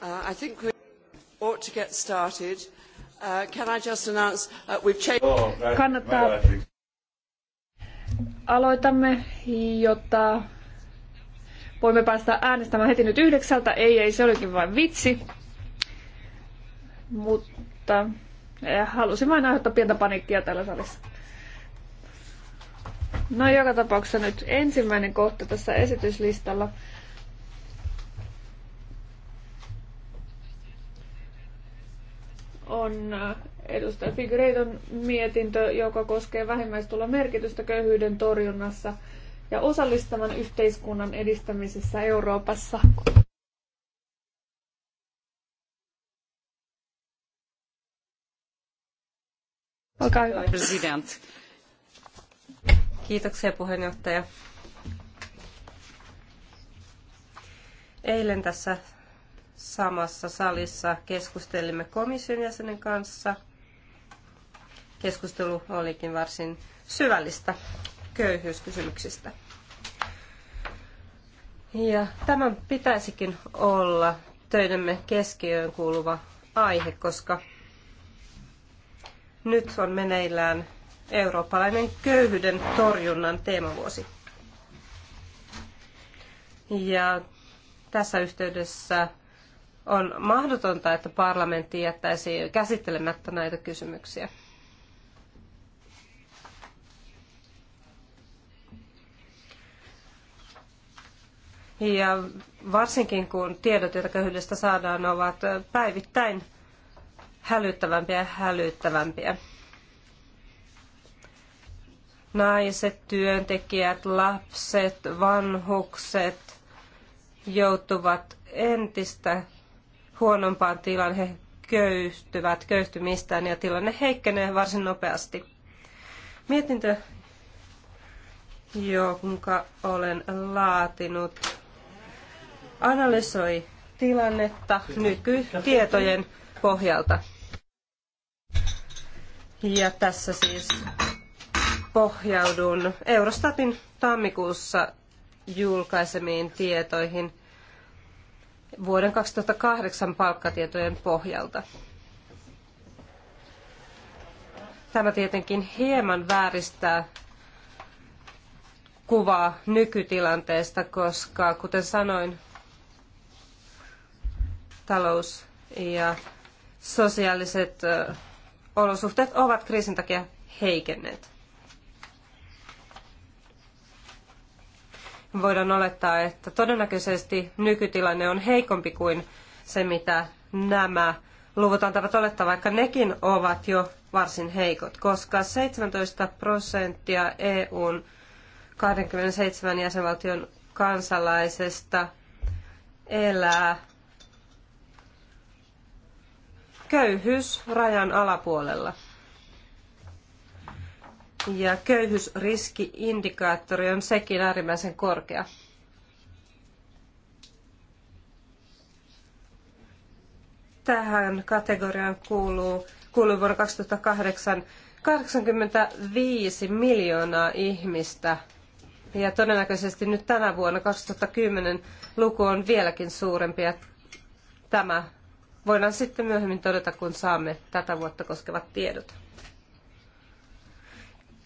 Uh, I think we ought to get started. Uh, can I just announce uh, we've changed... Oh, Kannattaa. Aloitamme, jotta voimme päästä äänestämään heti nyt yhdeksältä. Ei, ei, se olikin vain vitsi. Mutta eh, halusin vain aiheuttaa pientä paniikkia täällä salissa. No joka tapauksessa nyt ensimmäinen kohta tässä esityslistalla on äh, edustaja Figureidon mietintö, joka koskee vähimmäistulon merkitystä köyhyyden torjunnassa ja osallistavan yhteiskunnan edistämisessä Euroopassa. Olkaa hyvä. President. Kiitoksia puheenjohtaja. Eilen tässä samassa salissa keskustelimme komission jäsenen kanssa. Keskustelu olikin varsin syvällistä köyhyyskysymyksistä. Ja tämän pitäisikin olla töidemme keskiöön kuuluva aihe, koska nyt on meneillään eurooppalainen köyhyyden torjunnan teemavuosi. Ja tässä yhteydessä on mahdotonta, että parlamentti jättäisi käsittelemättä näitä kysymyksiä. Ja varsinkin kun tiedot, joita köyhyydestä saadaan, ovat päivittäin hälyttävämpiä ja hälyttävämpiä. Naiset, työntekijät, lapset, vanhukset joutuvat entistä huonompaan tilaan. He köyhtyvät köyhtymistään ja tilanne heikkenee varsin nopeasti. Mietintö, jonka olen laatinut, analysoi tilannetta nykytietojen pohjalta. Ja tässä siis pohjaudun Eurostatin tammikuussa julkaisemiin tietoihin – vuoden 2008 palkkatietojen pohjalta. Tämä tietenkin hieman vääristää kuvaa nykytilanteesta, koska kuten sanoin, talous ja sosiaaliset olosuhteet ovat kriisin takia heikenneet. voidaan olettaa, että todennäköisesti nykytilanne on heikompi kuin se, mitä nämä luvut antavat olettaa, vaikka nekin ovat jo varsin heikot, koska 17 prosenttia EUn 27 jäsenvaltion kansalaisesta elää köyhyysrajan alapuolella ja köyhyysriskiindikaattori on sekin äärimmäisen korkea. Tähän kategoriaan kuuluu, kuuluu vuonna 2008 85 miljoonaa ihmistä ja todennäköisesti nyt tänä vuonna 2010 luku on vieläkin suurempi ja tämä voidaan sitten myöhemmin todeta, kun saamme tätä vuotta koskevat tiedot.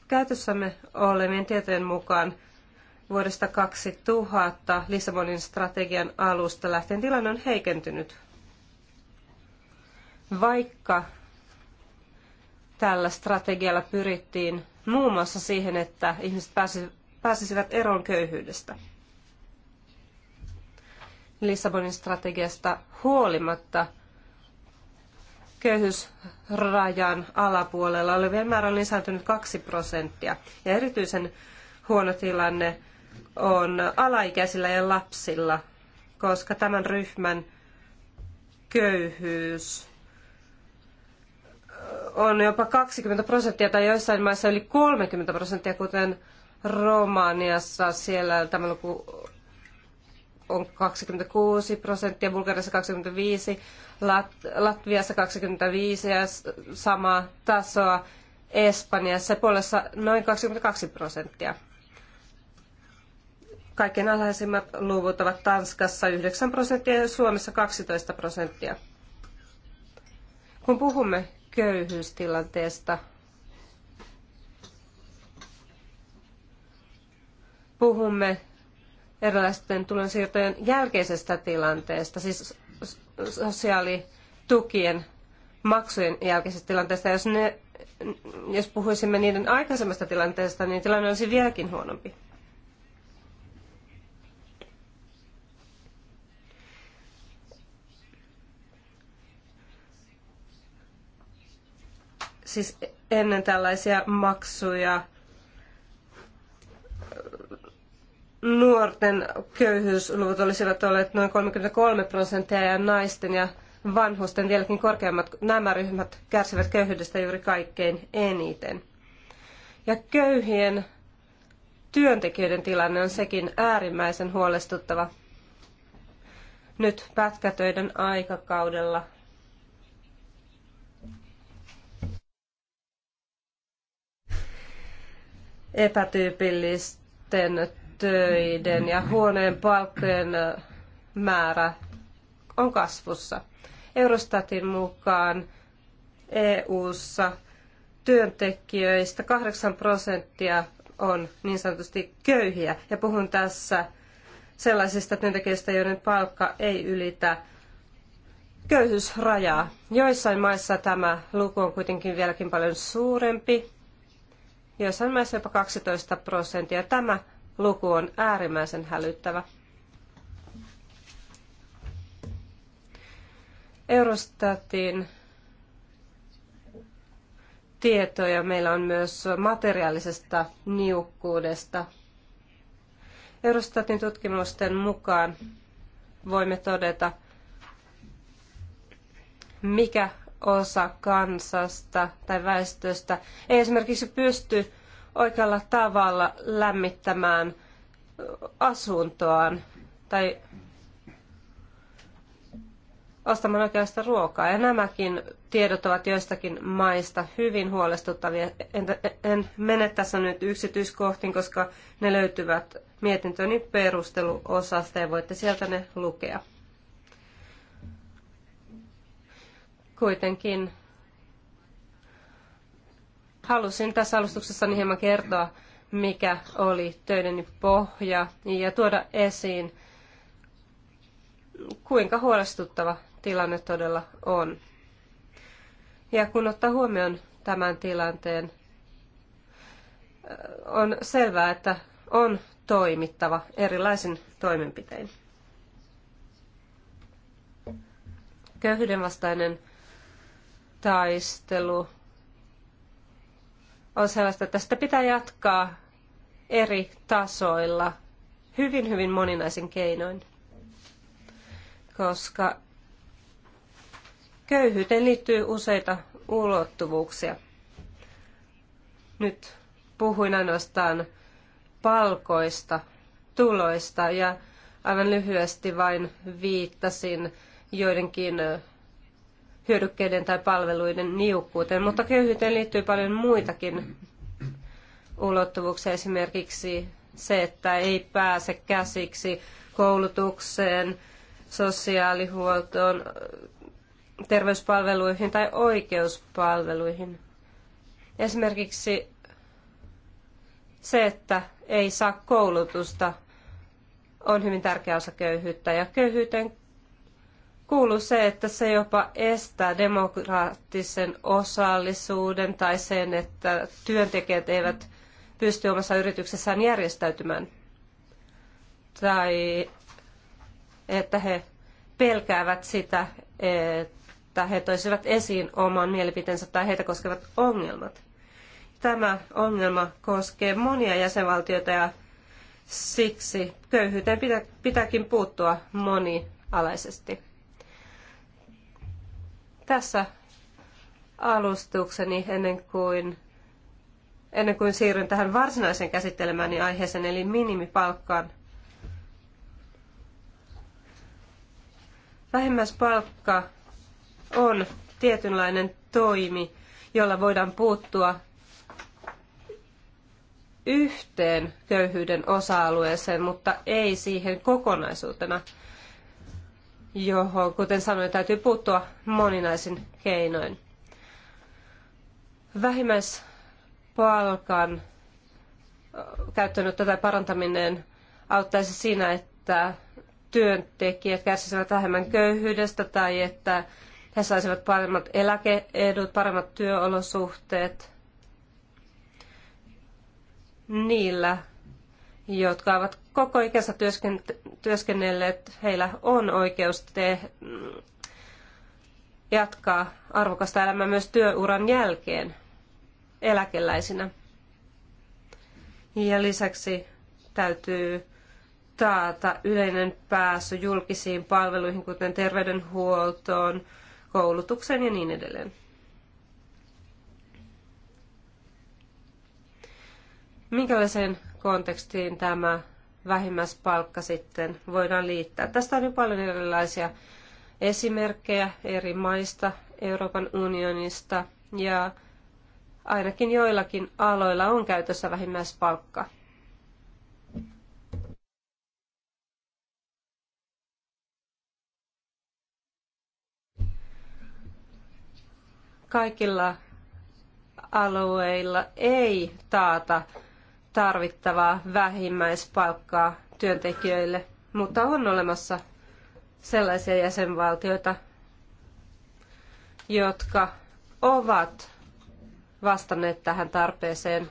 Käytössämme olevien tietojen mukaan vuodesta 2000 Lissabonin strategian alusta lähtien tilanne on heikentynyt. Vaikka tällä strategialla pyrittiin muun muassa siihen, että ihmiset pääsisivät eroon köyhyydestä. Lissabonin strategiasta huolimatta – köyhyysrajan alapuolella olevien määrä on lisääntynyt 2 prosenttia. Ja erityisen huono tilanne on alaikäisillä ja lapsilla, koska tämän ryhmän köyhyys on jopa 20 prosenttia tai joissain maissa yli 30 prosenttia, kuten Romaniassa siellä tämä luku on 26 prosenttia, Bulgariassa 25, Latviassa 25 ja samaa tasoa, Espanjassa puolessa noin 22 prosenttia. Kaikkein alhaisimmat luvut ovat Tanskassa 9 prosenttia ja Suomessa 12 prosenttia. Kun puhumme köyhyystilanteesta, puhumme erilaisten tulonsiirtojen jälkeisestä tilanteesta, siis sosiaalitukien maksujen jälkeisestä tilanteesta. Jos, ne, jos puhuisimme niiden aikaisemmasta tilanteesta, niin tilanne olisi vieläkin huonompi. Siis ennen tällaisia maksuja nuorten köyhyysluvut olisivat olleet noin 33 prosenttia ja naisten ja vanhusten vieläkin korkeammat. Nämä ryhmät kärsivät köyhyydestä juuri kaikkein eniten. Ja köyhien työntekijöiden tilanne on sekin äärimmäisen huolestuttava. Nyt pätkätöiden aikakaudella epätyypillisten töiden ja huoneen palkkojen määrä on kasvussa. Eurostatin mukaan EU:ssa työntekijöistä 8 prosenttia on niin sanotusti köyhiä. Ja puhun tässä sellaisista työntekijöistä, joiden palkka ei ylitä köyhyysrajaa. Joissain maissa tämä luku on kuitenkin vieläkin paljon suurempi, joissain maissa jopa 12 prosenttia. Tämä luku on äärimmäisen hälyttävä. Eurostatin tietoja meillä on myös materiaalisesta niukkuudesta. Eurostatin tutkimusten mukaan voimme todeta, mikä osa kansasta tai väestöstä ei esimerkiksi pysty oikealla tavalla lämmittämään asuntoaan tai ostamaan oikeasta ruokaa. Ja nämäkin tiedot ovat joistakin maista hyvin huolestuttavia. En, en mene tässä nyt yksityiskohtiin, koska ne löytyvät mietintöni perusteluosasta ja voitte sieltä ne lukea. Kuitenkin Halusin tässä alustuksessani hieman kertoa, mikä oli töideni pohja ja tuoda esiin, kuinka huolestuttava tilanne todella on. Ja kun ottaa huomioon tämän tilanteen, on selvää, että on toimittava erilaisin toimenpitein. Köyhyyden vastainen taistelu on sellaista, että sitä pitää jatkaa eri tasoilla hyvin, hyvin moninaisin keinoin, koska köyhyyteen liittyy useita ulottuvuuksia. Nyt puhuin ainoastaan palkoista, tuloista ja aivan lyhyesti vain viittasin joidenkin hyödykkeiden tai palveluiden niukkuuteen, mutta köyhyyteen liittyy paljon muitakin ulottuvuuksia, esimerkiksi se, että ei pääse käsiksi koulutukseen, sosiaalihuoltoon, terveyspalveluihin tai oikeuspalveluihin. Esimerkiksi se, että ei saa koulutusta, on hyvin tärkeä osa köyhyyttä ja köyhyyteen kuuluu se, että se jopa estää demokraattisen osallisuuden tai sen, että työntekijät eivät pysty omassa yrityksessään järjestäytymään. Tai että he pelkäävät sitä, että he toisivat esiin oman mielipiteensä tai heitä koskevat ongelmat. Tämä ongelma koskee monia jäsenvaltioita ja siksi köyhyyteen pitääkin puuttua monialaisesti. Tässä alustukseni ennen kuin, ennen kuin siirryn tähän varsinaiseen käsittelemäni niin aiheeseen, eli minimipalkkaan. Vähimmäispalkka on tietynlainen toimi, jolla voidaan puuttua yhteen köyhyyden osa-alueeseen, mutta ei siihen kokonaisuutena – johon, kuten sanoin, täytyy puuttua moninaisin keinoin. Vähimmäispalkan käyttöönotto tai parantaminen auttaisi siinä, että työntekijät kärsisivät vähemmän köyhyydestä tai että he saisivat paremmat eläkeedut, paremmat työolosuhteet. Niillä jotka ovat koko ikänsä työskennelleet, heillä on oikeus te- jatkaa arvokasta elämää myös työuran jälkeen eläkeläisinä. Ja lisäksi täytyy taata yleinen pääsy julkisiin palveluihin, kuten terveydenhuoltoon, koulutukseen ja niin edelleen. Minkälaiseen kontekstiin tämä vähimmäispalkka sitten voidaan liittää. Tästä on jo paljon erilaisia esimerkkejä eri maista, Euroopan unionista ja ainakin joillakin aloilla on käytössä vähimmäispalkka. Kaikilla alueilla ei taata tarvittavaa vähimmäispalkkaa työntekijöille, mutta on olemassa sellaisia jäsenvaltioita, jotka ovat vastanneet tähän tarpeeseen.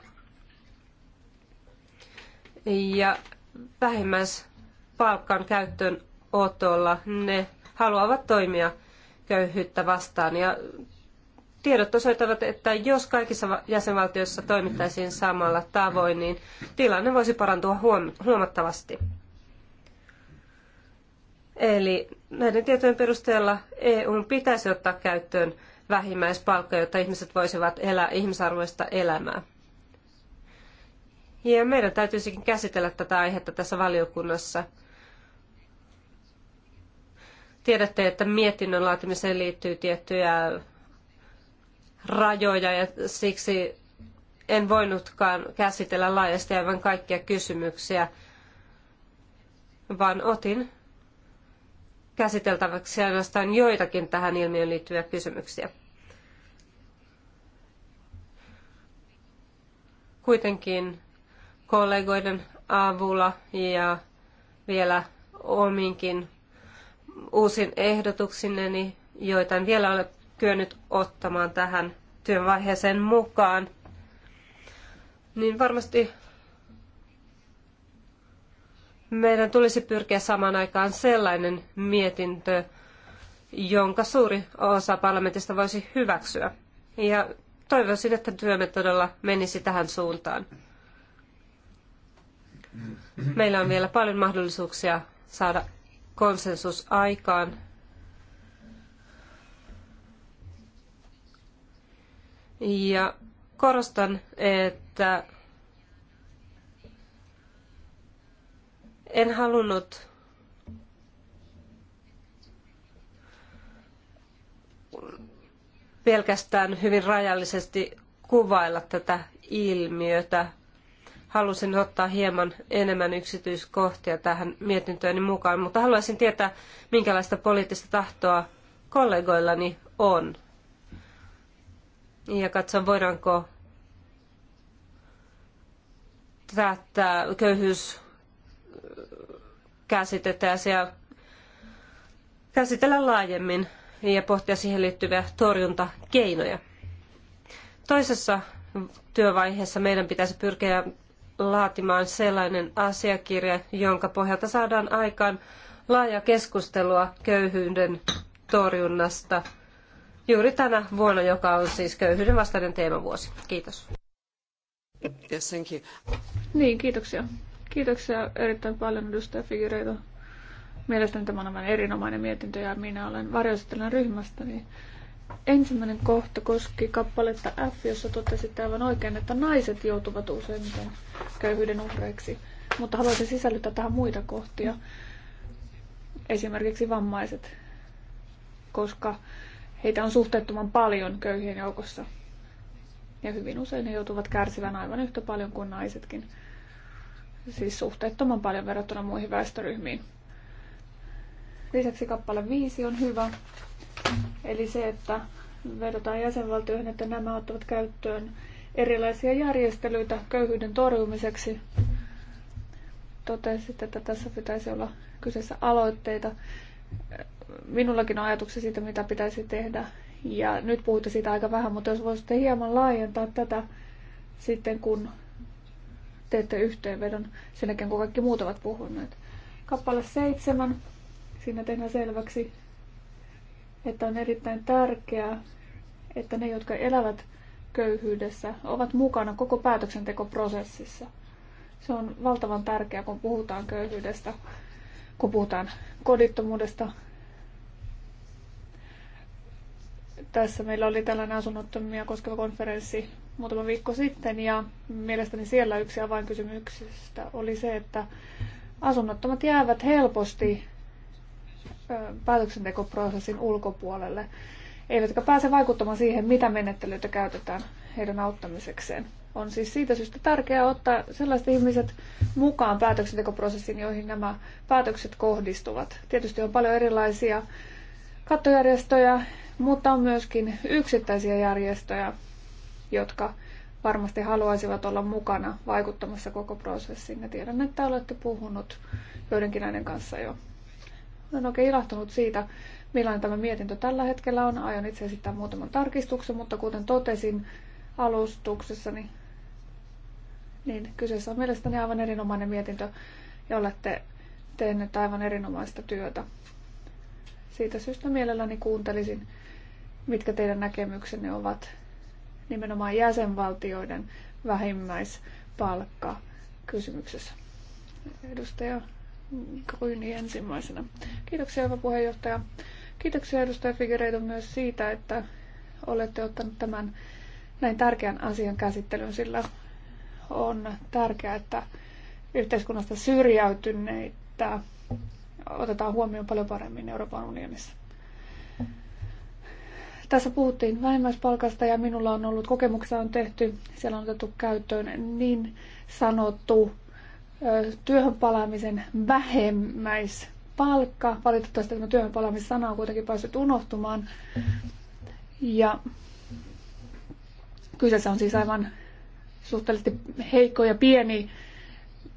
Ja vähimmäispalkan käyttöönotolla otolla ne haluavat toimia köyhyyttä vastaan ja Tiedot osoittavat, että jos kaikissa jäsenvaltioissa toimittaisiin samalla tavoin, niin tilanne voisi parantua huomattavasti. Eli näiden tietojen perusteella EU pitäisi ottaa käyttöön vähimmäispalkka, jotta ihmiset voisivat elää ihmisarvoista elämää. Ja meidän täytyisikin käsitellä tätä aihetta tässä valiokunnassa. Tiedätte, että mietinnön laatimiseen liittyy tiettyjä rajoja ja siksi en voinutkaan käsitellä laajasti aivan kaikkia kysymyksiä, vaan otin käsiteltäväksi ainoastaan joitakin tähän ilmiöön liittyviä kysymyksiä. Kuitenkin kollegoiden avulla ja vielä ominkin uusin ehdotuksineni, joita en vielä ole kyennyt ottamaan tähän työvaiheeseen mukaan, niin varmasti meidän tulisi pyrkiä samaan aikaan sellainen mietintö, jonka suuri osa parlamentista voisi hyväksyä. Ja toivoisin, että työmme todella menisi tähän suuntaan. Meillä on vielä paljon mahdollisuuksia saada konsensus aikaan Ja korostan, että en halunnut pelkästään hyvin rajallisesti kuvailla tätä ilmiötä. Halusin ottaa hieman enemmän yksityiskohtia tähän mietintööni mukaan, mutta haluaisin tietää, minkälaista poliittista tahtoa kollegoillani on ja katsoa, voidaanko tätä köyhyyskäsitettä ja asiaa käsitellä laajemmin ja pohtia siihen liittyviä torjuntakeinoja. Toisessa työvaiheessa meidän pitäisi pyrkiä laatimaan sellainen asiakirja, jonka pohjalta saadaan aikaan laaja keskustelua köyhyyden torjunnasta – juuri tänä vuonna, joka on siis köyhyyden vastainen teemavuosi. Kiitos. Yes, thank you. Niin, kiitoksia. Kiitoksia erittäin paljon edustaja Figureito. Mielestäni tämä on aivan erinomainen mietintö ja minä olen varjoistelijan ryhmästä. Niin ensimmäinen kohta koski kappaletta F, jossa totesitte aivan oikein, että naiset joutuvat useimmiten köyhyyden uhreiksi. Mutta haluaisin sisällyttää tähän muita kohtia, esimerkiksi vammaiset, koska Heitä on suhteettoman paljon köyhien joukossa. Ja hyvin usein he joutuvat kärsivän aivan yhtä paljon kuin naisetkin. Siis suhteettoman paljon verrattuna muihin väestöryhmiin. Lisäksi kappale 5 on hyvä. Eli se, että vedotaan jäsenvaltioihin, että nämä ottavat käyttöön erilaisia järjestelyitä köyhyyden torjumiseksi. Totesit, että tässä pitäisi olla kyseessä aloitteita, minullakin on ajatuksia siitä, mitä pitäisi tehdä. Ja nyt puhutte siitä aika vähän, mutta jos voisitte hieman laajentaa tätä sitten, kun teette yhteenvedon sen jälkeen, kun kaikki muut ovat puhuneet. Kappale seitsemän. Siinä tehdään selväksi, että on erittäin tärkeää, että ne, jotka elävät köyhyydessä, ovat mukana koko päätöksentekoprosessissa. Se on valtavan tärkeää, kun puhutaan köyhyydestä kun puhutaan kodittomuudesta. Tässä meillä oli tällainen asunnottomia koskeva konferenssi muutama viikko sitten ja mielestäni siellä yksi avainkysymyksistä oli se, että asunnottomat jäävät helposti päätöksentekoprosessin ulkopuolelle, eivätkä pääse vaikuttamaan siihen, mitä menettelyitä käytetään heidän auttamisekseen. On siis siitä syystä tärkeää ottaa sellaiset ihmiset mukaan päätöksentekoprosessiin, joihin nämä päätökset kohdistuvat. Tietysti on paljon erilaisia kattojärjestöjä, mutta on myöskin yksittäisiä järjestöjä, jotka varmasti haluaisivat olla mukana vaikuttamassa koko prosessiin. Ja tiedän, että olette puhunut joidenkin näiden kanssa jo. Olen oikein ilahtunut siitä, millainen tämä mietintö tällä hetkellä on. Aion itse esittää muutaman tarkistuksen, mutta kuten totesin alustuksessani, niin kyseessä on mielestäni aivan erinomainen mietintö ja olette tehneet aivan erinomaista työtä. Siitä syystä mielelläni kuuntelisin, mitkä teidän näkemyksenne ovat nimenomaan jäsenvaltioiden vähimmäispalkka kysymyksessä. Edustaja Gryni ensimmäisenä. Kiitoksia, hyvä puheenjohtaja. Kiitoksia edustaja Figereito myös siitä, että olette ottanut tämän näin tärkeän asian käsittelyyn, sillä on tärkeää, että yhteiskunnasta syrjäytyneitä otetaan huomioon paljon paremmin Euroopan unionissa. Tässä puhuttiin vähimmäispalkasta ja minulla on ollut kokemuksia on tehty, siellä on otettu käyttöön niin sanottu työhön palaamisen vähemmäispalkka. Valitettavasti tämä työhön palaamissana on kuitenkin päässyt unohtumaan. Ja kyseessä on siis aivan suhteellisesti heikko ja pieni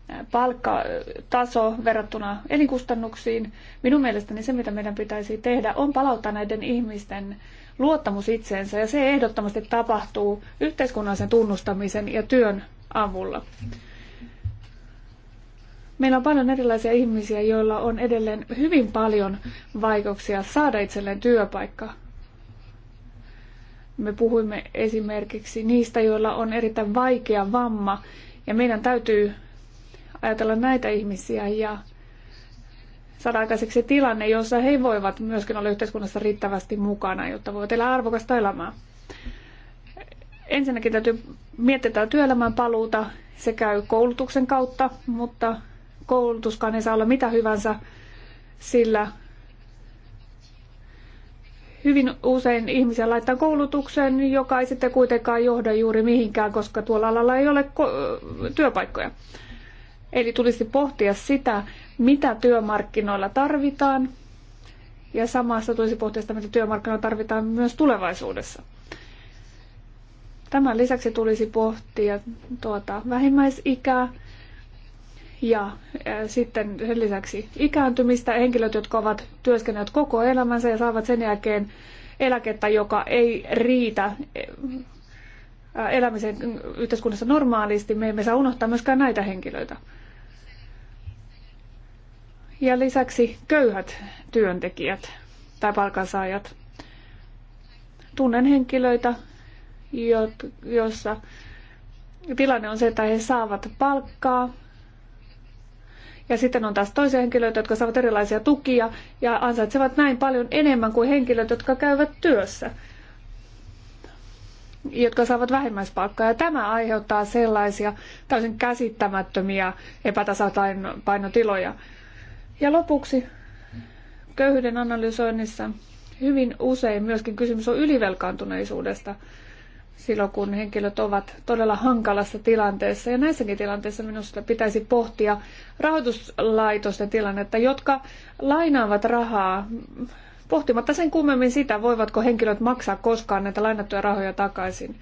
äh, palkkataso verrattuna elinkustannuksiin. Minun mielestäni se, mitä meidän pitäisi tehdä, on palauttaa näiden ihmisten luottamus itseensä ja se ehdottomasti tapahtuu yhteiskunnallisen tunnustamisen ja työn avulla. Meillä on paljon erilaisia ihmisiä, joilla on edelleen hyvin paljon vaikeuksia saada itselleen työpaikka. Me puhuimme esimerkiksi niistä, joilla on erittäin vaikea vamma, ja meidän täytyy ajatella näitä ihmisiä ja saada aikaiseksi tilanne, jossa he voivat myöskin olla yhteiskunnassa riittävästi mukana, jotta voivat elää arvokasta elämää. Ensinnäkin täytyy miettiä työelämän paluuta. Se käy koulutuksen kautta, mutta koulutuskaan ei saa olla mitä hyvänsä, sillä hyvin usein ihmisiä laittaa koulutukseen, joka ei sitten kuitenkaan johda juuri mihinkään, koska tuolla alalla ei ole työpaikkoja. Eli tulisi pohtia sitä, mitä työmarkkinoilla tarvitaan, ja samassa tulisi pohtia sitä, mitä työmarkkinoilla tarvitaan myös tulevaisuudessa. Tämän lisäksi tulisi pohtia tuota vähimmäisikää, ja äh, sitten sen lisäksi ikääntymistä, henkilöt, jotka ovat työskennelleet koko elämänsä ja saavat sen jälkeen eläkettä, joka ei riitä äh, elämisen yhteiskunnassa normaalisti. Me emme saa unohtaa myöskään näitä henkilöitä. Ja lisäksi köyhät työntekijät tai palkansaajat. Tunnen henkilöitä, joissa tilanne on se, että he saavat palkkaa, ja sitten on taas toisia henkilöitä, jotka saavat erilaisia tukia ja ansaitsevat näin paljon enemmän kuin henkilöt, jotka käyvät työssä jotka saavat vähimmäispalkkaa. Ja tämä aiheuttaa sellaisia täysin käsittämättömiä epätasapainotiloja. Ja lopuksi köyhyyden analysoinnissa hyvin usein myöskin kysymys on ylivelkaantuneisuudesta – silloin, kun henkilöt ovat todella hankalassa tilanteessa. Ja näissäkin tilanteissa minusta pitäisi pohtia rahoituslaitosten tilannetta, jotka lainaavat rahaa pohtimatta sen kummemmin sitä, voivatko henkilöt maksaa koskaan näitä lainattuja rahoja takaisin.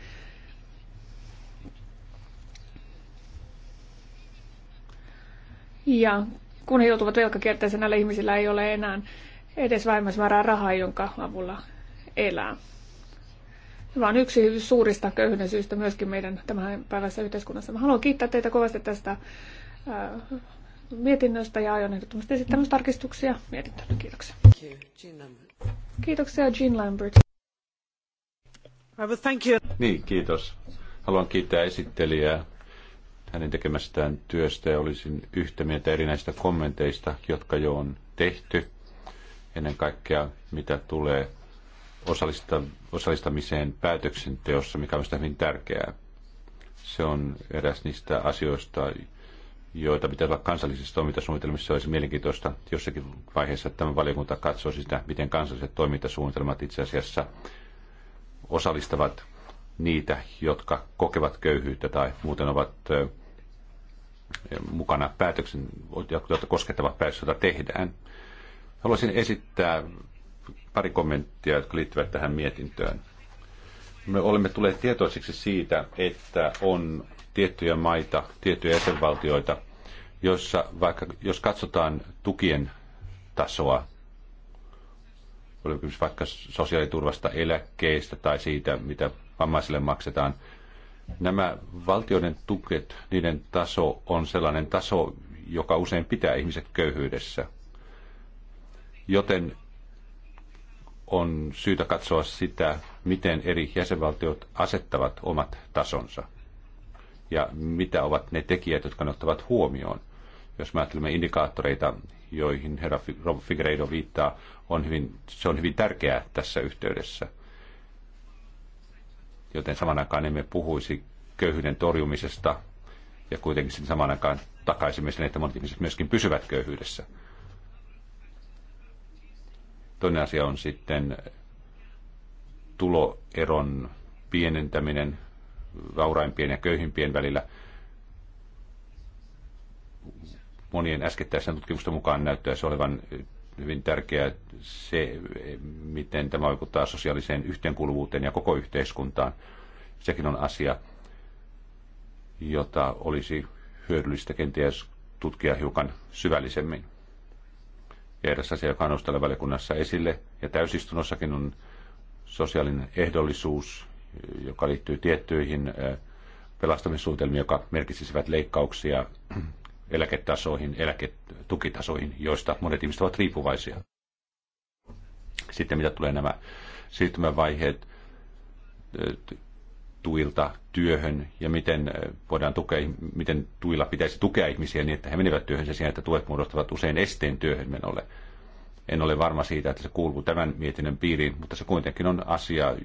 Ja kun he joutuvat velkakierteeseen, näillä ihmisillä ei ole enää edes määrää rahaa, jonka avulla elää vaan yksi suurista köyhyyden syistä myöskin meidän tämän päivässä yhteiskunnassa. Mä haluan kiittää teitä kovasti tästä ää, äh, mietinnöstä ja aion ehdottomasti esittää myös tarkistuksia mietintöön. Kiitoksia. Kiitoksia Jean Lambert. Thank you. Niin, kiitos. Haluan kiittää esittelijää hänen tekemästään työstä ja olisin yhtä mieltä erinäistä kommenteista, jotka jo on tehty. Ennen kaikkea, mitä tulee osallistavien osallistamiseen päätöksenteossa, mikä on hyvin tärkeää. Se on eräs niistä asioista, joita pitää olla kansallisissa toimintasuunnitelmissa. Olisi mielenkiintoista jossakin vaiheessa, että tämä valiokunta katsoo sitä, miten kansalliset toimintasuunnitelmat itse asiassa osallistavat niitä, jotka kokevat köyhyyttä tai muuten ovat mukana päätöksen, jotka koskettavat päätöksiä, tehdään. Haluaisin esittää pari kommenttia, jotka liittyvät tähän mietintöön. Me olemme tulleet tietoisiksi siitä, että on tiettyjä maita, tiettyjä jäsenvaltioita, joissa vaikka jos katsotaan tukien tasoa, oli kysymys vaikka sosiaaliturvasta, eläkkeistä tai siitä, mitä vammaisille maksetaan, nämä valtioiden tuket, niiden taso on sellainen taso, joka usein pitää ihmiset köyhyydessä. Joten on syytä katsoa sitä, miten eri jäsenvaltiot asettavat omat tasonsa ja mitä ovat ne tekijät, jotka ne ottavat huomioon. Jos me ajattelemme indikaattoreita, joihin herra Rob Figueiredo viittaa, on hyvin, se on hyvin tärkeää tässä yhteydessä. Joten saman aikaan emme puhuisi köyhyyden torjumisesta ja kuitenkin sen saman aikaan takaisimme sen, että monet ihmiset myöskin pysyvät köyhyydessä. Toinen asia on sitten tuloeron pienentäminen vauraimpien ja köyhimpien välillä. Monien äskettäisen tutkimusten mukaan se olevan hyvin tärkeää se, miten tämä vaikuttaa sosiaaliseen yhteenkuuluvuuteen ja koko yhteiskuntaan. Sekin on asia, jota olisi hyödyllistä kenties tutkia hiukan syvällisemmin jäädä eräs asia, joka on noussut valiokunnassa esille ja täysistunnossakin on sosiaalinen ehdollisuus, joka liittyy tiettyihin pelastamissuunnitelmiin, joka merkitsisivät leikkauksia eläketasoihin, eläketukitasoihin, joista monet ihmiset ovat riippuvaisia. Sitten mitä tulee nämä siirtymävaiheet tuilta työhön ja miten äh, voidaan tukea, miten tuilla pitäisi tukea ihmisiä niin, että he menevät työhön sen sijaan, että tuet muodostavat usein esteen työhön menolle. En ole varma siitä, että se kuuluu tämän mietinnön piiriin, mutta se kuitenkin on asia,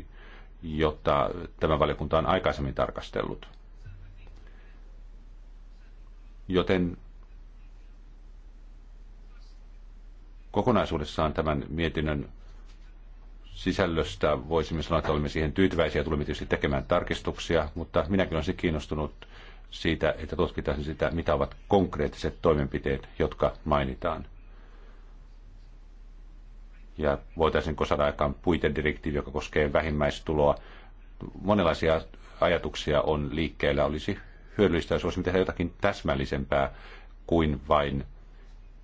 jota tämä valiokunta on aikaisemmin tarkastellut. Joten kokonaisuudessaan tämän mietinnön sisällöstä voisimme sanoa, että olemme siihen tyytyväisiä ja tulemme tietysti tekemään tarkistuksia, mutta minäkin olisin kiinnostunut siitä, että tutkitaan sitä, mitä ovat konkreettiset toimenpiteet, jotka mainitaan. Ja voitaisiinko saada aikaan puitedirektiivi, joka koskee vähimmäistuloa. Monenlaisia ajatuksia on liikkeellä. Olisi hyödyllistä, jos voisimme tehdä jotakin täsmällisempää kuin vain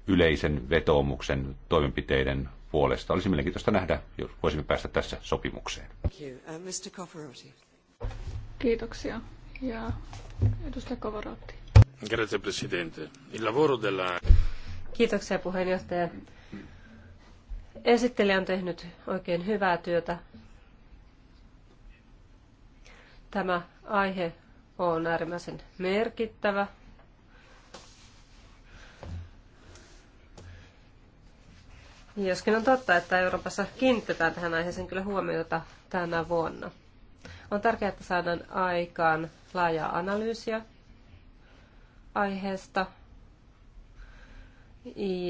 yleisen vetoomuksen toimenpiteiden puolesta. Olisi mielenkiintoista nähdä, jos voisimme päästä tässä sopimukseen. Uh, Kiitoksia. Ja edustaja Kovarotti. Grazie Presidente. Il lavoro della... Kiitoksia puheenjohtaja. Esittelijä on tehnyt oikein hyvää työtä. Tämä aihe on äärimmäisen merkittävä Joskin on totta, että Euroopassa kiinnitetään tähän aiheeseen kyllä huomiota tänä vuonna. On tärkeää, että saadaan aikaan laajaa analyysiä aiheesta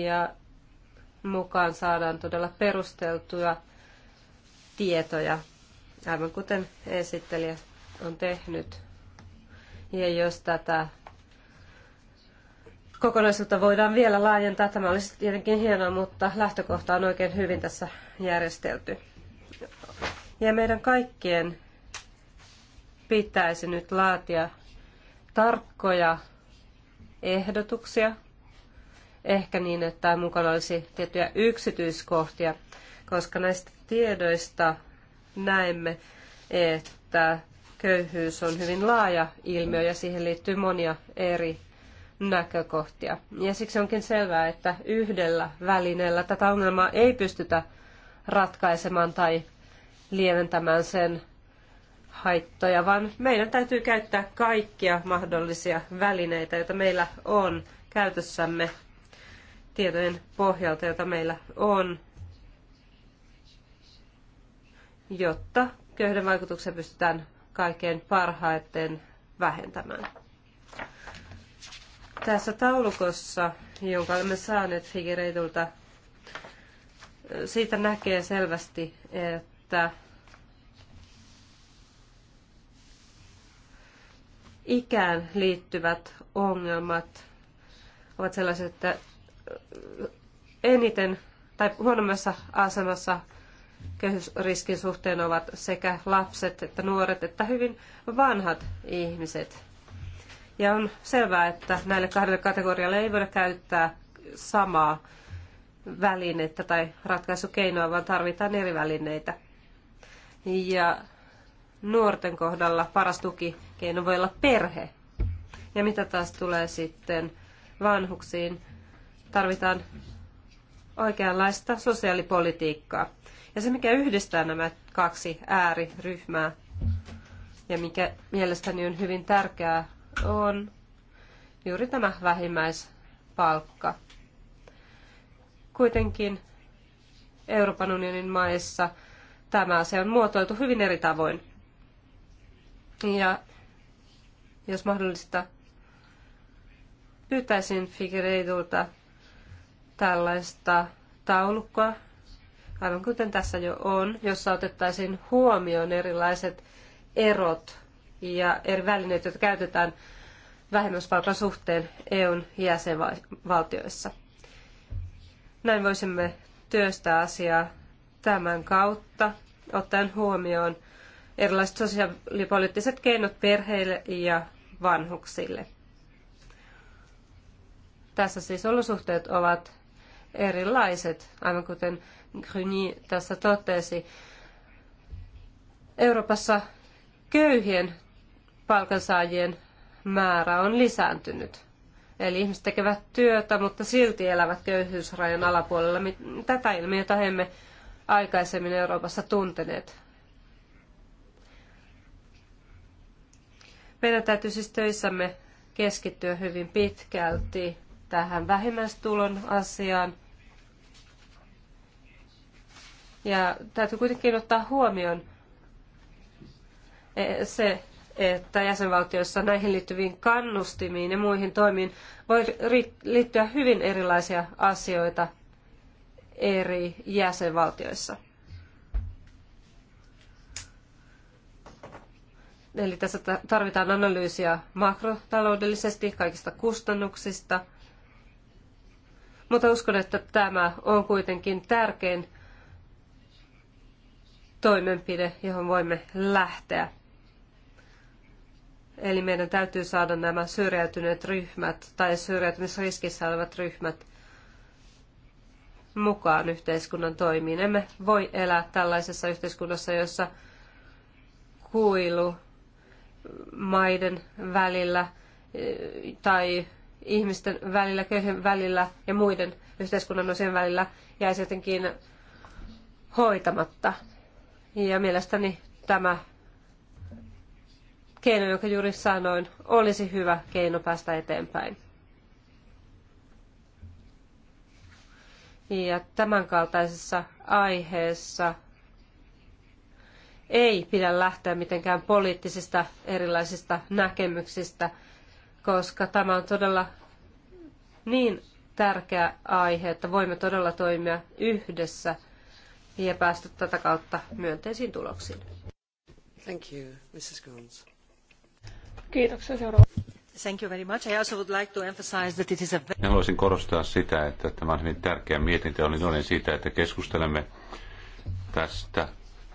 ja mukaan saadaan todella perusteltuja tietoja, aivan kuten esittelijä on tehnyt. Ja jos tätä kokonaisuutta voidaan vielä laajentaa. Tämä olisi tietenkin hienoa, mutta lähtökohta on oikein hyvin tässä järjestelty. Ja meidän kaikkien pitäisi nyt laatia tarkkoja ehdotuksia, ehkä niin, että mukana olisi tiettyjä yksityiskohtia, koska näistä tiedoista näemme, että köyhyys on hyvin laaja ilmiö ja siihen liittyy monia eri näkökohtia. Ja siksi onkin selvää, että yhdellä välineellä tätä ongelmaa ei pystytä ratkaisemaan tai lieventämään sen haittoja, vaan meidän täytyy käyttää kaikkia mahdollisia välineitä, joita meillä on käytössämme tietojen pohjalta, joita meillä on, jotta köyden vaikutuksia pystytään kaikkein parhaiten vähentämään. Tässä taulukossa, jonka olemme saaneet Figereidulta, siitä näkee selvästi, että ikään liittyvät ongelmat ovat sellaiset, että eniten tai huonommassa asemassa kehysriskin suhteen ovat sekä lapset että nuoret että hyvin vanhat ihmiset. Ja on selvää, että näille kahdelle kategorialle ei voida käyttää samaa välinettä tai ratkaisukeinoa, vaan tarvitaan eri välineitä. Ja nuorten kohdalla paras tukikeino voi olla perhe. Ja mitä taas tulee sitten vanhuksiin, tarvitaan oikeanlaista sosiaalipolitiikkaa. Ja se, mikä yhdistää nämä kaksi ääriryhmää ja mikä mielestäni on hyvin tärkeää on juuri tämä vähimmäispalkka. Kuitenkin Euroopan unionin maissa tämä asia on muotoiltu hyvin eri tavoin. Ja jos mahdollista, pyytäisin figureidulta tällaista taulukkoa, aivan kuten tässä jo on, jossa otettaisiin huomioon erilaiset erot ja eri välineet, joita käytetään vähemmäspalkan suhteen EUn jäsenvaltioissa. Näin voisimme työstää asiaa tämän kautta, ottaen huomioon erilaiset sosiaalipoliittiset keinot perheille ja vanhuksille. Tässä siis olosuhteet ovat erilaiset, aivan kuten Gryni tässä totesi. Euroopassa köyhien palkansaajien määrä on lisääntynyt. Eli ihmiset tekevät työtä, mutta silti elävät köyhyysrajan alapuolella. Tätä ilmiötä emme aikaisemmin Euroopassa tunteneet. Meidän täytyy siis töissämme keskittyä hyvin pitkälti tähän vähimmäistulon asiaan. Ja täytyy kuitenkin ottaa huomioon e, se, että jäsenvaltioissa näihin liittyviin kannustimiin ja muihin toimiin voi liittyä hyvin erilaisia asioita eri jäsenvaltioissa. Eli tässä tarvitaan analyysiä makrotaloudellisesti kaikista kustannuksista, mutta uskon, että tämä on kuitenkin tärkein toimenpide, johon voimme lähteä. Eli meidän täytyy saada nämä syrjäytyneet ryhmät tai syrjäytymisriskissä olevat ryhmät mukaan yhteiskunnan toimiin. Emme voi elää tällaisessa yhteiskunnassa, jossa kuilu maiden välillä eh, tai ihmisten välillä, köyhien välillä ja muiden yhteiskunnan osien välillä jäisi jotenkin hoitamatta. Ja mielestäni tämä keino, jonka juuri sanoin, olisi hyvä keino päästä eteenpäin. Ja tämänkaltaisessa aiheessa ei pidä lähteä mitenkään poliittisista erilaisista näkemyksistä, koska tämä on todella niin tärkeä aihe, että voimme todella toimia yhdessä ja päästä tätä kautta myönteisiin tuloksiin. Thank you, Mrs. Kiitoksia. Seuraava. Thank you very much. I also would like to emphasize that it is a... haluaisin korostaa sitä, että tämä on hyvin tärkeä mietintö. Olen iloinen siitä, että keskustelemme tästä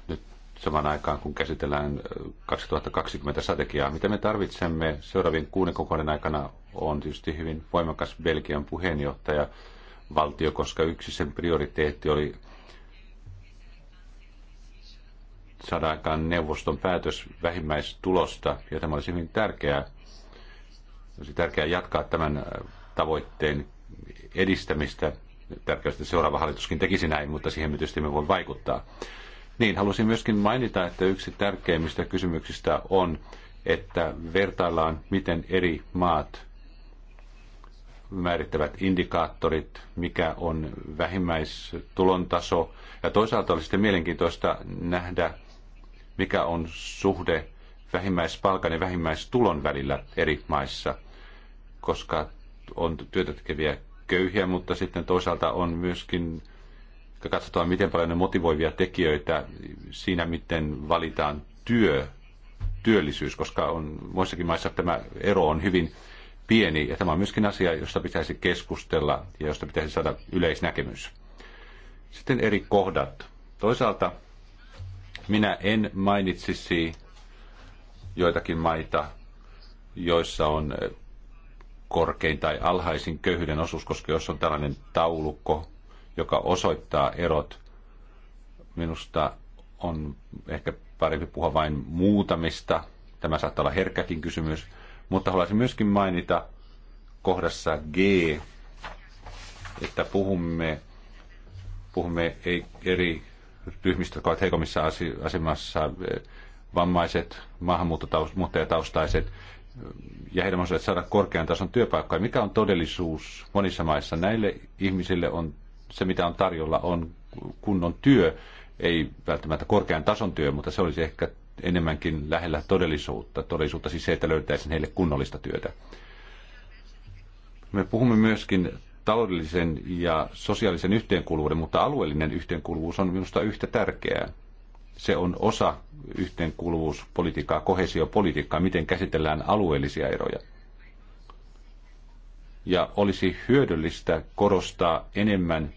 nyt saman aikaan, kun käsitellään 2020 strategiaa. Mitä me tarvitsemme seuraavien kuuden kokouden aikana on tietysti hyvin voimakas Belgian puheenjohtaja valtio, koska yksi sen prioriteetti oli saada aikaan neuvoston päätös vähimmäistulosta, ja tämä olisi hyvin tärkeää. Olisi tärkeää jatkaa tämän äh, tavoitteen edistämistä. että seuraava hallituskin tekisi näin, mutta siihen me tietysti me voi vaikuttaa. Niin, halusin myöskin mainita, että yksi tärkeimmistä kysymyksistä on, että vertaillaan, miten eri maat määrittävät indikaattorit, mikä on vähimmäistulon taso. Ja toisaalta olisi sitten mielenkiintoista nähdä, mikä on suhde vähimmäispalkan ja vähimmäistulon välillä eri maissa, koska on työtä tekeviä köyhiä, mutta sitten toisaalta on myöskin, katsotaan miten paljon ne motivoivia tekijöitä siinä, miten valitaan työ, työllisyys, koska on muissakin maissa tämä ero on hyvin pieni, ja tämä on myöskin asia, josta pitäisi keskustella ja josta pitäisi saada yleisnäkemys. Sitten eri kohdat. Toisaalta minä en mainitsisi joitakin maita, joissa on korkein tai alhaisin köyhyyden osuus, koska jos on tällainen taulukko, joka osoittaa erot, minusta on ehkä parempi puhua vain muutamista. Tämä saattaa olla herkkäkin kysymys, mutta haluaisin myöskin mainita kohdassa G, että puhumme, puhumme eri ryhmistä, jotka ovat heikommissa asemassa, eh, vammaiset, maahanmuuttajataustaiset, eh, ja heidän mahdollisuudet saada korkean tason työpaikkoja. Mikä on todellisuus monissa maissa? Näille ihmisille on se, mitä on tarjolla, on kunnon työ, ei välttämättä korkean tason työ, mutta se olisi ehkä enemmänkin lähellä todellisuutta. Todellisuutta siis se, että löytäisiin heille kunnollista työtä. Me puhumme myöskin taloudellisen ja sosiaalisen yhteenkuuluvuuden, mutta alueellinen yhteenkuuluvuus on minusta yhtä tärkeää. Se on osa yhteenkuuluvuuspolitiikkaa, kohesiopolitiikkaa, miten käsitellään alueellisia eroja. Ja olisi hyödyllistä korostaa enemmän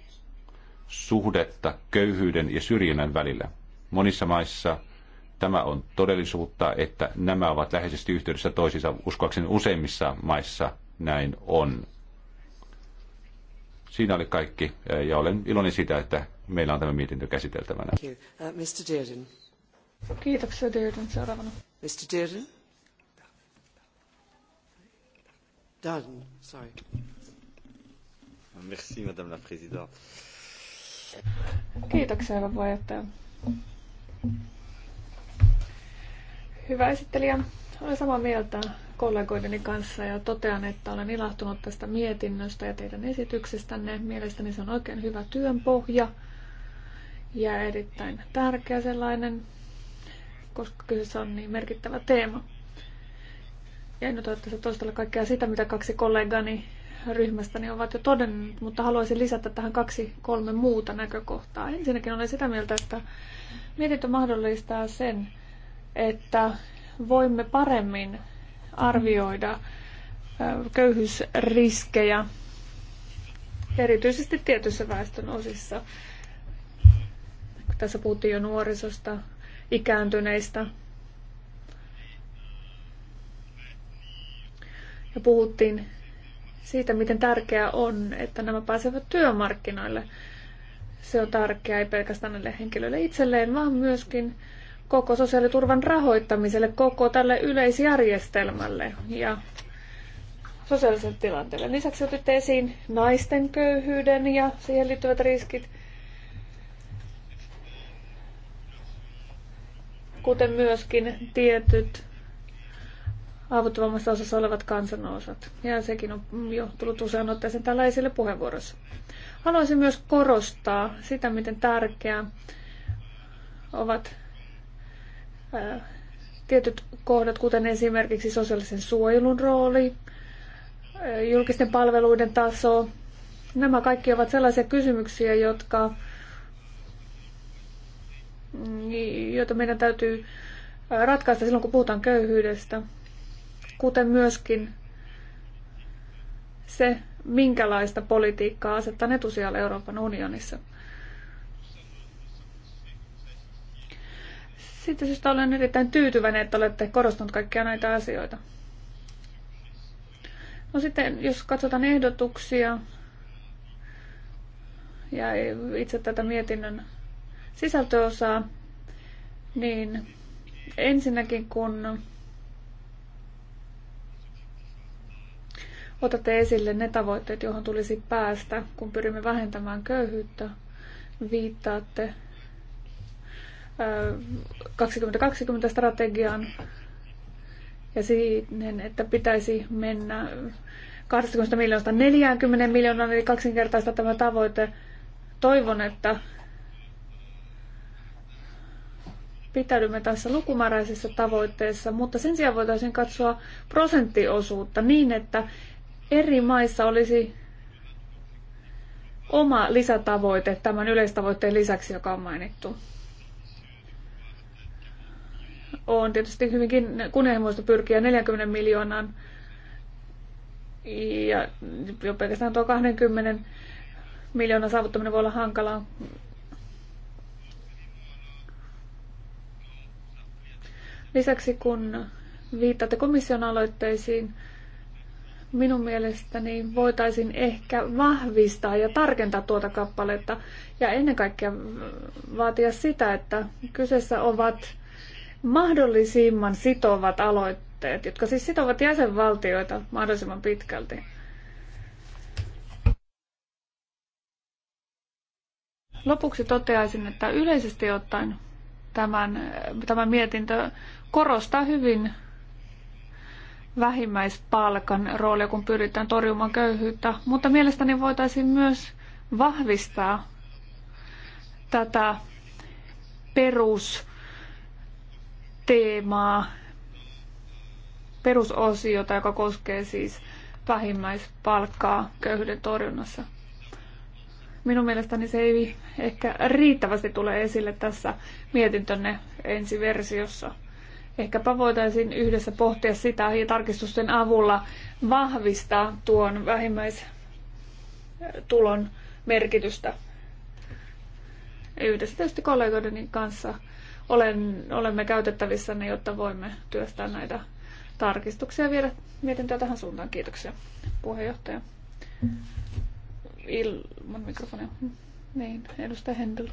suhdetta köyhyyden ja syrjinnän välillä. Monissa maissa tämä on todellisuutta, että nämä ovat läheisesti yhteydessä toisiinsa. Uskoakseni useimmissa maissa näin on. Siinä oli kaikki ja olen iloinen siitä, että meillä on tämä mietintö käsiteltävänä. Uh, Kiitoksia Dearden. Seuraavana. Mr. Dearden. Darden, sorry. Merci, Madame la Présidente. Kiitoksia, hyvä puheenjohtaja. Hyvä esittelijä. Olen samaa mieltä kollegoideni kanssa ja totean, että olen ilahtunut tästä mietinnöstä ja teidän esityksestänne. Mielestäni se on oikein hyvä työn pohja ja erittäin tärkeä sellainen, koska kyseessä on niin merkittävä teema. Ja en nyt ole toistella kaikkea sitä, mitä kaksi kollegani ryhmästäni ovat jo todenneet, mutta haluaisin lisätä tähän kaksi, kolme muuta näkökohtaa. Ensinnäkin olen sitä mieltä, että mietintö mahdollistaa sen, että voimme paremmin arvioida köyhyysriskejä, erityisesti tietyissä väestön osissa. Tässä puhuttiin jo nuorisosta, ikääntyneistä. Ja puhuttiin siitä, miten tärkeää on, että nämä pääsevät työmarkkinoille. Se on tärkeää ei pelkästään näille henkilöille itselleen, vaan myöskin koko sosiaaliturvan rahoittamiselle, koko tälle yleisjärjestelmälle ja sosiaaliselle tilanteelle. Lisäksi otitte esiin naisten köyhyyden ja siihen liittyvät riskit, kuten myöskin tietyt haavoittuvammassa osassa olevat kansanosat. Ja sekin on jo tullut usein otteeseen täällä esille puheenvuorossa. Haluaisin myös korostaa sitä, miten tärkeää ovat tietyt kohdat, kuten esimerkiksi sosiaalisen suojelun rooli, julkisten palveluiden taso. Nämä kaikki ovat sellaisia kysymyksiä, jotka, joita meidän täytyy ratkaista silloin, kun puhutaan köyhyydestä, kuten myöskin se, minkälaista politiikkaa asettaa etusijalle Euroopan unionissa. Siitä syystä olen erittäin tyytyväinen, että olette korostanut kaikkia näitä asioita. No sitten, jos katsotaan ehdotuksia ja itse tätä mietinnön sisältöosaa, niin ensinnäkin kun otatte esille ne tavoitteet, johon tulisi päästä, kun pyrimme vähentämään köyhyyttä, viittaatte 2020-strategiaan ja siihen, että pitäisi mennä 20 miljoonasta 40 miljoonaan, eli kaksinkertaista tämä tavoite. Toivon, että pitäydymme tässä lukumääräisessä tavoitteessa, mutta sen sijaan voitaisiin katsoa prosenttiosuutta niin, että eri maissa olisi oma lisätavoite tämän yleistavoitteen lisäksi, joka on mainittu on tietysti hyvinkin kunnianhimoista pyrkiä 40 miljoonan ja jo pelkästään tuo 20 miljoonan saavuttaminen voi olla hankalaa. Lisäksi kun viittaatte komission aloitteisiin, minun mielestäni voitaisiin ehkä vahvistaa ja tarkentaa tuota kappaletta ja ennen kaikkea vaatia sitä, että kyseessä ovat mahdollisimman sitovat aloitteet, jotka siis sitovat jäsenvaltioita mahdollisimman pitkälti. Lopuksi toteaisin, että yleisesti ottaen tämän, tämä mietintö korostaa hyvin vähimmäispalkan roolia, kun pyritään torjumaan köyhyyttä, mutta mielestäni voitaisiin myös vahvistaa tätä perus teemaa, perusosiota, joka koskee siis vähimmäispalkkaa köyhyyden torjunnassa. Minun mielestäni se ei ehkä riittävästi tule esille tässä mietintönne ensi versiossa. Ehkäpä voitaisiin yhdessä pohtia sitä ja tarkistusten avulla vahvistaa tuon vähimmäistulon merkitystä yhdessä tietysti kollegoideni kanssa – olen, olemme käytettävissä, jotta voimme työstää näitä tarkistuksia vielä mietintöä tähän suuntaan. Kiitoksia puheenjohtaja. Ilman mikrofonia. Niin, edustaja Hendel.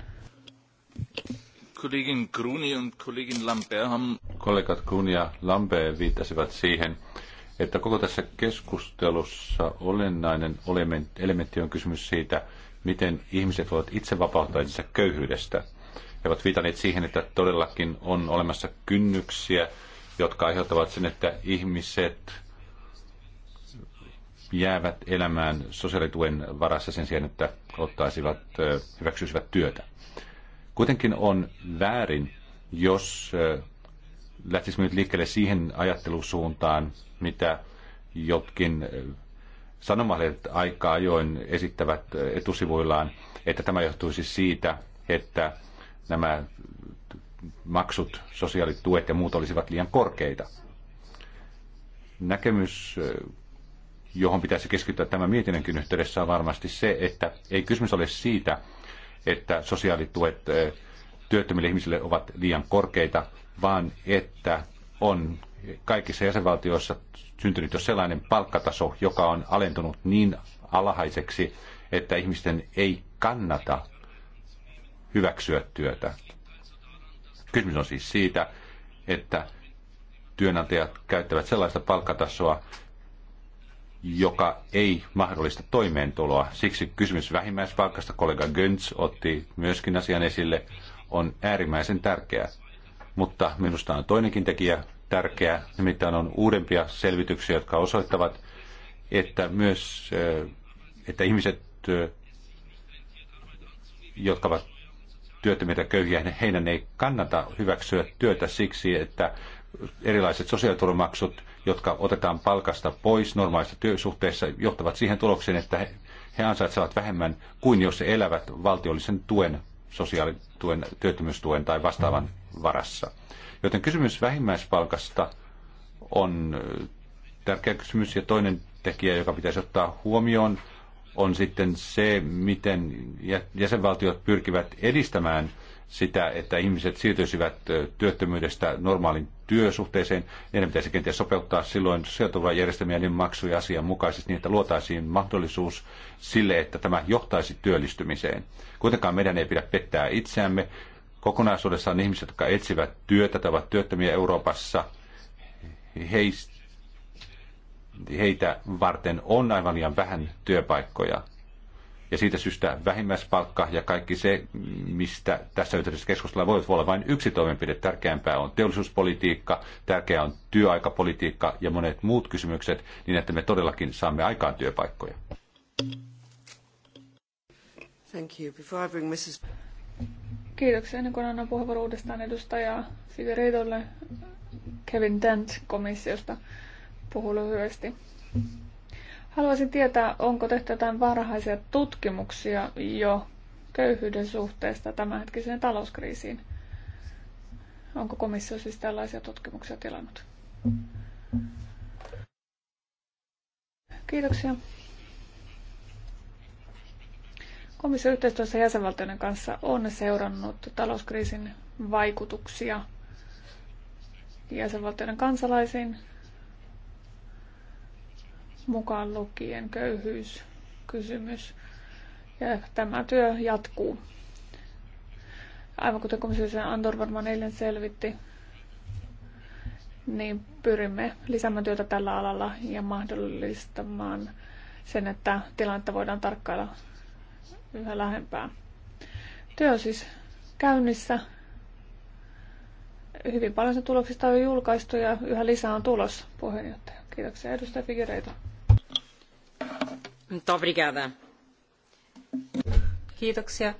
Kollegin Gruni ja kollegin Lambert Kollegat Gruni ja Lampe viittasivat siihen, että koko tässä keskustelussa olennainen elementti on kysymys siitä, miten ihmiset voivat itse vapauttaa itsensä köyhyydestä – he ovat viitanneet siihen, että todellakin on olemassa kynnyksiä, jotka aiheuttavat sen, että ihmiset jäävät elämään sosiaalituen varassa sen sijaan, että ottaisivat, hyväksyisivät työtä. Kuitenkin on väärin, jos lähtisimme nyt liikkeelle siihen ajattelusuuntaan, mitä jotkin sanomalehdet aika ajoin esittävät etusivuillaan, että tämä johtuisi siitä, että nämä maksut, sosiaalituet ja muut olisivat liian korkeita. Näkemys, johon pitäisi keskittyä tämän mietinnönkin yhteydessä, on varmasti se, että ei kysymys ole siitä, että sosiaalituet työttömille ihmisille ovat liian korkeita, vaan että on kaikissa jäsenvaltioissa syntynyt jo sellainen palkkataso, joka on alentunut niin alhaiseksi, että ihmisten ei kannata hyväksyä työtä. Kysymys on siis siitä, että työnantajat käyttävät sellaista palkkatasoa, joka ei mahdollista toimeentuloa. Siksi kysymys vähimmäispalkasta, kollega Gönz otti myöskin asian esille, on äärimmäisen tärkeä. Mutta minusta on toinenkin tekijä tärkeä, nimittäin on uudempia selvityksiä, jotka osoittavat, että myös äh, että ihmiset, äh, jotka ovat työttömiä köyhiä, niin heidän ei kannata hyväksyä työtä siksi, että erilaiset sosiaaliturvamaksut, jotka otetaan palkasta pois normaalista työsuhteessa, johtavat siihen tulokseen, että he ansaitsevat vähemmän kuin jos he elävät valtiollisen tuen, sosiaalituen, työttömyystuen tai vastaavan varassa. Joten kysymys vähimmäispalkasta on tärkeä kysymys ja toinen tekijä, joka pitäisi ottaa huomioon, on sitten se, miten jäsenvaltiot pyrkivät edistämään sitä, että ihmiset siirtyisivät työttömyydestä normaalin työsuhteeseen. Meidän pitäisi kenties sopeuttaa silloin sosiaaliturvajärjestelmiä niin maksuja mukaisesti, niin, että luotaisiin mahdollisuus sille, että tämä johtaisi työllistymiseen. Kuitenkaan meidän ei pidä pettää itseämme. Kokonaisuudessaan ihmiset, jotka etsivät työtä tai ovat työttömiä Euroopassa, heistä heitä varten on aivan liian vähän työpaikkoja. Ja siitä syystä vähimmäispalkka ja kaikki se, mistä tässä yhteydessä keskustella voi olla vain yksi toimenpide. Tärkeämpää on teollisuuspolitiikka, tärkeää on työaikapolitiikka ja monet muut kysymykset, niin että me todellakin saamme aikaan työpaikkoja. Thank you. Before I bring Mrs. Kiitoksia. Ennen kuin annan puheenvuoron uudestaan edustaja Figueiredolle Kevin Dent komissiosta puhuu lyhyesti. Haluaisin tietää, onko tehty jotain varhaisia tutkimuksia jo köyhyyden suhteesta tämänhetkiseen talouskriisiin. Onko komissio siis tällaisia tutkimuksia tilannut? Kiitoksia. Komissio yhteistyössä jäsenvaltioiden kanssa on seurannut talouskriisin vaikutuksia jäsenvaltioiden kansalaisiin mukaan lukien köyhyyskysymys. Ja tämä työ jatkuu. Aivan kuten komission Andor varmaan eilen selvitti, niin pyrimme lisäämään työtä tällä alalla ja mahdollistamaan sen, että tilannetta voidaan tarkkailla yhä lähempää. Työ on siis käynnissä. Hyvin paljon sen tuloksista on julkaistu ja yhä lisää on tulos, puheenjohtaja. Kiitoksia edustaja Figureito. Obrigada. Kiitoksia.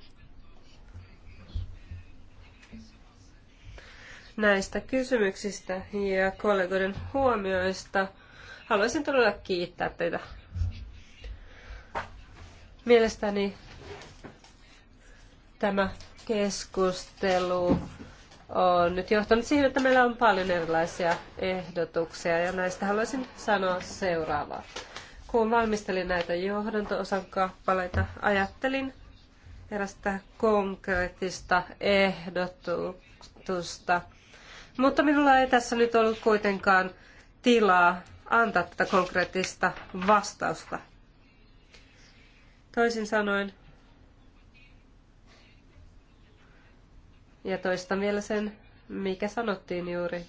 näistä kysymyksistä ja kollegoiden huomioista. Haluaisin todella kiittää teitä. Mielestäni tämä keskustelu on nyt johtanut siihen, että meillä on paljon erilaisia ehdotuksia ja näistä haluaisin sanoa seuraavaa kun valmistelin näitä johdanto-osan kappaleita, ajattelin erästä konkreettista ehdotusta. Mutta minulla ei tässä nyt ollut kuitenkaan tilaa antaa tätä konkreettista vastausta. Toisin sanoen, ja toista vielä sen, mikä sanottiin juuri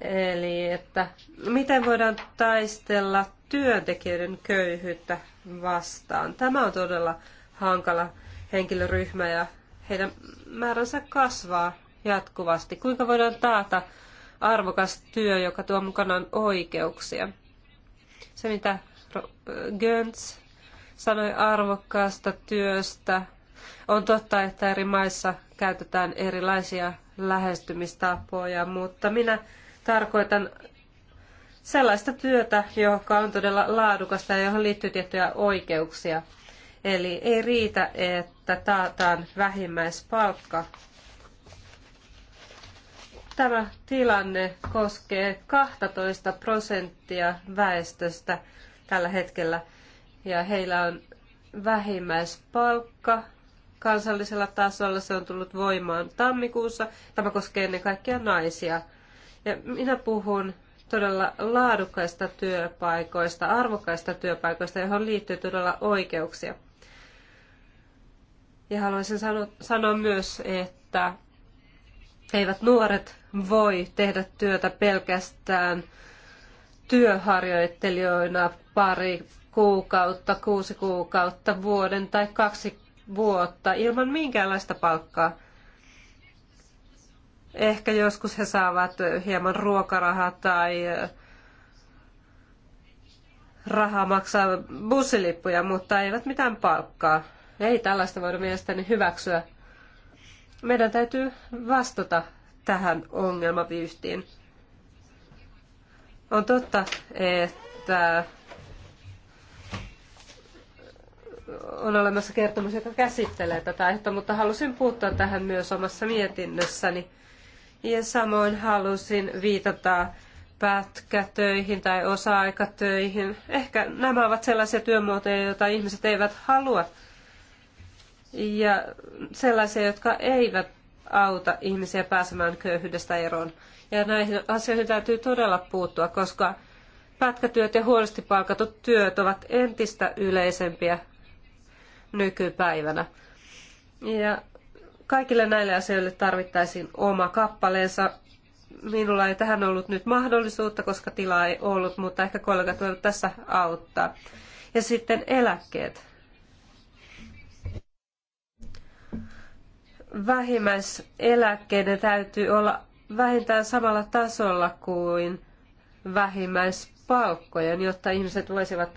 Eli että miten voidaan taistella työntekijöiden köyhyyttä vastaan. Tämä on todella hankala henkilöryhmä ja heidän määränsä kasvaa jatkuvasti. Kuinka voidaan taata arvokas työ, joka tuo mukanaan oikeuksia? Se, mitä Göns sanoi arvokkaasta työstä, on totta, että eri maissa käytetään erilaisia lähestymistapoja, mutta minä tarkoitan sellaista työtä, joka on todella laadukasta ja johon liittyy tiettyjä oikeuksia. Eli ei riitä, että taataan vähimmäispalkka. Tämä tilanne koskee 12 prosenttia väestöstä tällä hetkellä. Ja heillä on vähimmäispalkka kansallisella tasolla. Se on tullut voimaan tammikuussa. Tämä koskee ennen kaikkea naisia. Ja minä puhun todella laadukkaista työpaikoista, arvokkaista työpaikoista, johon liittyy todella oikeuksia. Ja haluaisin sano, sanoa myös, että eivät nuoret voi tehdä työtä pelkästään työharjoittelijoina pari kuukautta, kuusi kuukautta, vuoden tai kaksi vuotta ilman minkäänlaista palkkaa. Ehkä joskus he saavat hieman ruokarahaa tai rahaa maksaa bussilippuja, mutta eivät mitään palkkaa. Ei tällaista voida mielestäni hyväksyä. Meidän täytyy vastata tähän ongelmavyyhtiin. On totta, että on olemassa kertomus, joka käsittelee tätä aihetta, mutta halusin puuttua tähän myös omassa mietinnössäni, ja samoin halusin viitata pätkätöihin tai osa-aikatöihin. Ehkä nämä ovat sellaisia työmuotoja, joita ihmiset eivät halua. Ja sellaisia, jotka eivät auta ihmisiä pääsemään köyhyydestä eroon. Ja näihin asioihin täytyy todella puuttua, koska pätkätyöt ja huolesti palkatut työt ovat entistä yleisempiä nykypäivänä. Ja Kaikille näille asioille tarvittaisiin oma kappaleensa. Minulla ei tähän ollut nyt mahdollisuutta, koska tilaa ei ollut, mutta ehkä kollegat voivat tässä auttaa. Ja sitten eläkkeet. Vähimmäiseläkkeiden täytyy olla vähintään samalla tasolla kuin vähimmäispalkkojen, jotta ihmiset voisivat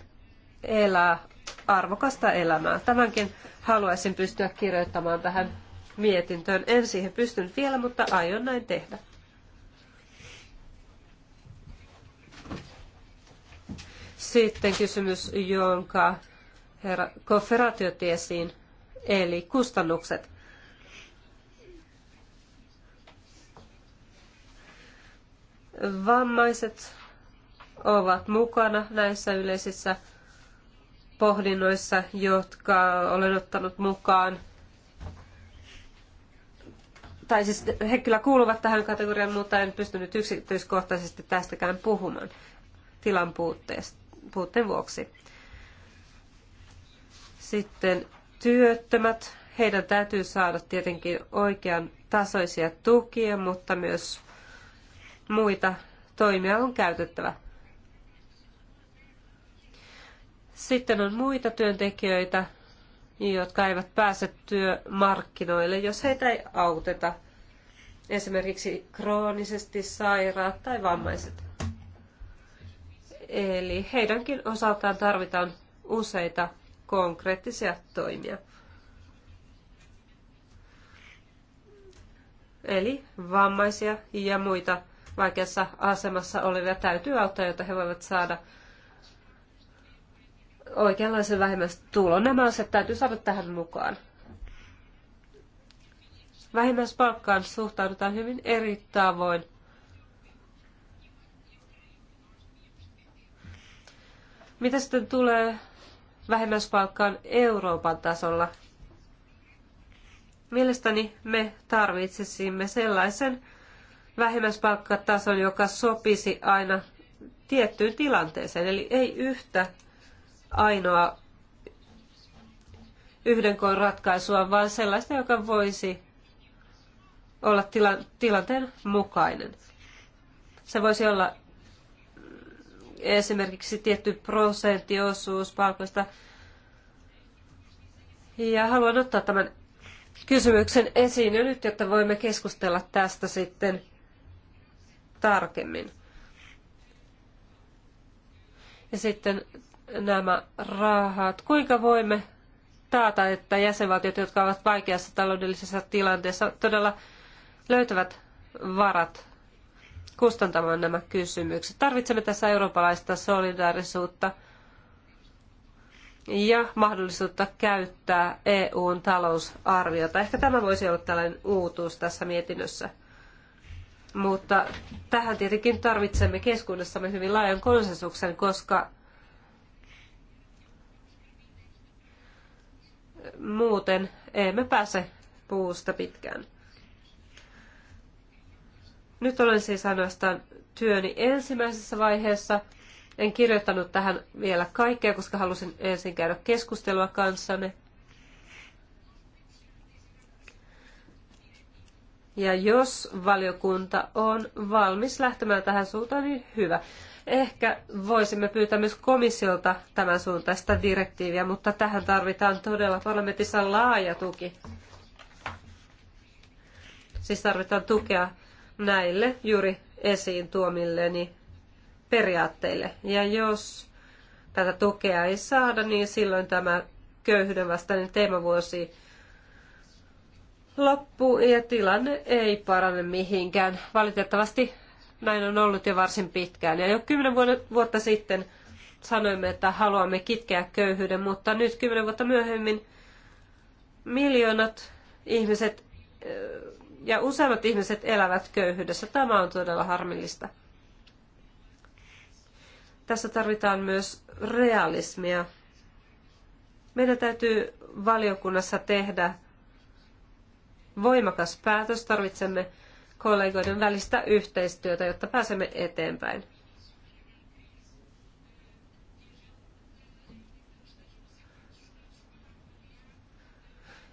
elää arvokasta elämää. Tämänkin haluaisin pystyä kirjoittamaan tähän mietintöön. En siihen pystynyt vielä, mutta aion näin tehdä. Sitten kysymys, jonka herra Kofferaatio tiesiin, eli kustannukset. Vammaiset ovat mukana näissä yleisissä pohdinnoissa, jotka olen ottanut mukaan – tai siis he kyllä kuuluvat tähän kategoriaan, mutta en pystynyt yksityiskohtaisesti tästäkään puhumaan tilan puutteen vuoksi. Sitten työttömät, heidän täytyy saada tietenkin oikean tasoisia tukia, mutta myös muita toimia on käytettävä. Sitten on muita työntekijöitä, jotka eivät pääse työmarkkinoille, jos heitä ei auteta. Esimerkiksi kroonisesti sairaat tai vammaiset. Eli heidänkin osaltaan tarvitaan useita konkreettisia toimia. Eli vammaisia ja muita vaikeassa asemassa olevia täytyy auttaa, jotta he voivat saada oikeanlaisen vähimmäistulon. Nämä asiat täytyy saada tähän mukaan. Vähimmäispalkkaan suhtaudutaan hyvin eri tavoin. Mitä sitten tulee vähimmäispalkkaan Euroopan tasolla? Mielestäni me tarvitsisimme sellaisen vähimmäispalkkatason, joka sopisi aina tiettyyn tilanteeseen, eli ei yhtä ainoa yhden koon ratkaisua, vaan sellaista, joka voisi olla tila, tilanteen mukainen. Se voisi olla esimerkiksi tietty prosenttiosuus palkoista. Ja haluan ottaa tämän kysymyksen esiin jo nyt, jotta voimme keskustella tästä sitten tarkemmin. Ja sitten nämä rahat? Kuinka voimme taata, että jäsenvaltiot, jotka ovat vaikeassa taloudellisessa tilanteessa, todella löytävät varat kustantamaan nämä kysymykset. Tarvitsemme tässä eurooppalaista solidaarisuutta ja mahdollisuutta käyttää EUn talousarviota. Ehkä tämä voisi olla tällainen uutuus tässä mietinnössä. Mutta tähän tietenkin tarvitsemme keskuudessamme hyvin laajan konsensuksen, koska Muuten emme pääse puusta pitkään. Nyt olen siis ainoastaan työni ensimmäisessä vaiheessa. En kirjoittanut tähän vielä kaikkea, koska halusin ensin käydä keskustelua kanssanne. Ja jos valiokunta on valmis lähtemään tähän suuntaan, niin hyvä. Ehkä voisimme pyytää myös komissiolta tämän suuntaista direktiiviä, mutta tähän tarvitaan todella parlamentissa laaja tuki. Siis tarvitaan tukea näille juuri esiin tuomilleni periaatteille. Ja jos tätä tukea ei saada, niin silloin tämä köyhyyden vastainen teemavuosi loppuu ja tilanne ei parane mihinkään. Valitettavasti näin on ollut jo varsin pitkään. Ja jo kymmenen vuotta sitten sanoimme, että haluamme kitkeä köyhyyden, mutta nyt kymmenen vuotta myöhemmin miljoonat ihmiset eh, ja useimmat ihmiset elävät köyhyydessä. Tämä on todella harmillista. Tässä tarvitaan myös realismia. Meidän täytyy valiokunnassa tehdä voimakas päätös. Tarvitsemme kollegoiden välistä yhteistyötä, jotta pääsemme eteenpäin.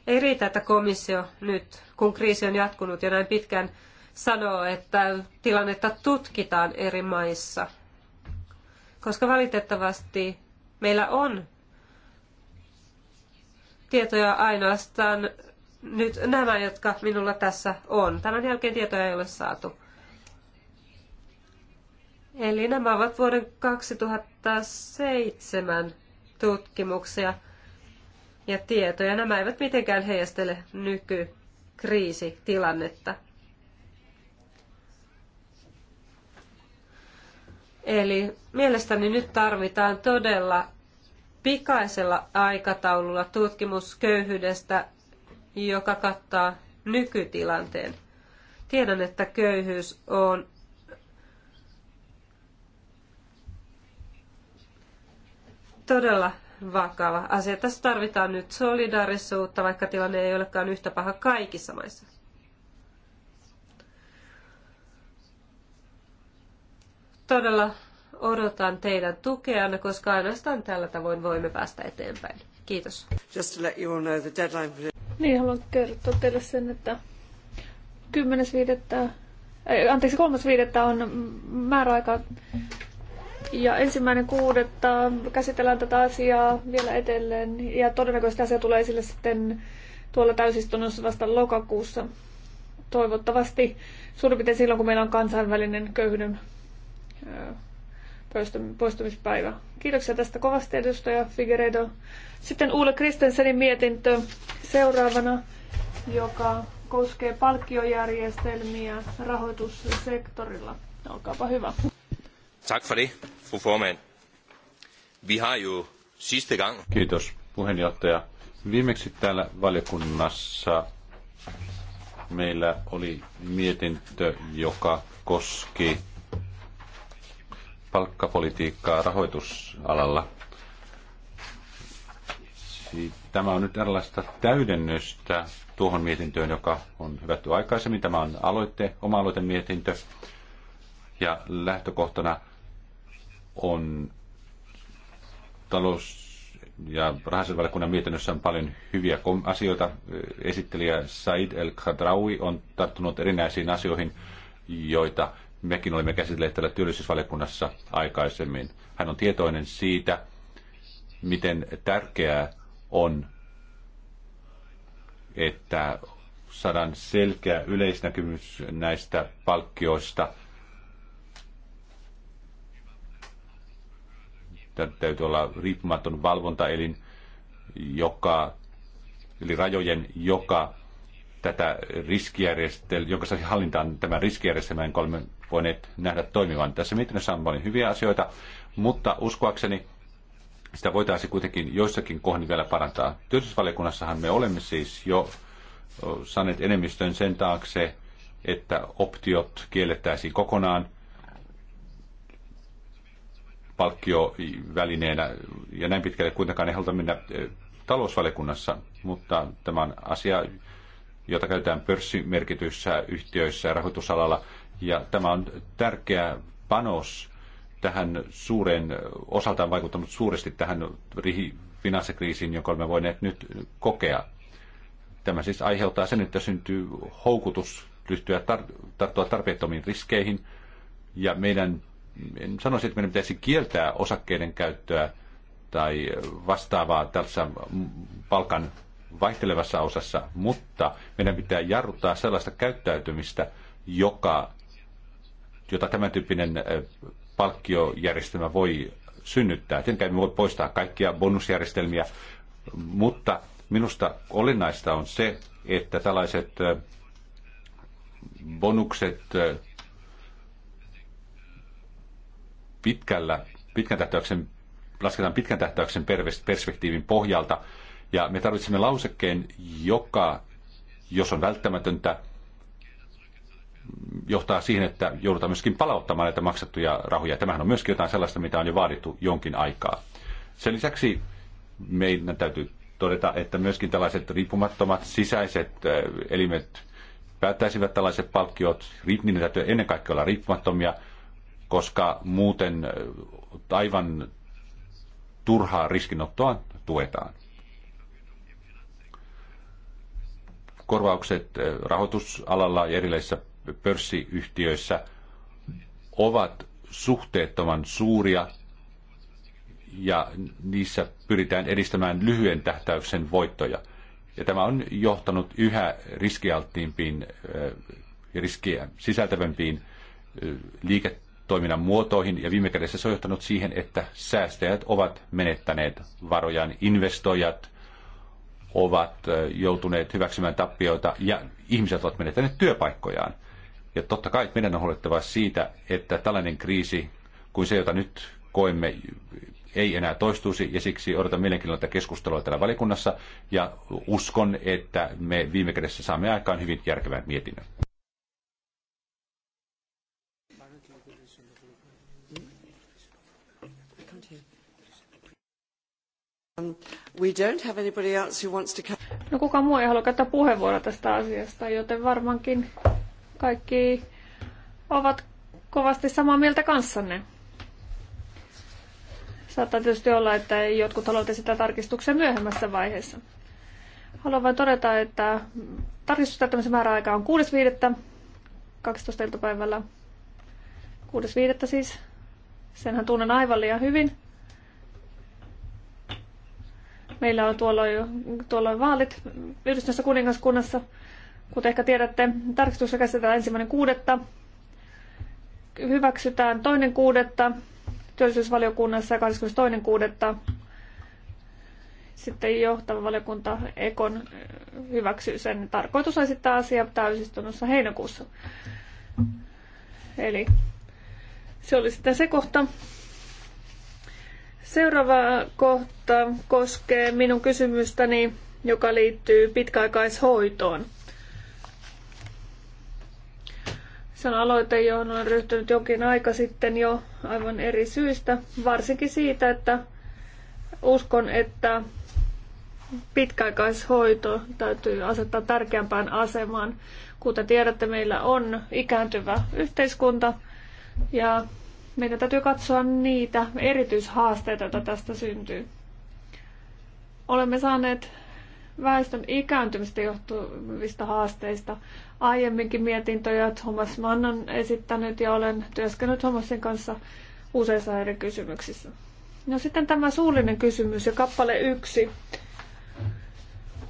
Ei riitä, että komissio nyt, kun kriisi on jatkunut ja näin pitkään, sanoo, että tilannetta tutkitaan eri maissa. Koska valitettavasti meillä on tietoja ainoastaan nyt nämä, jotka minulla tässä on. Tämän jälkeen tietoja ei ole saatu. Eli nämä ovat vuoden 2007 tutkimuksia ja tietoja. Nämä eivät mitenkään heijastele nykykriisitilannetta. Eli mielestäni nyt tarvitaan todella pikaisella aikataululla tutkimus köyhyydestä joka kattaa nykytilanteen. Tiedän, että köyhyys on todella vakava asia. Tässä tarvitaan nyt solidaarisuutta, vaikka tilanne ei olekaan yhtä paha kaikissa maissa. Todella odotan teidän tukeanne, koska ainoastaan tällä tavoin voimme päästä eteenpäin. Kiitos. Just to let you all know the deadline for... Niin, haluan kertoa teille sen, että 10.5. Ei, anteeksi, 3.5. on määräaika ja ensimmäinen kuudetta käsitellään tätä asiaa vielä edelleen ja todennäköisesti asia tulee esille sitten tuolla täysistunnossa vasta lokakuussa. Toivottavasti suurin piirtein silloin, kun meillä on kansainvälinen köyhyyden poistumispäivä. Kiitoksia tästä kovasti edustaja Figueredo. Sitten Ulla Kristensenin mietintö seuraavana, joka koskee palkkiojärjestelmiä rahoitussektorilla. Olkaapa hyvä. Tack för det, fru formen. Vi har ju sista Kiitos, puheenjohtaja. Viimeksi täällä valiokunnassa meillä oli mietintö, joka koski palkkapolitiikkaa rahoitusalalla. Tämä on nyt erilaista täydennystä tuohon mietintöön, joka on hyvätty aikaisemmin. Tämä on aloitte, oma mietintö Ja lähtökohtana on talous- ja rahaselvaliokunnan mietinnössä on paljon hyviä asioita. Esittelijä Said El Khadraoui on tarttunut erinäisiin asioihin, joita mekin olimme käsitelleet täällä työllisyysvaliokunnassa aikaisemmin. Hän on tietoinen siitä, miten tärkeää on, että saadaan selkeä yleisnäkymys näistä palkkioista. Täytyy olla riippumaton valvontaelin, joka, eli rajojen, joka tätä riskijärjestelmää, jonka saisi hallintaan tämän riskijärjestelmän kolmen voineet nähdä toimivan. Tässä mietinnössä on paljon hyviä asioita, mutta uskoakseni sitä voitaisiin kuitenkin joissakin kohdin vielä parantaa. Työllisyysvaliokunnassahan me olemme siis jo saaneet enemmistön sen taakse, että optiot kiellettäisiin kokonaan palkkiovälineenä, ja näin pitkälle kuitenkaan ei haluta mennä talousvaliokunnassa, mutta tämä on asia, jota käytetään pörssimerkityissä yhtiöissä ja rahoitusalalla – ja tämä on tärkeä panos tähän suureen, osaltaan vaikuttanut suuresti tähän finanssikriisiin, jonka olemme voineet nyt kokea. Tämä siis aiheuttaa sen, että syntyy houkutus ryhtyä tar- tarttua tarpeettomiin riskeihin. Ja meidän, en sanoisi, että meidän pitäisi kieltää osakkeiden käyttöä tai vastaavaa tässä palkan vaihtelevassa osassa, mutta meidän pitää jarruttaa sellaista käyttäytymistä, joka jota tämän tyyppinen palkkiojärjestelmä voi synnyttää. Tietenkään me voi poistaa kaikkia bonusjärjestelmiä, mutta minusta olennaista on se, että tällaiset bonukset pitkällä, pitkän tähtäyksen, lasketaan pitkän tähtäyksen perspektiivin pohjalta. Ja me tarvitsemme lausekkeen, joka, jos on välttämätöntä, johtaa siihen, että joudutaan myöskin palauttamaan näitä maksettuja rahoja. Tämähän on myöskin jotain sellaista, mitä on jo vaadittu jonkin aikaa. Sen lisäksi meidän täytyy todeta, että myöskin tällaiset riippumattomat sisäiset elimet päättäisivät tällaiset palkkiot. Niiden täytyy ennen kaikkea olla riippumattomia, koska muuten aivan turhaa riskinottoa tuetaan. korvaukset rahoitusalalla ja erilaisissa pörssiyhtiöissä ovat suhteettoman suuria ja niissä pyritään edistämään lyhyen tähtäyksen voittoja. Ja tämä on johtanut yhä riskialttiimpiin ja riskiä sisältävämpiin liiketoiminnan muotoihin ja viime kädessä se on johtanut siihen, että säästäjät ovat menettäneet varojaan, investoijat ovat joutuneet hyväksymään tappioita ja ihmiset ovat menettäneet työpaikkojaan. Ja totta kai meidän on huolehtava siitä, että tällainen kriisi kuin se, jota nyt koemme, ei enää toistuisi ja siksi odotan mielenkiinnolla tätä keskustelua täällä valikunnassa ja uskon, että me viime kädessä saamme aikaan hyvin järkevän mietinnön. We don't have anybody else who wants to... No kuka muu ei halua käyttää puheenvuoroa tästä asiasta, joten varmaankin kaikki ovat kovasti samaa mieltä kanssanne. Saattaa tietysti olla, että jotkut haluavat sitä tarkistuksia myöhemmässä vaiheessa. Haluan vain todeta, että tarkistustäyttämisen määräaika on 6.5. 12 iltapäivällä. 6.5. siis. Senhän tunnen aivan liian hyvin. Meillä on tuolloin, tuolloin vaalit yhdistyneessä kuningaskunnassa. Kuten ehkä tiedätte, tarkistuksessa käsitellään ensimmäinen kuudetta. Hyväksytään toinen kuudetta työllisyysvaliokunnassa ja 22. kuudetta sitten johtava valiokunta Ekon hyväksyy sen. Tarkoitus on esittää asia täysistunnossa heinäkuussa. Eli se oli sitten se kohta. Seuraava kohta koskee minun kysymystäni, joka liittyy pitkäaikaishoitoon. Se on aloite, johon olen ryhtynyt jokin aika sitten jo aivan eri syistä, varsinkin siitä, että uskon, että pitkäaikaishoito täytyy asettaa tärkeämpään asemaan. Kuten tiedätte, meillä on ikääntyvä yhteiskunta ja meidän täytyy katsoa niitä erityishaasteita, joita tästä syntyy. Olemme saaneet väestön ikääntymistä johtuvista haasteista aiemminkin mietintöjä Thomas Mann on esittänyt ja olen työskennellyt Thomasin kanssa useissa eri kysymyksissä. No sitten tämä suullinen kysymys ja kappale yksi.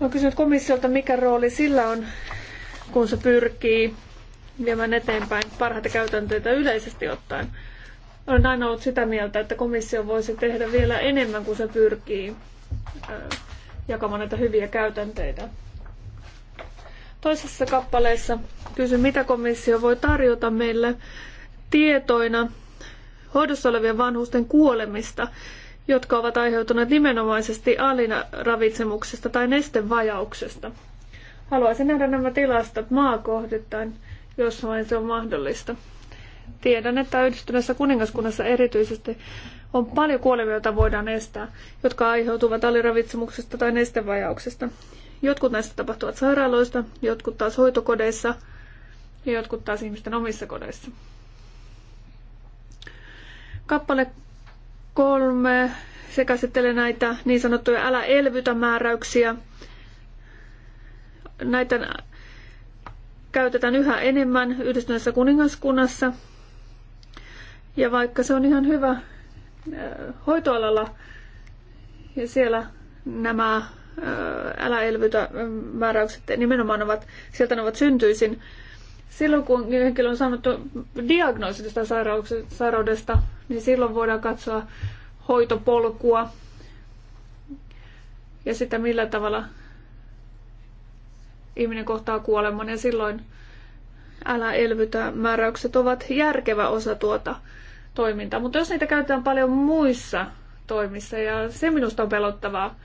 Olen kysynyt komissiolta, mikä rooli sillä on, kun se pyrkii viemään eteenpäin parhaita käytänteitä yleisesti ottaen. Olen aina ollut sitä mieltä, että komissio voisi tehdä vielä enemmän kuin se pyrkii jakamaan näitä hyviä käytänteitä. Toisessa kappaleessa kysyn, mitä komissio voi tarjota meille tietoina hoidossa olevien vanhusten kuolemista, jotka ovat aiheutuneet nimenomaisesti alinaravitsemuksesta tai nestevajauksesta. Haluaisin nähdä nämä tilastot maakohdittain, jos vain se on mahdollista. Tiedän, että yhdistyneessä kuningaskunnassa erityisesti on paljon kuolemia, joita voidaan estää, jotka aiheutuvat aliravitsemuksesta tai nestevajauksesta. Jotkut näistä tapahtuvat sairaaloista, jotkut taas hoitokodeissa ja jotkut taas ihmisten omissa kodeissa. Kappale kolme, se käsittelee näitä niin sanottuja älä elvytä määräyksiä. Näitä käytetään yhä enemmän yhdistyneessä kuningaskunnassa. Ja vaikka se on ihan hyvä äh, hoitoalalla ja siellä nämä älä elvytä määräykset nimenomaan ovat, sieltä ne ovat syntyisin. Silloin kun henkilö on saanut diagnoosi tästä sairaudesta, niin silloin voidaan katsoa hoitopolkua ja sitä millä tavalla ihminen kohtaa kuoleman ja silloin älä elvytä määräykset ovat järkevä osa tuota toimintaa. Mutta jos niitä käytetään paljon muissa toimissa ja se minusta on pelottavaa,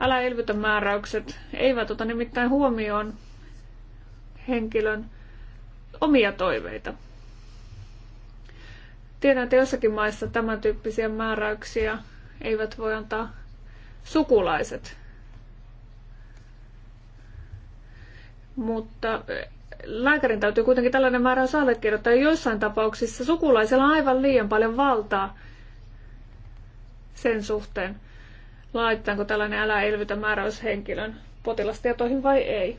Älä elvytä määräykset eivät ota nimittäin huomioon henkilön omia toiveita. Tiedän, että jossakin maissa tämän tyyppisiä määräyksiä eivät voi antaa sukulaiset. Mutta eh, lääkärin täytyy kuitenkin tällainen määräys allekirjoittaa. Joissain tapauksissa sukulaisella on aivan liian paljon valtaa sen suhteen, laitetaanko tällainen älä elvytä määräyshenkilön potilastietoihin vai ei.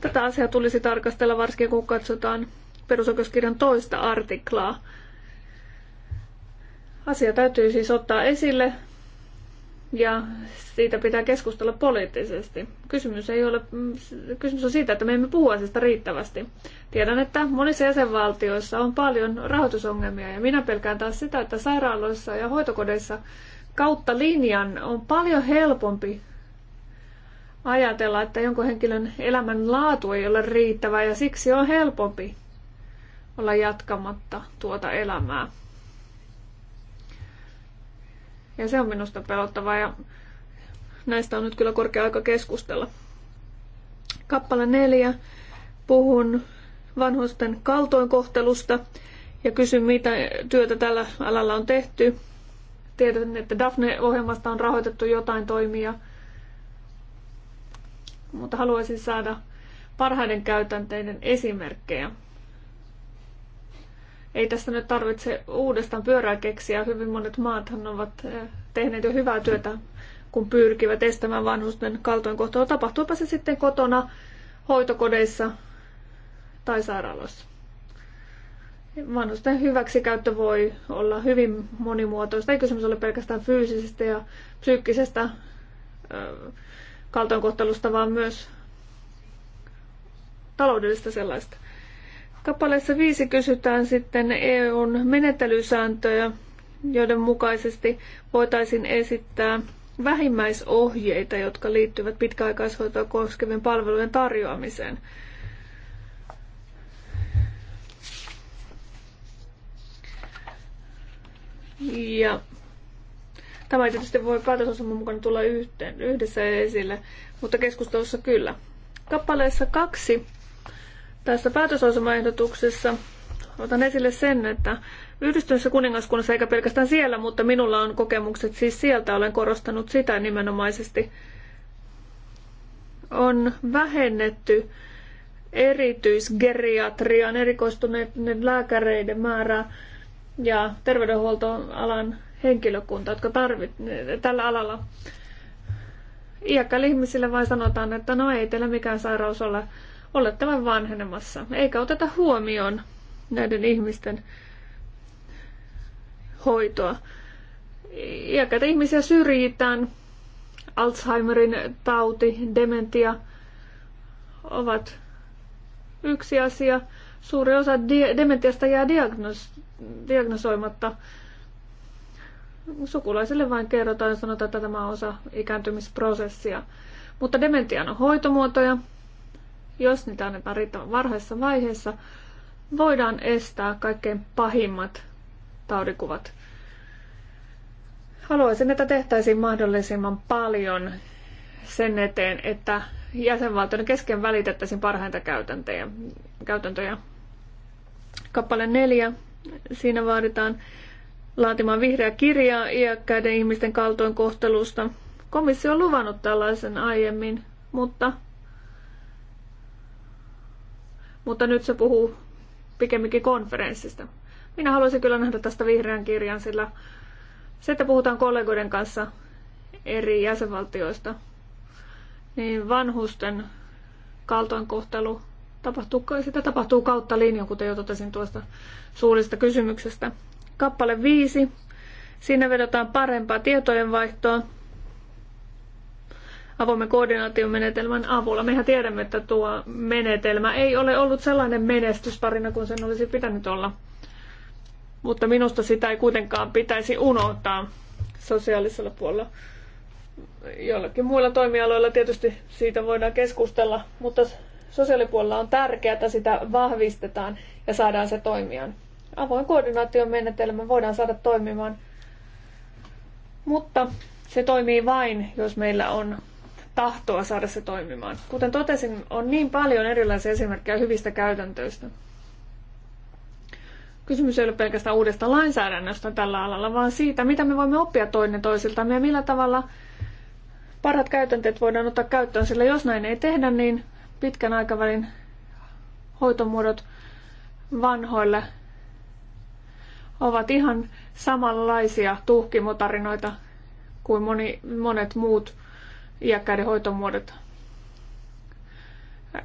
Tätä asiaa tulisi tarkastella varsinkin kun katsotaan perusoikeuskirjan toista artiklaa. Asia täytyy siis ottaa esille ja siitä pitää keskustella poliittisesti. Kysymys, ei ole, mm, kysymys on siitä, että me emme puhu asiasta riittävästi. Tiedän, että monissa jäsenvaltioissa on paljon rahoitusongelmia ja minä pelkään taas sitä, että sairaaloissa ja hoitokodeissa kautta linjan on paljon helpompi ajatella, että jonkun henkilön elämän laatu ei ole riittävä ja siksi on helpompi olla jatkamatta tuota elämää. Ja se on minusta pelottavaa ja näistä on nyt kyllä korkea aika keskustella. Kappale neljä. Puhun vanhusten kaltoinkohtelusta ja kysyn, mitä työtä tällä alalla on tehty tiedän, että Daphne-ohjelmasta on rahoitettu jotain toimia, mutta haluaisin saada parhaiden käytänteiden esimerkkejä. Ei tässä nyt tarvitse uudestaan pyörää keksiä. Hyvin monet maathan ovat eh, tehneet jo hyvää työtä, kun pyrkivät estämään vanhusten kaltoinkohtelua. Tapahtuupa se sitten kotona, hoitokodeissa tai sairaaloissa. Vanhusten hyväksikäyttö voi olla hyvin monimuotoista. Ei kysymys ole pelkästään fyysisestä ja psyykkisestä kaltoinkohtelusta, vaan myös taloudellista sellaista. Kappaleessa viisi kysytään sitten EUn menettelysääntöjä, joiden mukaisesti voitaisiin esittää vähimmäisohjeita, jotka liittyvät pitkäaikaishoitoa koskevien palvelujen tarjoamiseen – Ja tämä ei tietysti voi päätösosaman mukana tulla yhteen, yhdessä esille, mutta keskustelussa kyllä. Kappaleessa kaksi tässä päätösosamaehdotuksessa otan esille sen, että Yhdistyneessä kuningaskunnassa, eikä pelkästään siellä, mutta minulla on kokemukset siis sieltä, olen korostanut sitä nimenomaisesti, on vähennetty erityisgeriatrian erikoistuneiden lääkäreiden määrää ja terveydenhuoltoalan henkilökunta, jotka tarvitsevat tällä alalla iäkkäille ihmisille vain sanotaan, että no ei teillä mikään sairaus ole, olette vain vanhenemassa. Eikä oteta huomioon näiden ihmisten hoitoa. Iäkkäitä ihmisiä syrjitään. Alzheimerin tauti, dementia ovat yksi asia. Suuri osa dementiasta jää diagnos- diagnosoimatta. Sukulaiselle vain kerrotaan ja sanotaan, että tämä on osa ikääntymisprosessia. Mutta dementian on hoitomuotoja. Jos niitä annetaan riittävän varhaisessa vaiheessa, voidaan estää kaikkein pahimmat taudikuvat. Haluaisin, että tehtäisiin mahdollisimman paljon sen eteen, että jäsenvaltioiden kesken välitettäisiin parhaita käytäntöjä. käytäntöjä. Kappale neljä Siinä vaaditaan laatimaan vihreä kirja iäkkäiden ihmisten kaltoinkohtelusta. Komissio on luvannut tällaisen aiemmin, mutta, mutta nyt se puhuu pikemminkin konferenssista. Minä haluaisin kyllä nähdä tästä vihreän kirjan, sillä se, että puhutaan kollegoiden kanssa eri jäsenvaltioista, niin vanhusten kaltoinkohtelu tapahtuu, sitä tapahtuu kautta linjan, kuten jo totesin tuosta suullisesta kysymyksestä. Kappale 5. Siinä vedotaan parempaa tietojen vaihtoa. avoimen koordinaatiomenetelmän avulla. Mehän tiedämme, että tuo menetelmä ei ole ollut sellainen menestysparina kuin sen olisi pitänyt olla. Mutta minusta sitä ei kuitenkaan pitäisi unohtaa sosiaalisella puolella. Jollakin muilla toimialoilla tietysti siitä voidaan keskustella, mutta sosiaalipuolella on tärkeää, että sitä vahvistetaan ja saadaan se toimimaan. Avoin koordinaatiomenetelmä voidaan saada toimimaan, mutta se toimii vain, jos meillä on tahtoa saada se toimimaan. Kuten totesin, on niin paljon erilaisia esimerkkejä hyvistä käytäntöistä. Kysymys ei ole pelkästään uudesta lainsäädännöstä tällä alalla, vaan siitä, mitä me voimme oppia toinen toisiltamme ja millä tavalla parhaat käytänteet voidaan ottaa käyttöön, sillä jos näin ei tehdä, niin pitkän aikavälin hoitomuodot vanhoille ovat ihan samanlaisia tuhkimotarinoita kuin moni, monet muut iäkkäiden hoitomuodot. Äh,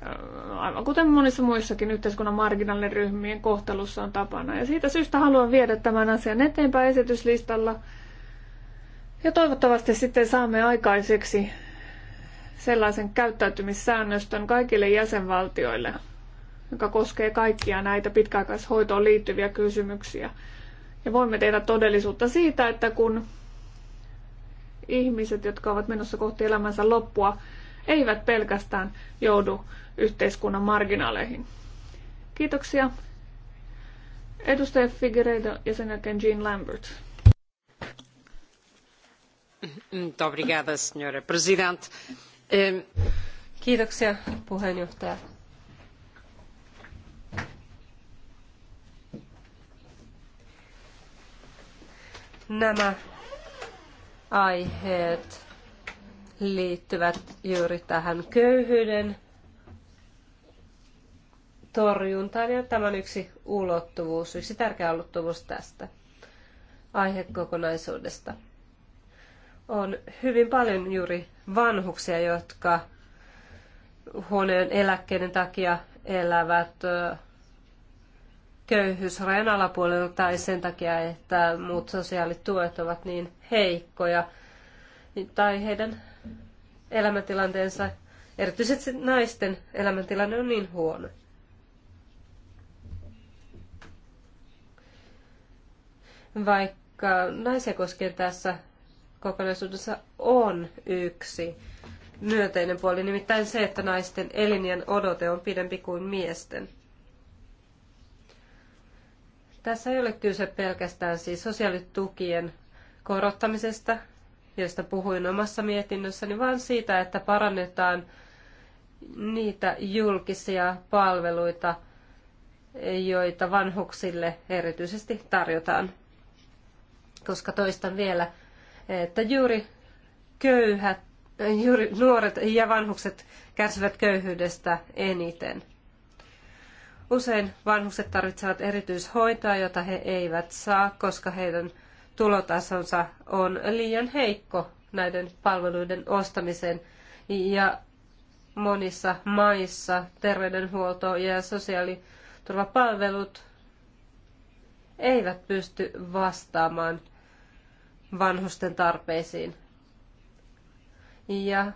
aivan kuten monissa muissakin yhteiskunnan marginaaliryhmien kohtelussa on tapana. Ja siitä syystä haluan viedä tämän asian eteenpäin esityslistalla. Ja toivottavasti sitten saamme aikaiseksi sellaisen käyttäytymissäännöstön kaikille jäsenvaltioille, joka koskee kaikkia näitä pitkäaikaishoitoon liittyviä kysymyksiä. Ja voimme tehdä todellisuutta siitä, että kun ihmiset, jotka ovat menossa kohti elämänsä loppua, eivät pelkästään joudu yhteiskunnan marginaaleihin. Kiitoksia. Edustaja Figueiredo ja sen jälkeen Jean Lambert. Muito obrigada, senhora Presidente. Kiitoksia puheenjohtaja. Nämä aiheet liittyvät juuri tähän köyhyyden torjuntaan ja tämän yksi ulottuvuus, yksi tärkeä ulottuvuus tästä aihekokonaisuudesta on hyvin paljon juuri vanhuksia, jotka huoneen eläkkeiden takia elävät köyhyysrajan alapuolella tai sen takia, että muut sosiaalituet ovat niin heikkoja niin- tai heidän elämäntilanteensa, erityisesti naisten elämäntilanne on niin huono. Vaikka naisia koskee tässä kokonaisuudessa on yksi myönteinen puoli, nimittäin se, että naisten elinjän odote on pidempi kuin miesten. Tässä ei ole kyse pelkästään siis sosiaalitukien korottamisesta, josta puhuin omassa mietinnössäni, vaan siitä, että parannetaan niitä julkisia palveluita, joita vanhuksille erityisesti tarjotaan. Koska toistan vielä, että juuri köyhät, juuri nuoret ja vanhukset kärsivät köyhyydestä eniten. Usein vanhukset tarvitsevat erityishoitoa, jota he eivät saa, koska heidän tulotasonsa on liian heikko näiden palveluiden ostamiseen. Ja monissa maissa terveydenhuolto ja sosiaaliturvapalvelut eivät pysty vastaamaan – vanhusten tarpeisiin. Ja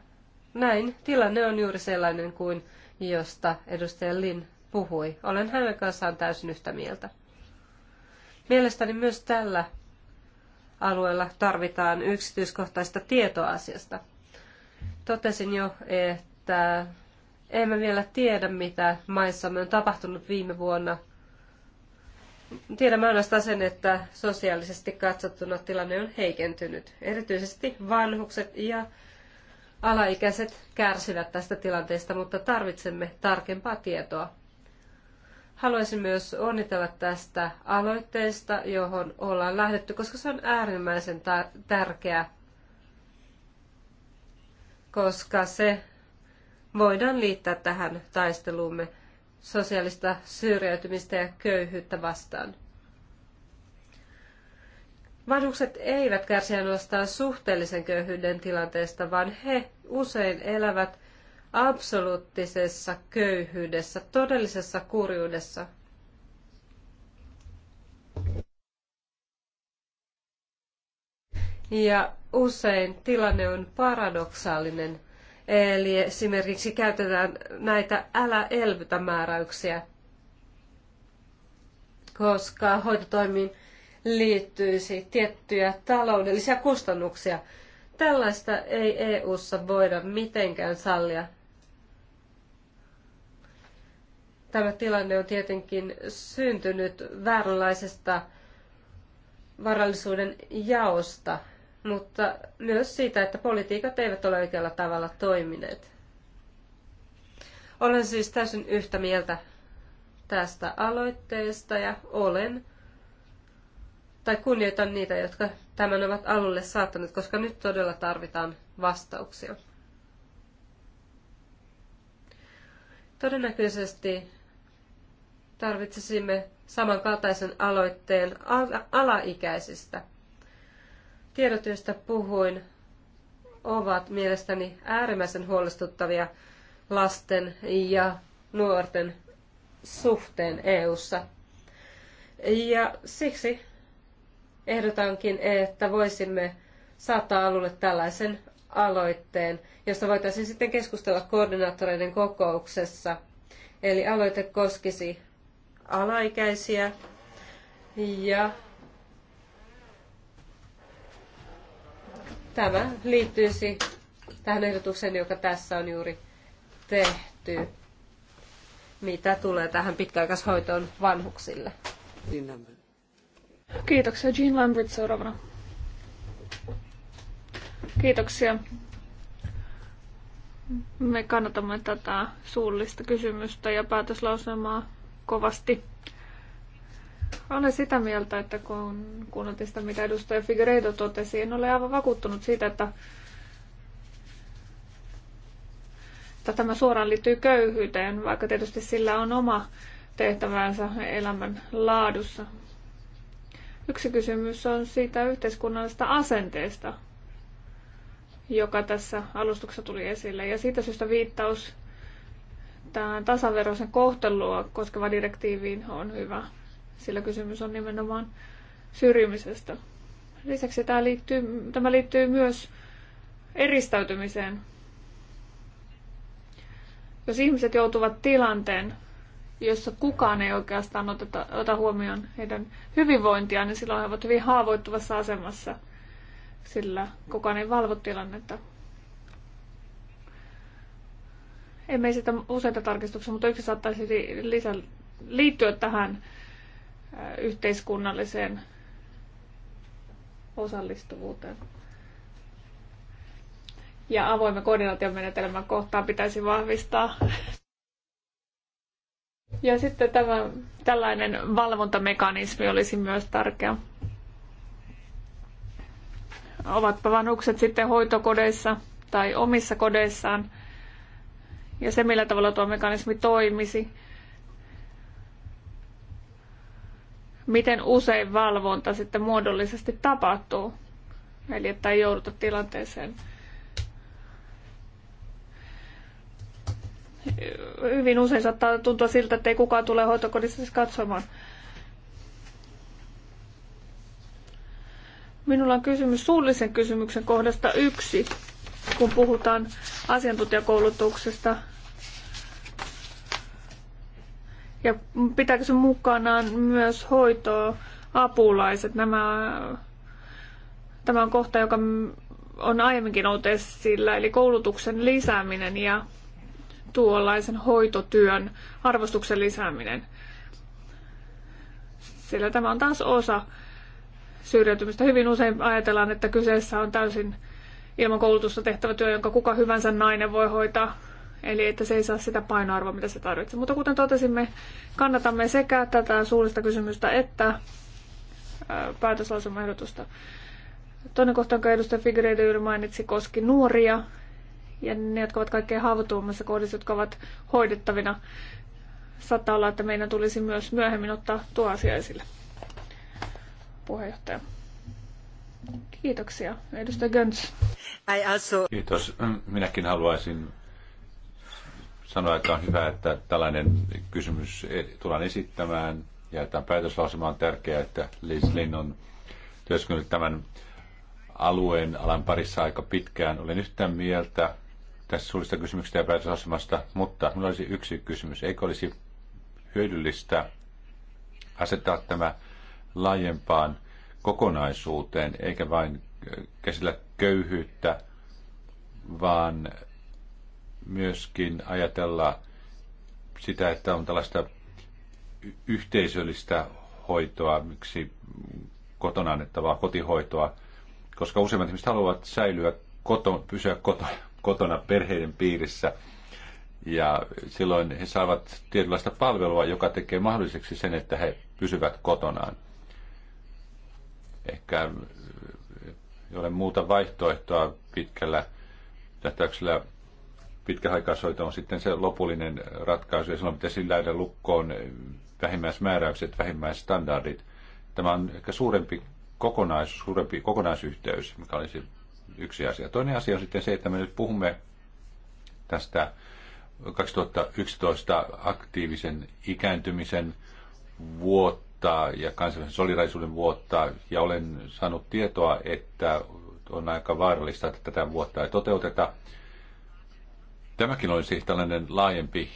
näin tilanne on juuri sellainen kuin josta edustaja Lin puhui. Olen hänen kanssaan täysin yhtä mieltä. Mielestäni myös tällä alueella tarvitaan yksityiskohtaista tietoa asiasta. Totesin jo, että emme vielä tiedä, mitä maissamme on tapahtunut viime vuonna – Tiedämme ainoastaan sen, että sosiaalisesti katsottuna tilanne on heikentynyt. Erityisesti vanhukset ja alaikäiset kärsivät tästä tilanteesta, mutta tarvitsemme tarkempaa tietoa. Haluaisin myös onnitella tästä aloitteesta, johon ollaan lähdetty, koska se on äärimmäisen tärkeä, koska se voidaan liittää tähän taisteluumme sosiaalista syrjäytymistä ja köyhyyttä vastaan. Vanhukset eivät kärsi ainoastaan suhteellisen köyhyyden tilanteesta, vaan he usein elävät absoluuttisessa köyhyydessä, todellisessa kurjuudessa. Ja usein tilanne on paradoksaalinen. Eli esimerkiksi käytetään näitä älä elvytä määräyksiä, koska hoitotoimiin liittyisi tiettyjä taloudellisia kustannuksia. Tällaista ei EU:ssa voida mitenkään sallia. Tämä tilanne on tietenkin syntynyt vääränlaisesta varallisuuden jaosta mutta myös siitä, että politiikat eivät ole oikealla tavalla toimineet. Olen siis täysin yhtä mieltä tästä aloitteesta ja olen tai kunnioitan niitä, jotka tämän ovat alulle saattaneet, koska nyt todella tarvitaan vastauksia. Todennäköisesti tarvitsisimme samankaltaisen aloitteen alaikäisistä – Tiedot, joista puhuin, ovat mielestäni äärimmäisen huolestuttavia lasten ja nuorten suhteen EU:ssa. Ja siksi ehdotankin, että voisimme saattaa alulle tällaisen aloitteen, josta voitaisiin sitten keskustella koordinaattoreiden kokouksessa. Eli aloite koskisi alaikäisiä ja Tämä liittyisi tähän ehdotukseen, joka tässä on juuri tehty, mitä tulee tähän pitkäaikaishoitoon vanhuksille. Kiitoksia. Jean Lambert seuraavana. Kiitoksia. Me kannatamme tätä suullista kysymystä ja päätöslausemaa kovasti. Olen sitä mieltä, että kun kuunneltiin sitä, mitä edustaja Figueiredo totesi, en ole aivan vakuuttunut siitä, että, että tämä suoraan liittyy köyhyyteen, vaikka tietysti sillä on oma tehtävänsä elämän laadussa. Yksi kysymys on siitä yhteiskunnallisesta asenteesta, joka tässä alustuksessa tuli esille. Ja siitä syystä viittaus tähän tasaveroisen kohtelua koskeva direktiiviin on hyvä sillä kysymys on nimenomaan syrjimisestä. Lisäksi tämä liittyy, tämä liittyy myös eristäytymiseen. Jos ihmiset joutuvat tilanteen, jossa kukaan ei oikeastaan oteta, ota huomioon heidän hyvinvointiaan, niin silloin he ovat hyvin haavoittuvassa asemassa, sillä kukaan ei valvo tilannetta. Emme esitä useita tarkistuksia, mutta yksi saattaisi lisä, liittyä tähän yhteiskunnalliseen osallistuvuuteen. Ja avoimen koordinaatiomenetelmän kohtaan pitäisi vahvistaa. Ja sitten tämä, tällainen valvontamekanismi olisi myös tärkeä. Ovatpa vanhukset sitten hoitokodeissa tai omissa kodeissaan. Ja se, millä tavalla tuo mekanismi toimisi, miten usein valvonta sitten muodollisesti tapahtuu. Eli että ei jouduta tilanteeseen. Hyvin usein saattaa tuntua siltä, että ei kukaan tule hoitokodissa siis katsomaan. Minulla on kysymys suullisen kysymyksen kohdasta yksi, kun puhutaan asiantuntijakoulutuksesta ja pitääkö se mukanaan myös hoitoa apulaiset? Nämä, tämä on kohta, joka on aiemminkin ollut esillä, eli koulutuksen lisääminen ja tuollaisen hoitotyön arvostuksen lisääminen. Sillä tämä on taas osa syrjäytymistä. Hyvin usein ajatellaan, että kyseessä on täysin ilman koulutusta tehtävä työ, jonka kuka hyvänsä nainen voi hoitaa Eli että se ei saa sitä painoarvoa, mitä se tarvitsee. Mutta kuten totesimme, kannatamme sekä tätä suullista kysymystä että päätöslausumaehdotusta. Toinen kohta, jonka edustaja Figueiredo juuri mainitsi, koski nuoria ja ne, jotka ovat kaikkein haavoittuvimmassa kohdissa, jotka ovat hoidettavina. Saattaa olla, että meidän tulisi myös myöhemmin ottaa tuo asia esille. Puheenjohtaja. Kiitoksia. Edustaja Göns. Kiitos. Minäkin haluaisin sanoa, että on hyvä, että tällainen kysymys e, tullaan esittämään ja tämä päätöslausema on tärkeää, että Liz Lin on työskennellyt tämän alueen alan parissa aika pitkään. Olen yhtä mieltä tässä suurista kysymyksistä ja päätösasemasta, mutta minulla olisi yksi kysymys. Eikö olisi hyödyllistä asettaa tämä laajempaan kokonaisuuteen, eikä vain käsillä köyhyyttä, vaan myöskin ajatella sitä, että on tällaista yhteisöllistä hoitoa, miksi kotona annettavaa kotihoitoa, koska useimmat ihmiset haluavat säilyä koto, pysyä koto, kotona perheiden piirissä. Ja silloin he saavat tietynlaista palvelua, joka tekee mahdolliseksi sen, että he pysyvät kotonaan. Ehkä eh, ei ole muuta vaihtoehtoa pitkällä tähtäyksellä pitkäaikaishoito on sitten se lopullinen ratkaisu, ja silloin pitäisi lähteä lukkoon vähimmäismääräykset, vähimmäisstandardit. Tämä on ehkä suurempi kokonaisuus, suurempi kokonaisyhteys, mikä olisi yksi asia. Toinen asia on sitten se, että me nyt puhumme tästä 2011 aktiivisen ikääntymisen vuotta ja kansainvälisen solidaisuuden vuotta, ja olen saanut tietoa, että on aika vaarallista, että tätä vuotta ei toteuteta. Tämäkin olisi tällainen laajempi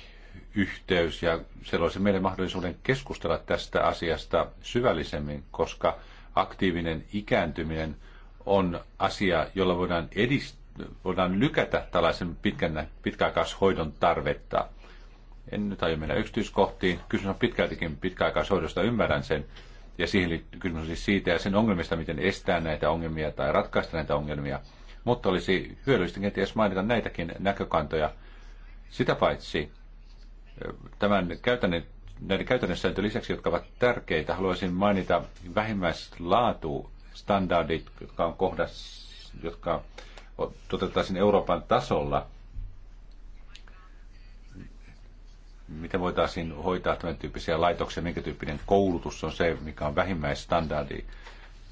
yhteys ja se olisi meille mahdollisuuden keskustella tästä asiasta syvällisemmin, koska aktiivinen ikääntyminen on asia, jolla voidaan, edist- voidaan lykätä tällaisen pitkän, pitkäaikaishoidon tarvetta. En nyt aio mennä yksityiskohtiin. Kysymys on pitkältikin pitkäaikaishoidosta, ymmärrän sen. Ja siihen liittyy kysymys siis siitä ja sen ongelmista, miten estää näitä ongelmia tai ratkaista näitä ongelmia – mutta olisi hyödyllistä kenties mainita näitäkin näkökantoja. Sitä paitsi tämän käytännön, näiden käytännön sääntöjen lisäksi, jotka ovat tärkeitä, haluaisin mainita vähimmäislaatustandardit, jotka on kohdassa, jotka toteutettaisiin Euroopan tasolla. Miten voitaisiin hoitaa tämän tyyppisiä laitoksia, minkä tyyppinen koulutus on se, mikä on vähimmäisstandardi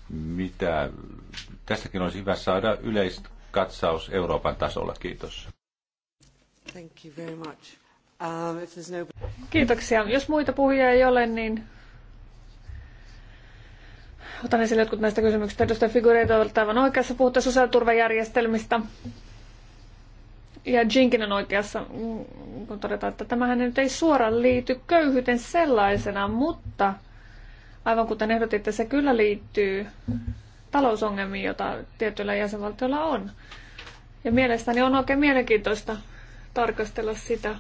mitä tästäkin olisi hyvä saada yleiskatsaus Euroopan tasolla. Kiitos. Thank you very much. Um, if no... Kiitoksia. Jos muita puhujia ei ole, niin otan esille jotkut näistä kysymyksistä. Edustaja Figureita on aivan oikeassa puhuttu sosiaaliturvajärjestelmistä. Ja Jinkin on oikeassa, kun todetaan, että tämähän nyt ei suoraan liity köyhyyteen sellaisena, mutta Aivan kuten ehdotitte, se kyllä liittyy talousongelmiin, joita tietyillä jäsenvaltioilla on. Ja mielestäni on oikein mielenkiintoista tarkastella sitä,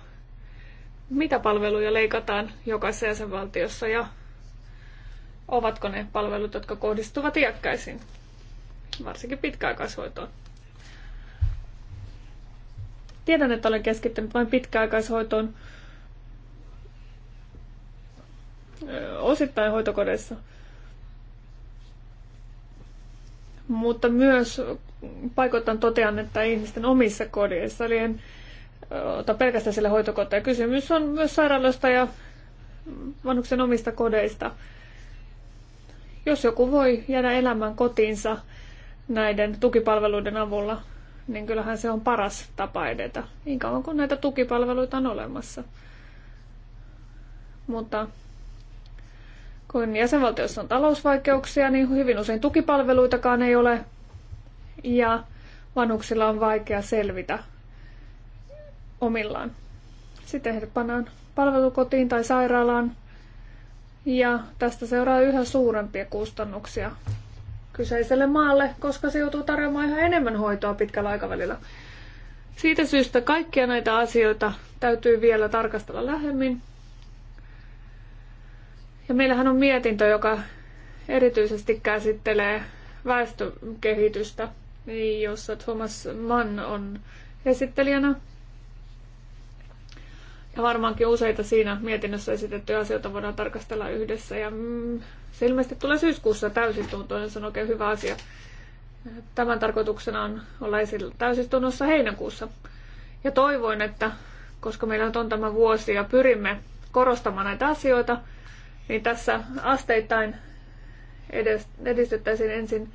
mitä palveluja leikataan jokaisessa jäsenvaltiossa ja ovatko ne palvelut, jotka kohdistuvat iäkkäisiin, varsinkin pitkäaikaishoitoon. Tiedän, että olen keskittynyt vain pitkäaikaishoitoon, osittain hoitokodeissa, mutta myös paikoittain totean, että ihmisten omissa kodeissa, eli en ota pelkästään sille hoitokoteja. Kysymys on myös sairaaloista ja vanhuksen omista kodeista. Jos joku voi jäädä elämään kotiinsa näiden tukipalveluiden avulla, niin kyllähän se on paras tapa edetä, niin kauan kuin näitä tukipalveluita on olemassa. Mutta kun jäsenvaltiossa on talousvaikeuksia, niin hyvin usein tukipalveluitakaan ei ole ja vanhuksilla on vaikea selvitä omillaan. Sitten heidät pannaan palvelukotiin tai sairaalaan ja tästä seuraa yhä suurempia kustannuksia kyseiselle maalle, koska se joutuu tarjoamaan yhä enemmän hoitoa pitkällä aikavälillä. Siitä syystä kaikkia näitä asioita täytyy vielä tarkastella lähemmin ja meillähän on mietintö, joka erityisesti käsittelee väestökehitystä, jossa Thomas Mann on esittelijänä. Ja varmaankin useita siinä mietinnössä esitettyjä asioita voidaan tarkastella yhdessä. Ja mm, se ilmeisesti tulee syyskuussa täysistuntoon, se on oikein hyvä asia. Tämän tarkoituksena on olla esillä täysistunnossa heinäkuussa. Ja toivoin, että koska meillä on tämä vuosi ja pyrimme korostamaan näitä asioita, niin tässä asteittain edistettäisiin ensin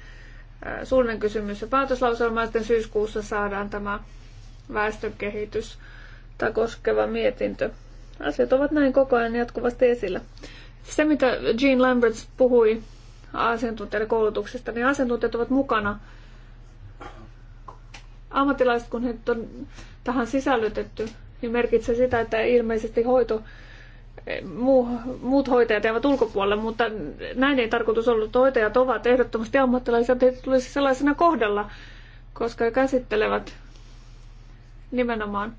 suunnan kysymys ja päätöslauselma, sitten syyskuussa saadaan tämä väestökehitys tai koskeva mietintö. Asiat ovat näin koko ajan jatkuvasti esillä. Se, mitä Jean Lamberts puhui asiantuntijoiden koulutuksesta, niin asiantuntijat ovat mukana. Ammattilaiset, kun he on tähän sisällytetty, niin merkitsee sitä, että ilmeisesti hoito muut hoitajat jäävät ulkopuolelle, mutta näin ei tarkoitus ollut. Hoitajat ovat ehdottomasti ammattilaisia, heitä tulisi sellaisena kohdella, koska he käsittelevät nimenomaan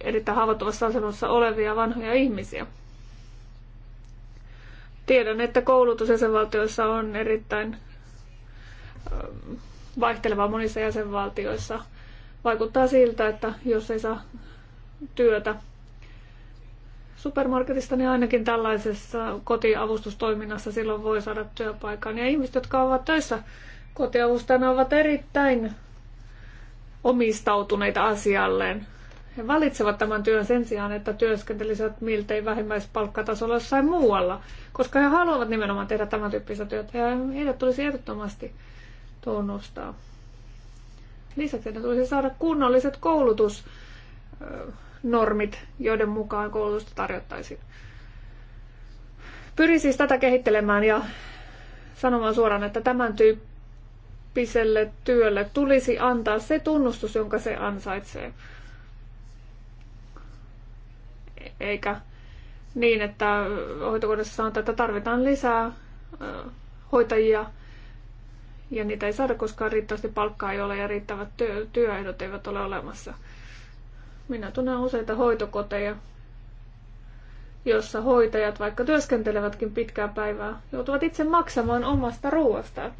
erittäin haavoittuvassa asemassa olevia vanhoja ihmisiä. Tiedän, että koulutus jäsenvaltioissa on erittäin ähm, vaihtelevaa monissa jäsenvaltioissa. Vaikuttaa siltä, että jos ei saa työtä, supermarketista, niin ainakin tällaisessa kotiavustustoiminnassa silloin voi saada työpaikan. Ja ihmiset, jotka ovat töissä kotiavustajana, ovat erittäin omistautuneita asialleen. He valitsevat tämän työn sen sijaan, että työskentelisivät miltei vähimmäispalkkatasolla jossain muualla, koska he haluavat nimenomaan tehdä tämän tyyppistä työtä ja heidät tulisi ehdottomasti tunnustaa. Lisäksi heidän tulisi saada kunnolliset koulutus normit, joiden mukaan koulutusta tarjottaisiin. Pyrin siis tätä kehittelemään ja sanomaan suoraan, että tämän tyyppiselle työlle tulisi antaa se tunnustus, jonka se ansaitsee. Eikä niin, että hoitokodissa sanotaan, että tarvitaan lisää hoitajia ja niitä ei saada koskaan riittävästi palkkaa ei ole ja riittävät työ, työehdot eivät ole olemassa. Minä tunnen useita hoitokoteja, jossa hoitajat, vaikka työskentelevätkin pitkää päivää, joutuvat itse maksamaan omasta ruoastaan.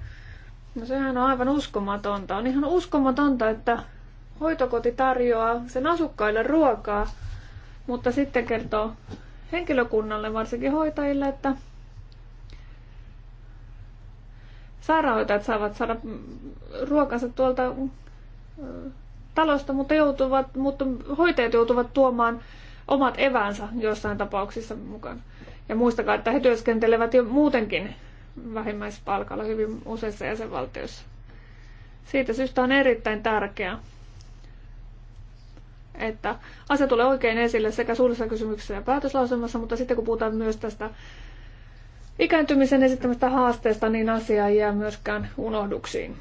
No sehän on aivan uskomatonta. On ihan uskomatonta, että hoitokoti tarjoaa sen asukkaille ruokaa, mutta sitten kertoo henkilökunnalle, varsinkin hoitajille, että sairaanhoitajat saavat saada ruokansa tuolta talosta, mutta, joutuvat, mutta hoitajat joutuvat tuomaan omat evänsä joissain tapauksissa mukaan. Ja muistakaa, että he työskentelevät jo muutenkin vähimmäispalkalla hyvin useissa jäsenvaltioissa. Siitä syystä on erittäin tärkeää, että asia tulee oikein esille sekä suurissa kysymyksissä ja päätöslausumassa, mutta sitten kun puhutaan myös tästä ikääntymisen esittämästä haasteesta, niin asia ei jää myöskään unohduksiin.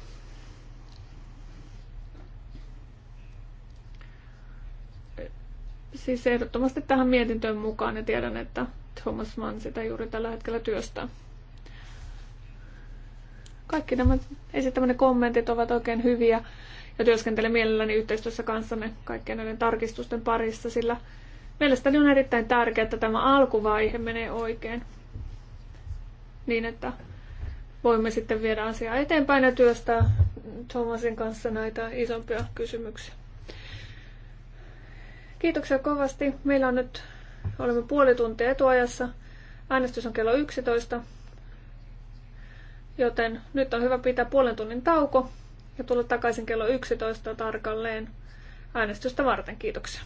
siis ehdottomasti tähän mietintöön mukaan ja tiedän, että Thomas Mann sitä juuri tällä hetkellä työstää. Kaikki nämä esittämäni kommentit ovat oikein hyviä ja työskentelen mielelläni yhteistyössä kanssanne kaikkien näiden tarkistusten parissa, sillä mielestäni on erittäin tärkeää, että tämä alkuvaihe menee oikein niin, että voimme sitten viedä asiaa eteenpäin ja työstää Thomasin kanssa näitä isompia kysymyksiä. Kiitoksia kovasti. Meillä on nyt, olemme puoli tuntia etuajassa. Äänestys on kello 11. Joten nyt on hyvä pitää puolen tunnin tauko ja tulla takaisin kello 11 tarkalleen äänestystä varten. Kiitoksia.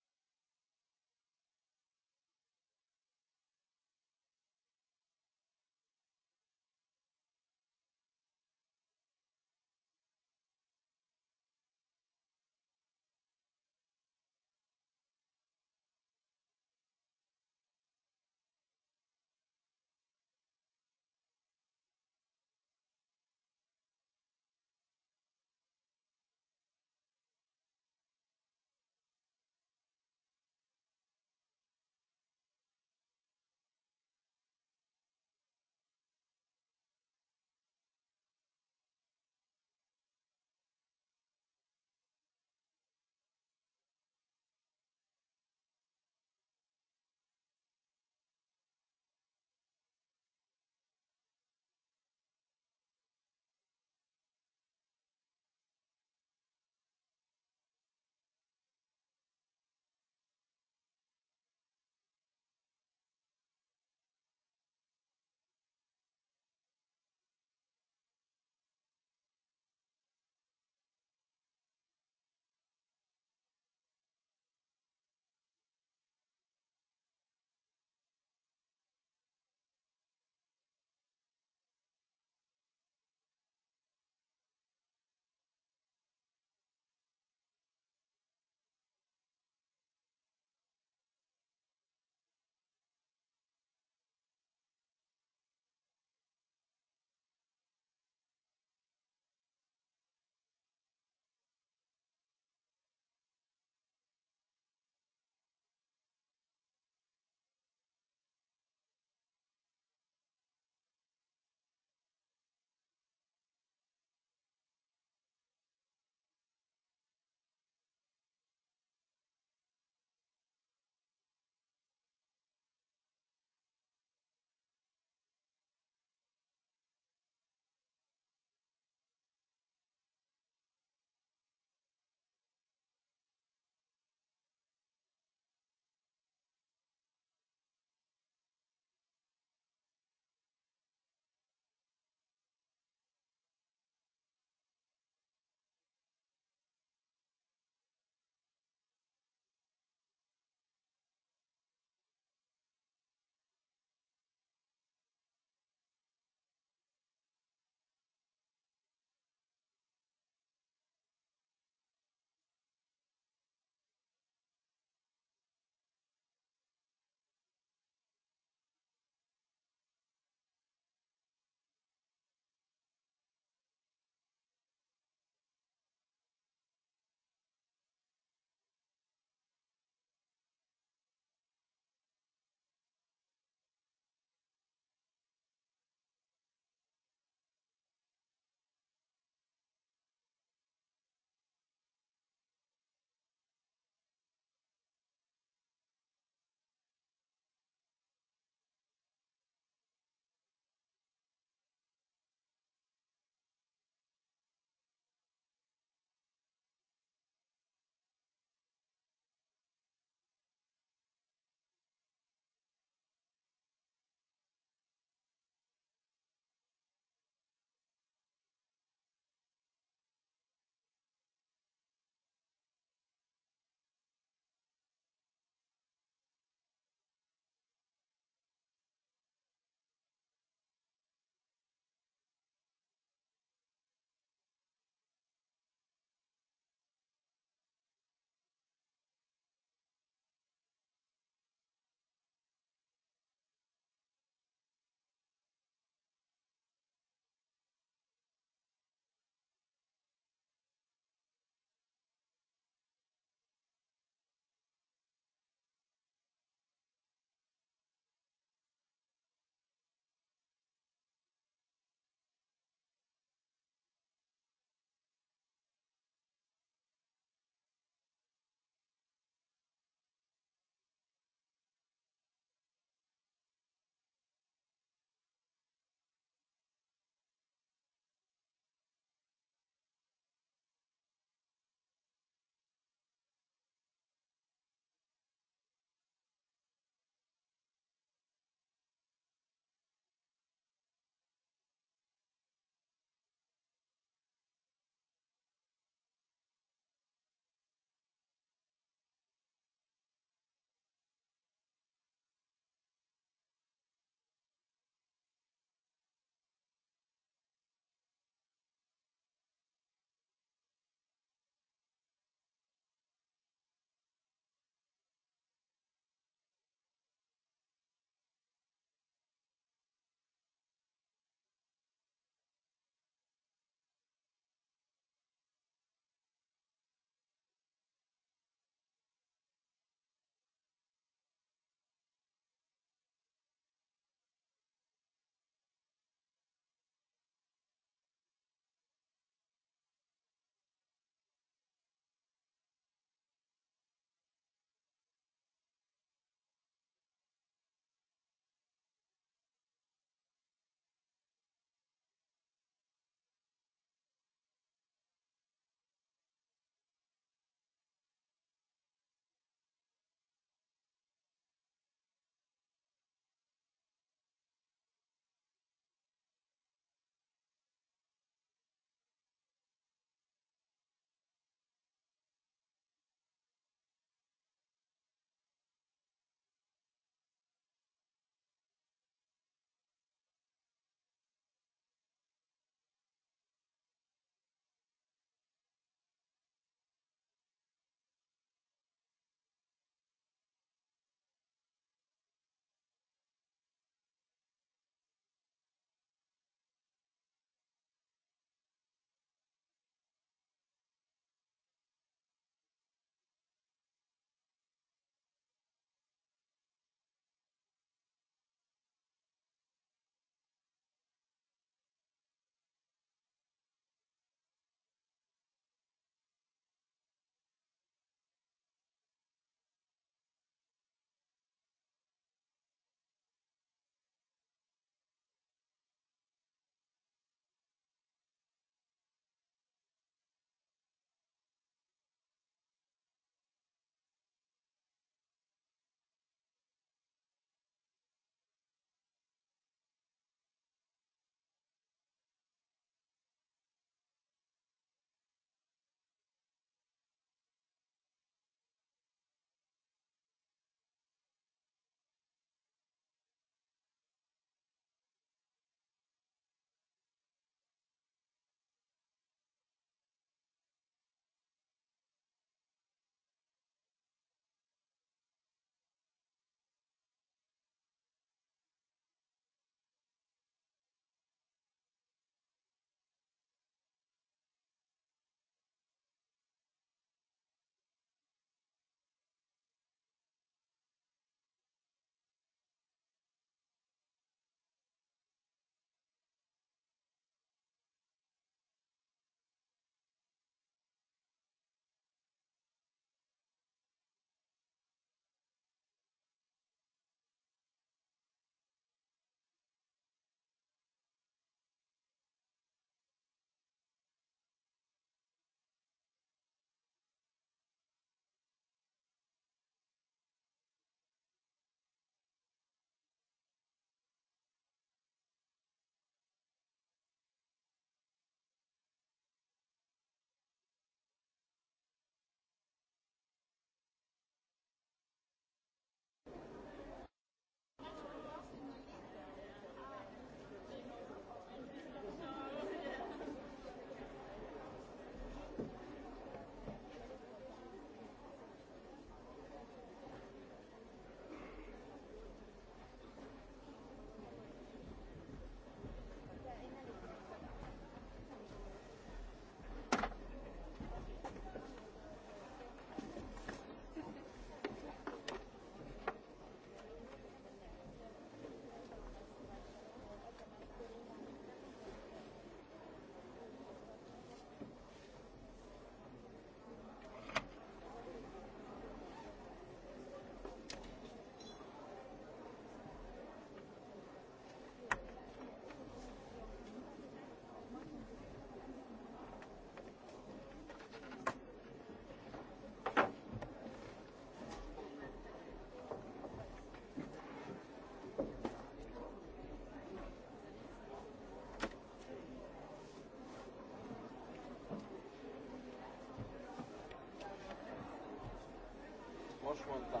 Franche-Comté.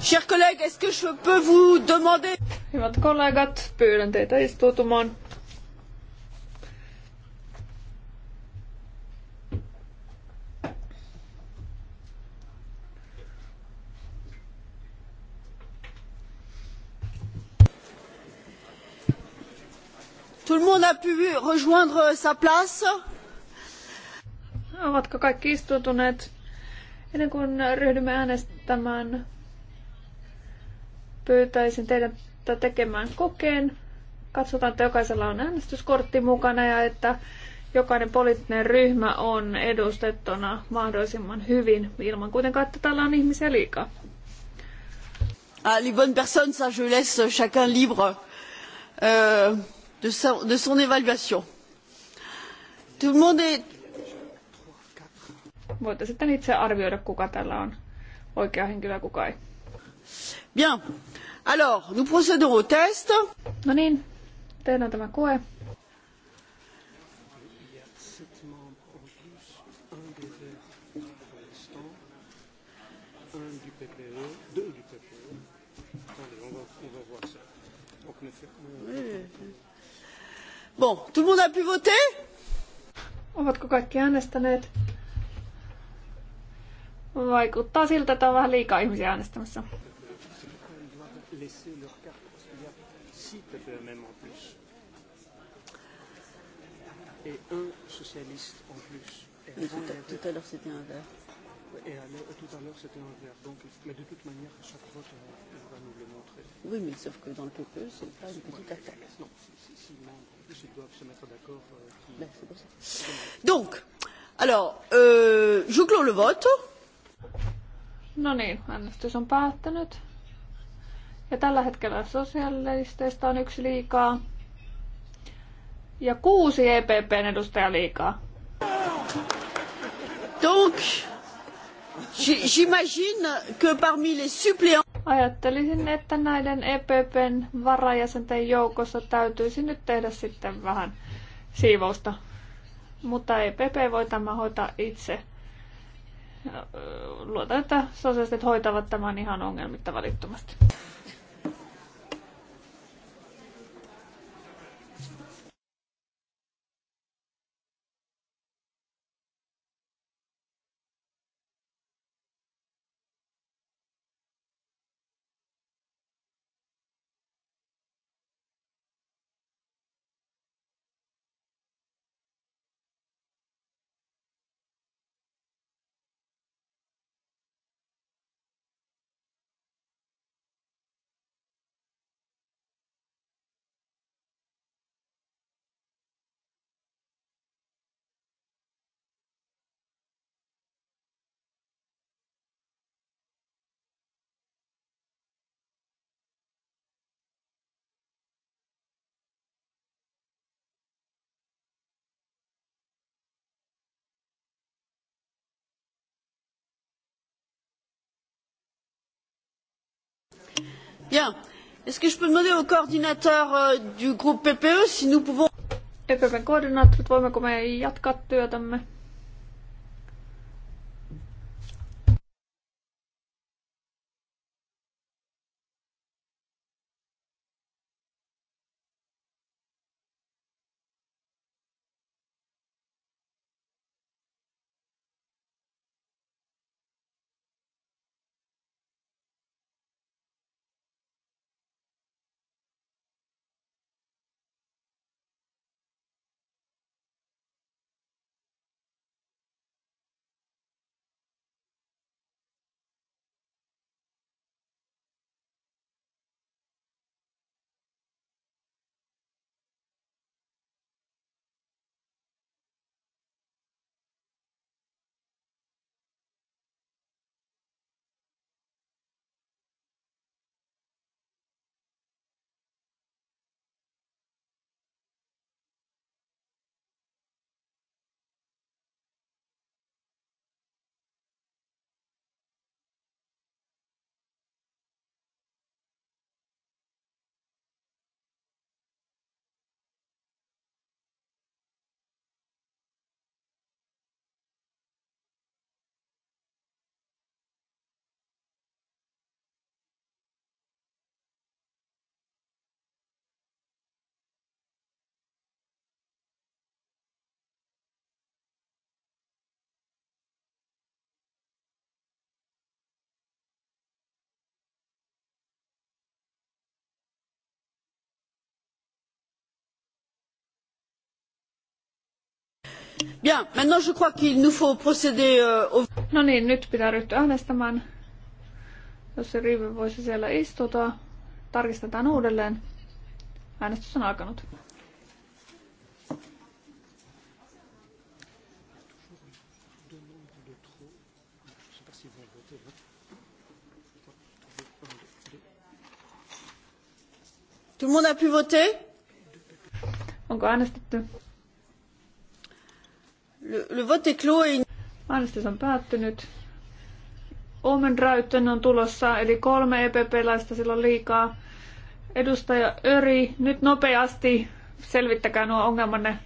Chers collègues, est-ce que je peux vous demander... Hyvät kollegat, pyydän teitä istuutumaan. Tout le monde a pu rejoindre sa place. Ovatko kaikki istuutuneet? Ennen kuin ryhdymme äänestämään, Pyytäisin teidän tekemään kokeen. Katsotaan, että jokaisella on äänestyskortti mukana ja että jokainen poliittinen ryhmä on edustettuna mahdollisimman hyvin, ilman kuitenkaan, että täällä on ihmisiä liikaa. Ah, les bonnes personnes, ça je laisse chacun libre euh, de, son, de son évaluation. Tout le monde est... Voitte sitten itse arvioida, kuka täällä on oikea henkilö ja kuka ei. Bien. Alors, nous procédons au test. No niin, tehdään tämä koe. Bon, tout le monde a pu voter? Ovatko kaikki äänestäneet? Vaikuttaa siltä, että on vähän liikaa ihmisiä äänestämässä laisser leur carte postulaire site d'eux-mêmes en plus. Et un socialiste en plus. Et avant, tout, à, tout à l'heure, c'était un vert. Et à tout à l'heure, c'était un vert. Donc, mais de toute manière, chaque vote, on euh, va nous le montrer. Oui, mais sauf que dans le PPE, c'est pas une petite ouais. attaque. Non, si, si, non, en plus, ils doivent se mettre d'accord. Euh, ben, c'est pour ça. Donc, alors, euh, je clôt le vote. No niin, äänestys on päättänyt. Ja tällä hetkellä sosiaalisteista on yksi liikaa. Ja kuusi EPPn edustajaa liikaa. Donc, j'imagine que parmi les suppléants... Ajattelisin, että näiden EPPn varajäsenten joukossa täytyisi nyt tehdä sitten vähän siivousta. Mutta EPP voi tämä hoitaa itse. Luotan, että sosiaaliset hoitavat tämän ihan ongelmitta valittomasti. Bien. Est-ce que je peux demander au coordinateur euh, du groupe PPE si nous pouvons... EPPn koordinaattorit, voimmeko me jatkaa työtämme? Bien, maintenant je crois qu'il nous faut procéder euh, au... No niin, nyt pitää ryhtyä äänestämään. Jos se riivi voisi siellä istuta, tarkistetaan uudelleen. Äänestys on alkanut. Tout le monde a pu voter? Onko äänestetty? Le vote est clos. Äänestys on päättynyt. Omen Räytön on tulossa, eli kolme EPP-laista silloin liikaa. Edustaja Öri, nyt nopeasti selvittäkää nuo ongelmanne.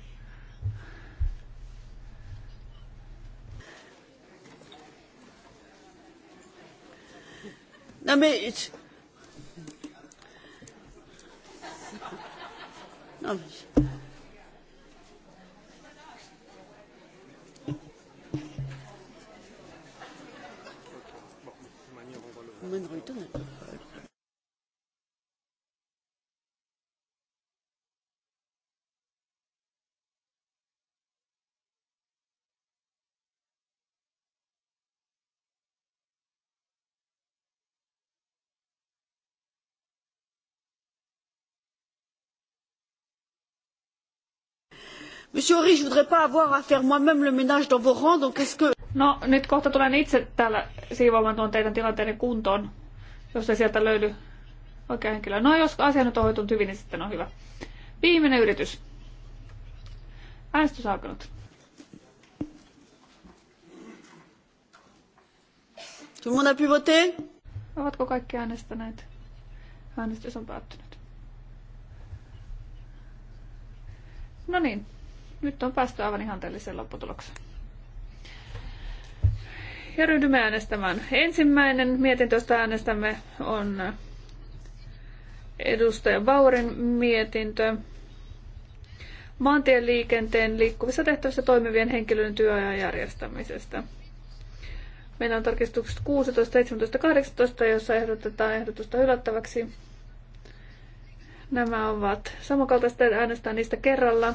No me... No, mun retonen. Monsieur Ori, je voudrais pas avoir à faire moi-même le ménage dans vos rangs, donc est-ce que... No, nyt kohta tulen itse täällä siivoamaan tuon teidän tilanteenne kuntoon, jos ei sieltä löydy oikea henkilö. No, jos asia nyt on hoitunut hyvin, niin sitten on hyvä. Viimeinen yritys. Äänestys alkanut. Tout le monde a pu voter? Ovatko kaikki äänestäneet? Äänestys on päättynyt. No niin, nyt on päästy aivan ihanteelliseen lopputulokseen. Ja ryhdymme äänestämään. Ensimmäinen mietintö, josta äänestämme, on edustaja Bauerin mietintö. Maantien liikenteen liikkuvissa tehtävissä toimivien henkilöiden työajan järjestämisestä. Meillä on tarkistukset 16, 17, 18, jossa ehdotetaan ehdotusta hylättäväksi. Nämä ovat samankaltaiset, äänestää niistä kerralla.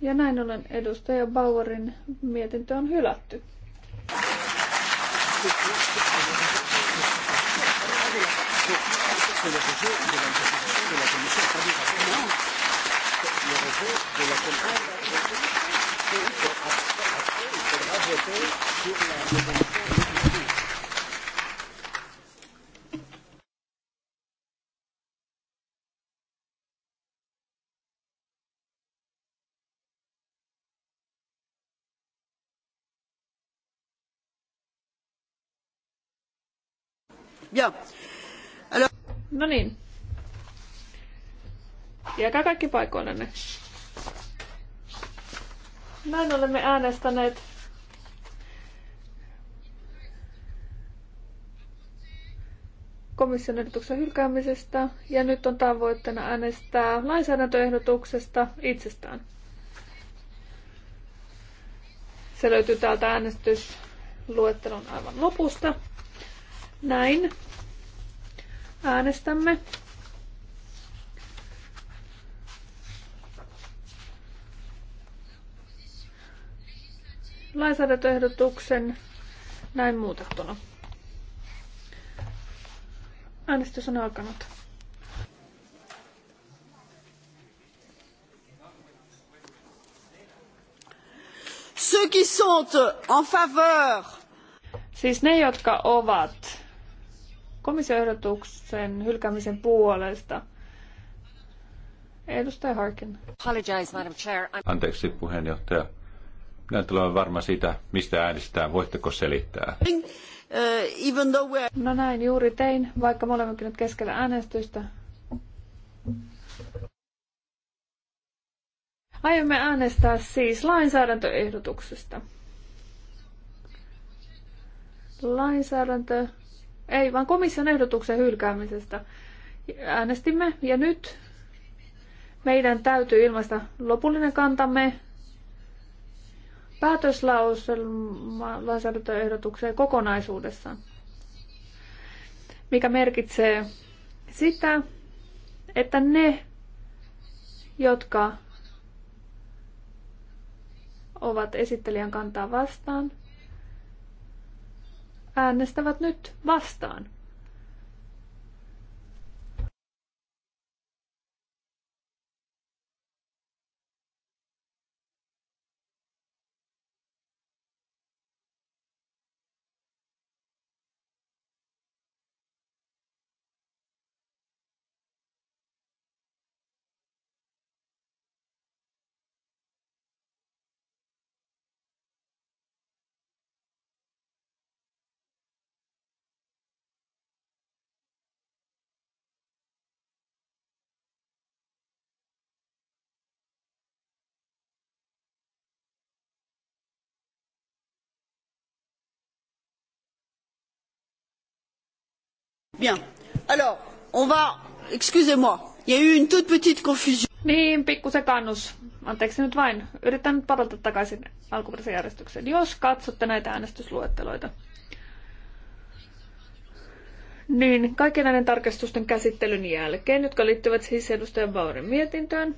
Ja näin ollen edustaja Bauerin mietintö on hylätty. No niin. Jääkää kaikki paikoillenne. Näin olemme äänestäneet komission ehdotuksen hylkäämisestä ja nyt on tavoitteena äänestää lainsäädäntöehdotuksesta itsestään. Se löytyy täältä äänestysluettelon aivan lopusta. Näin. Äänestämme. Lainsäädäntöehdotuksen näin muutettuna. Äänestys on alkanut. Ceux qui sont en faveur. Siis ne, jotka ovat komissioehdotuksen hylkäämisen puolesta. Edustaja Harkin. Anteeksi puheenjohtaja. Minä tulen varma siitä, mistä äänestetään. Voitteko selittää? Uh, no näin juuri tein, vaikka me olemmekin nyt keskellä äänestystä. Aiomme äänestää siis lainsäädäntöehdotuksesta. Lainsäädäntö ei, vaan komission ehdotuksen hylkäämisestä äänestimme ja nyt meidän täytyy ilmaista lopullinen kantamme päätöslainsäädäntöehdotukseen kokonaisuudessaan, mikä merkitsee sitä, että ne, jotka ovat esittelijän kantaa vastaan, äänestävät nyt vastaan. Bien. Alors, on va... Excusez-moi. Il y a eu une toute petite confusion. Niin, pikku sekannus. Anteeksi nyt vain. Yritän nyt palata takaisin alkuperäisen järjestykseen. Jos katsotte näitä äänestysluetteloita, niin kaikkien näiden tarkastusten käsittelyn jälkeen, jotka liittyvät siis edustajan Baurin mietintöön,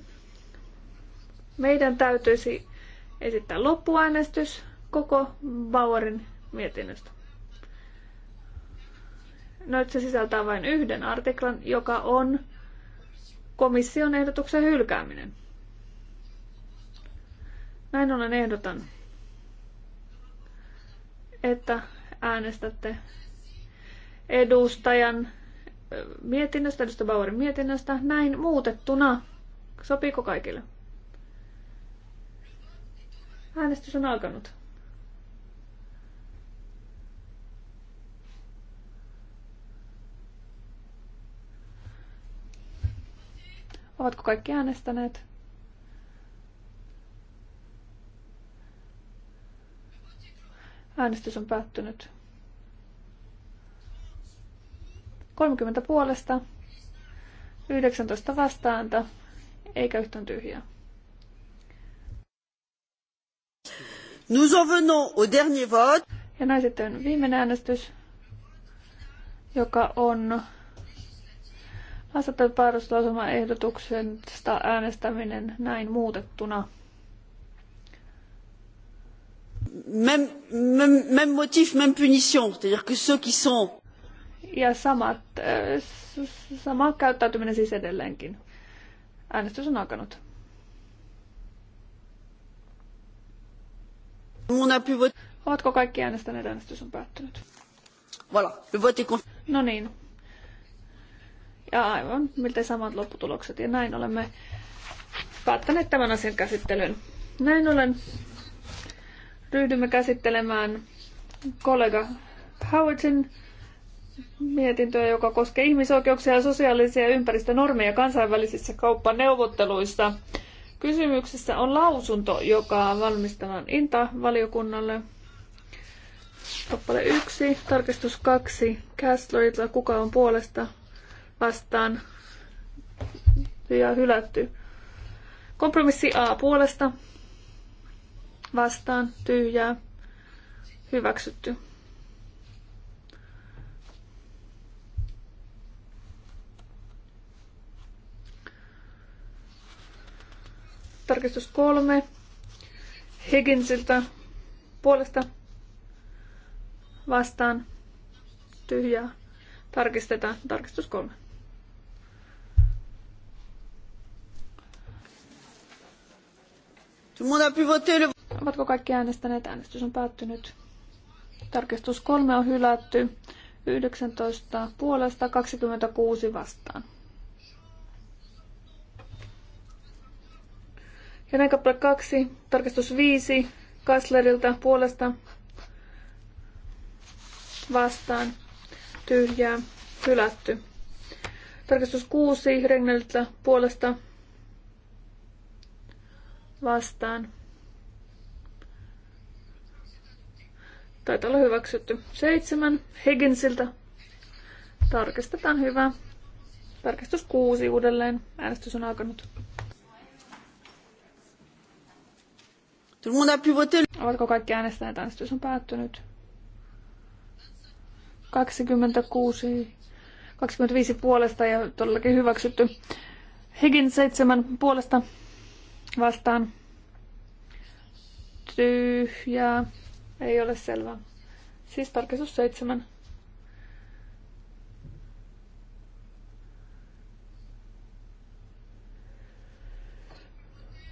meidän täytyisi esittää loppuäänestys koko Bauerin mietinnöstä. No, se sisältää vain yhden artiklan, joka on komission ehdotuksen hylkääminen. Näin ollen ehdotan, että äänestätte edustajan mietinnöstä, edustaja Bauerin mietinnöstä, näin muutettuna. Sopiiko kaikille? Äänestys on alkanut. Ovatko kaikki äänestäneet? Äänestys on päättynyt. 30 puolesta, 19 vastaanta, eikä yhtään tyhjää. Nous en venons au dernier vote. Ja näin sitten viimeinen äänestys, joka on Asetan päätöslausuman ehdotuksesta äänestäminen näin muutettuna. Même, même, même motif, même punition, c'est-à-dire que ceux qui sont ja samat, äh, sama käyttäytyminen siis edelleenkin. Äänestys on alkanut. Ovatko kaikki äänestäneet? Äänestys on päättynyt. Voilà, le vote est No niin, ja aivan miltei samat lopputulokset. Ja näin olemme päättäneet tämän asian käsittelyn. Näin ollen ryhdymme käsittelemään kollega Howardsin mietintöä, joka koskee ihmisoikeuksia ja sosiaalisia ympäristönormeja kansainvälisissä kauppaneuvotteluissa. Kysymyksessä on lausunto, joka valmistellaan INTA-valiokunnalle. Kappale 1, tarkistus 2, Castleritla, kuka on puolesta, vastaan ja hylätty. Kompromissi A puolesta vastaan tyhjää hyväksytty. Tarkistus kolme. Higginsiltä puolesta vastaan tyhjää. Tarkistetaan. Tarkistus kolme. Ovatko kaikki äänestäneet? Äänestys on päättynyt. Tarkistus 3 on hylätty. 19 puolesta 26 vastaan. Ja näin kappale 2, tarkistus 5, Kasslerilta puolesta vastaan, tyhjää, hylätty. Tarkistus 6, Regneliltä puolesta vastaan. Taitaa olla hyväksytty. Seitsemän Higginsiltä. Tarkistetaan hyvä. Tarkistus kuusi uudelleen. Äänestys on alkanut. Ovatko kaikki äänestäneet? Äänestys on päättynyt. 26, 25 puolesta ja todellakin hyväksytty. Higgins 7 puolesta vastaan. Tyhjää. Ei ole selvää. Siis tarkistus seitsemän.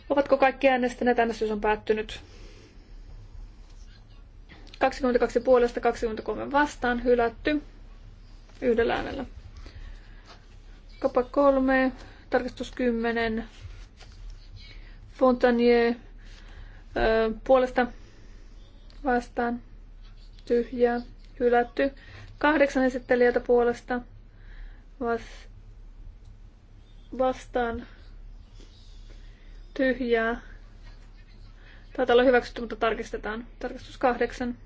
Ovatko kaikki äänestäneet? Äänestys on päättynyt. 22 puolesta 23 vastaan hylätty yhdellä äänellä. Kapa 3, tarkistus 10, Fontanier puolesta vastaan tyhjää hylätty. Kahdeksan esittelijältä puolesta vas, vastaan tyhjää. Taitaa olla hyväksytty, mutta tarkistetaan. Tarkistus kahdeksan.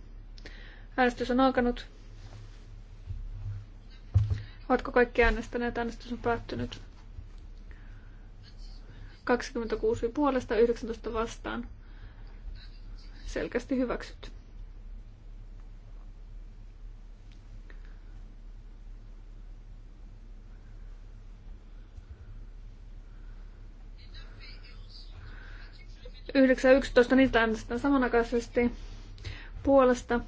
Äänestys on alkanut. Oletko kaikki äänestäneet? Äänestys on päättynyt. 26 puolesta 19 vastaan. Selkeästi hyväksytty. Yhdeksän yksitoista niitä äänestetään samanaikaisesti puolesta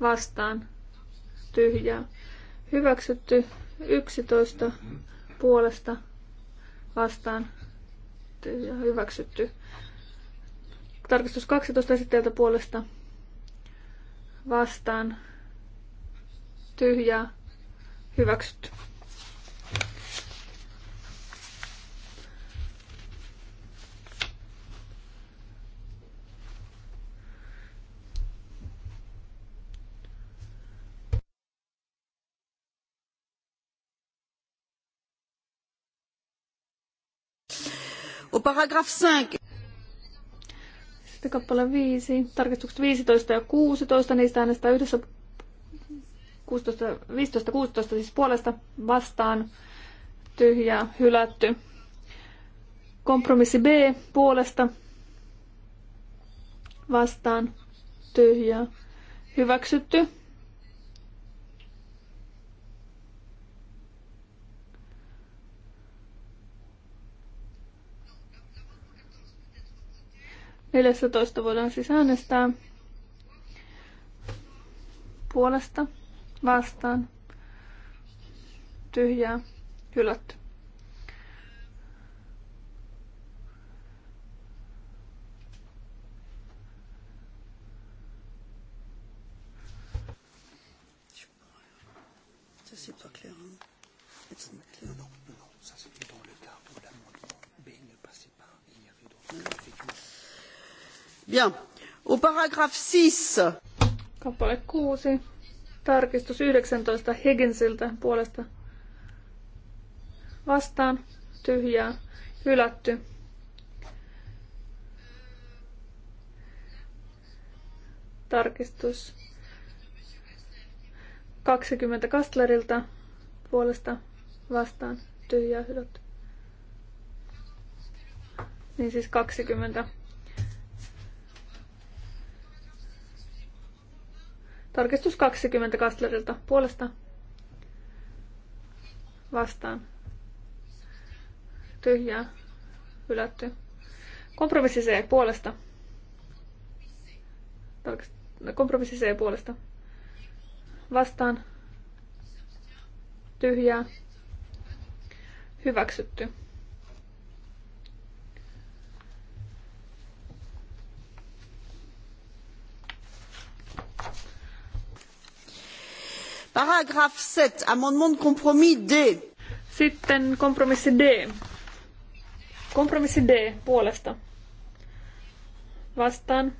vastaan tyhjää. Hyväksytty yksitoista puolesta vastaan ja hyväksytty. Tarkistus 12 esittäjältä puolesta vastaan tyhjää hyväksytty. Au paragraphe 5. Sitten kappale 5, tarkistukset 15 ja 16, niistä äänestää yhdessä 16, 15, 16 siis puolesta vastaan tyhjää, hylätty. Kompromissi B puolesta vastaan tyhjää, hyväksytty. 14 voidaan siis äänestää puolesta, vastaan, tyhjää, hylätty. Bien. Au paragraphe 6. Kappale 6. Tarkistus 19 Higginsiltä puolesta. Vastaan. Tyhjää. Hylätty. Tarkistus 20 Kastlerilta puolesta vastaan tyhjää hylätty. Niin siis 20 Tarkistus 20 Kastlerilta puolesta. Vastaan. Tyhjää. Hylätty. Kompromissi C puolesta. Tarkist- kompromissi C puolesta. Vastaan. Tyhjää. Hyväksytty. Paragraphe 7, amendement de compromis D. Sitten kompromissi D. Kompromissi D puolesta. Vastaan.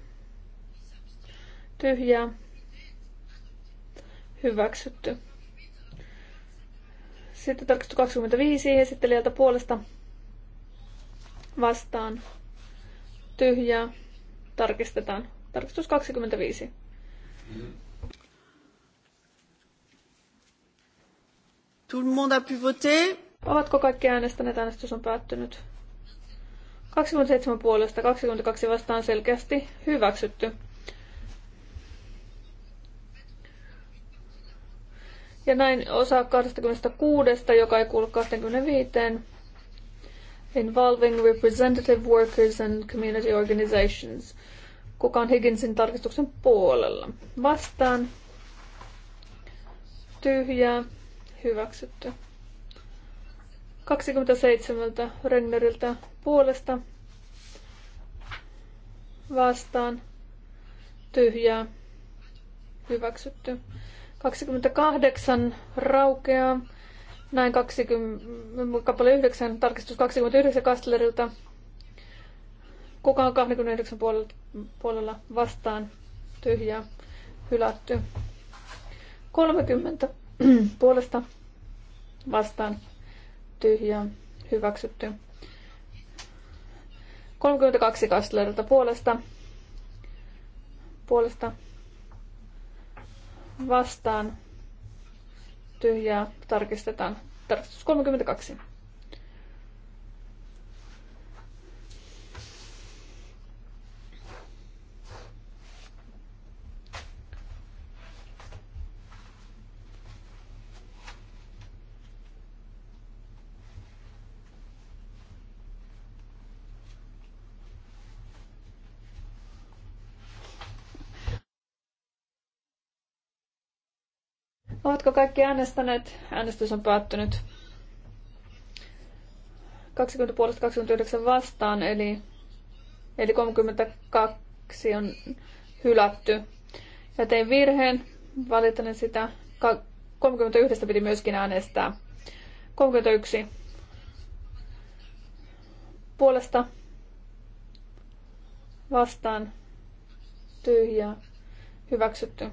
Tyhjää. Hyväksytty. Sitten tarkistus 25 esittelijältä puolesta vastaan. Tyhjää. Tarkistetaan. Tarkistus 25. Tout le monde a pu voter. Ovatko kaikki äänestäneet? Äänestys on päättynyt. 27 puolesta, 22 vastaan selkeästi hyväksytty. Ja näin osa 26, joka ei kuulu 25. Involving representative workers and community organizations. Kuka on Higginsin tarkistuksen puolella? Vastaan. Tyhjää. Hyväksytty. 27 Regneriltä puolesta vastaan tyhjää hyväksytty. 28 raukeaa. Näin 20, kappale 9, tarkistus 29 Kastlerilta. Kukaan 29 puolella, puolella vastaan tyhjää hylätty. 30 puolesta vastaan tyhjään hyväksytty. 32 kastlerilta puolesta puolesta vastaan tyhjää tarkistetaan. Tarkistus 32. Ovatko kaikki äänestäneet? Äänestys on päättynyt. 20 puolesta 29 vastaan, eli, eli 32 on hylätty. Ja tein virheen, valitan sitä. 31 piti myöskin äänestää. 31 puolesta vastaan tyhjää hyväksytty.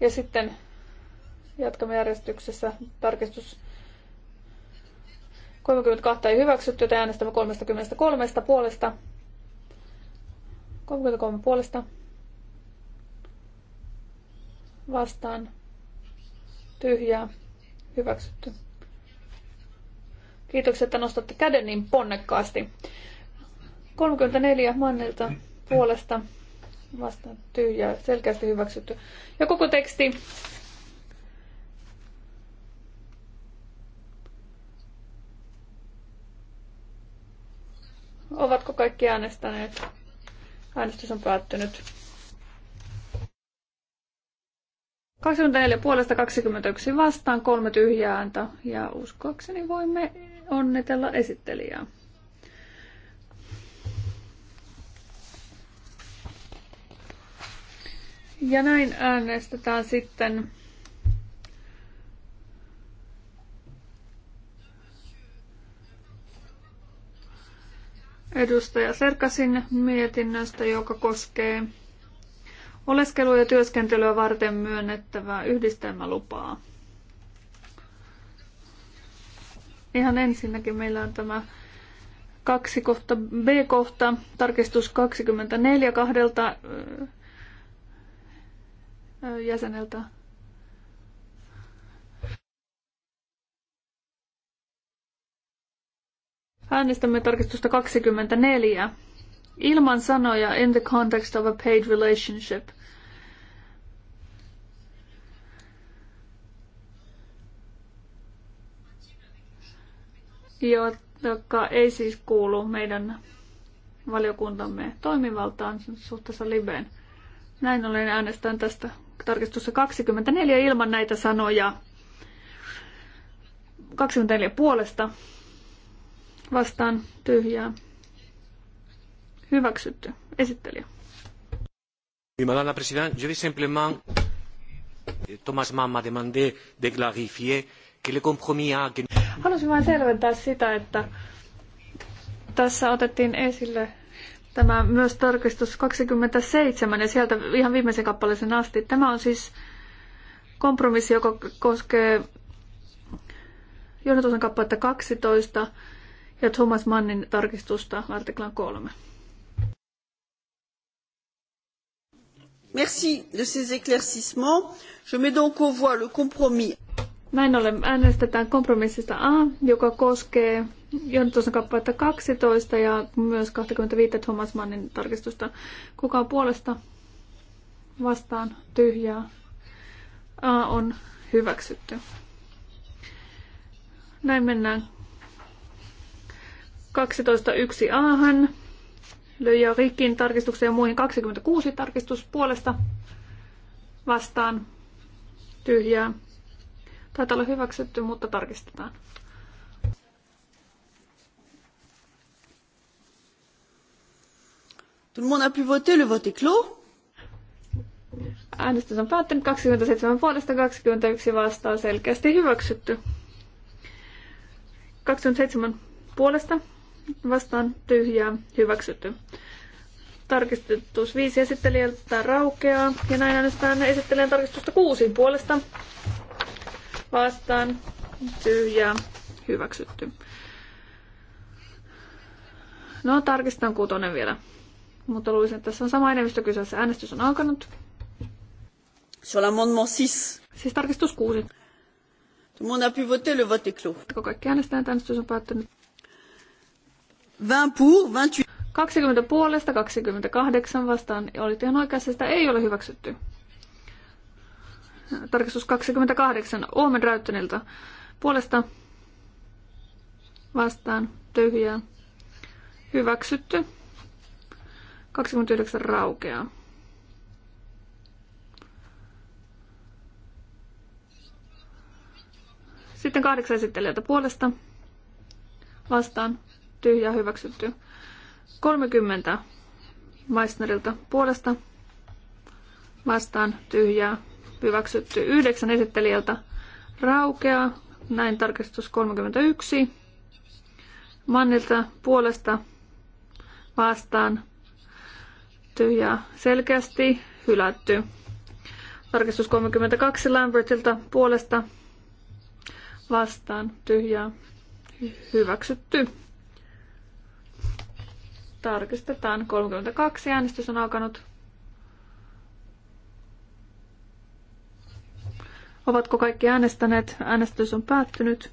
Ja sitten jatkamme järjestyksessä. Tarkistus 32 ei hyväksytty, joten äänestämme 33 puolesta. 33 puolesta. Vastaan. Tyhjää. Hyväksytty. Kiitoksia, että nostatte käden niin ponnekkaasti. 34 Mannilta puolesta vastaan tyhjää, selkeästi hyväksytty. Ja koko teksti. Ovatko kaikki äänestäneet? Äänestys on päättynyt. 24 puolesta 21 vastaan, kolme tyhjää ääntä ja uskoakseni voimme onnitella esittelijää. Ja näin äänestetään sitten edustaja Serkasin mietinnöstä, joka koskee oleskelua ja työskentelyä varten myönnettävää yhdistelmälupaa. Ihan ensinnäkin meillä on tämä kaksi kohta B-kohta, tarkistus 24 kahdelta jäseneltä. Äänestämme tarkistusta 24. Ilman sanoja in the context of a paid relationship. joka ei siis kuulu meidän valiokuntamme toimivaltaan suhteessa Libeen. Näin ollen äänestän tästä tarkistussa 24 ilman näitä sanoja. 24 puolesta vastaan tyhjää. Hyväksytty. Esittelijä. Madame la Présidente, je vais simplement, Thomas Mann m'a demandé de clarifier que le compromis A... Haluaisin vain selventää sitä, että tässä otettiin esille Tämä myös tarkistus 27 ja sieltä ihan viimeisen kappaleeseen asti. Tämä on siis kompromissi, joka koskee johdatusen kappaletta 12 ja Thomas Mannin tarkistusta artiklan 3. Merci de ces éclaircissements. Je mets donc au voie le compromis. Näin ollen äänestetään kompromissista A, joka koskee johdatuksen kappaletta 12 ja myös 25 Thomas Mannin tarkistusta. Kuka on puolesta vastaan tyhjää? A on hyväksytty. Näin mennään 12.1 A-hän. Löijä Rikin tarkistukseen ja muihin 26 tarkistus puolesta vastaan tyhjää. Taitaa olla hyväksytty, mutta tarkistetaan. Tout le monde a pu voter, le vote est clos. Äänestys on päättynyt 27 puolesta 21 vastaan selkeästi hyväksytty. 27 puolesta vastaan tyhjää hyväksytty. Tarkistettuus 5 esittelijältä raukeaa ja näin äänestään esittelijän tarkistusta 6 puolesta vastaan tyhjää hyväksytty. No tarkistan kuutonen vielä mutta luulisin, että tässä on sama enemmistö kyseessä. Äänestys on alkanut. Sur l'amendement 6. Siis tarkistus 6. Tout le monde a pu voter, le vote est clos. Kaikki äänestäjät äänestys on päättynyt. 20 pour, 28. 20 puolesta, 28 vastaan. Olit ihan oikeassa, sitä ei ole hyväksytty. Tarkistus 28, Oomen Räyttöniltä. Puolesta vastaan, tyhjää, hyväksytty. 29 raukeaa. Sitten kahdeksan esittelijältä puolesta. Vastaan. Tyhjä hyväksytty. 30 Meissnerilta puolesta. Vastaan. Tyhjää hyväksytty. Yhdeksän esittelijältä raukeaa. Näin tarkistus 31. Mannilta puolesta vastaan ja selkeästi hylätty. Tarkistus 32 Lambertilta puolesta vastaan tyhjää hyväksytty. Tarkistetaan 32 äänestys on alkanut. Ovatko kaikki äänestäneet? Äänestys on päättynyt.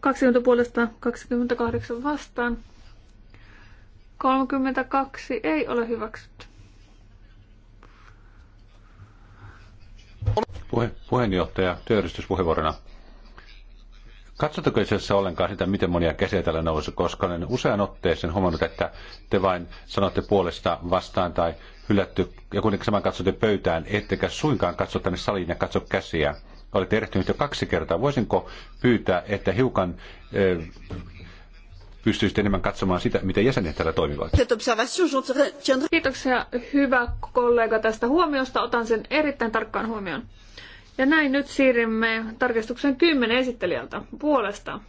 20 puolesta 28 vastaan. 32 ei ole hyväksytty. Puhe, puheenjohtaja työllistyspuheenvuorona. Katsotteko itse ollenkaan sitä, miten monia käsiä täällä nousi, koska olen usean otteeseen huomannut, että te vain sanotte puolesta vastaan tai hylätty, ja kuitenkin saman katsotte pöytään, ettekä suinkaan katso tänne saliin ja katso käsiä olette erehtynyt jo kaksi kertaa. Voisinko pyytää, että hiukan eh, Pystyisit enemmän katsomaan sitä, miten jäsenet täällä toimivat. Kiitoksia hyvä kollega tästä huomiosta. Otan sen erittäin tarkkaan huomioon. Ja näin nyt siirrymme tarkistuksen kymmenen esittelijältä puolesta.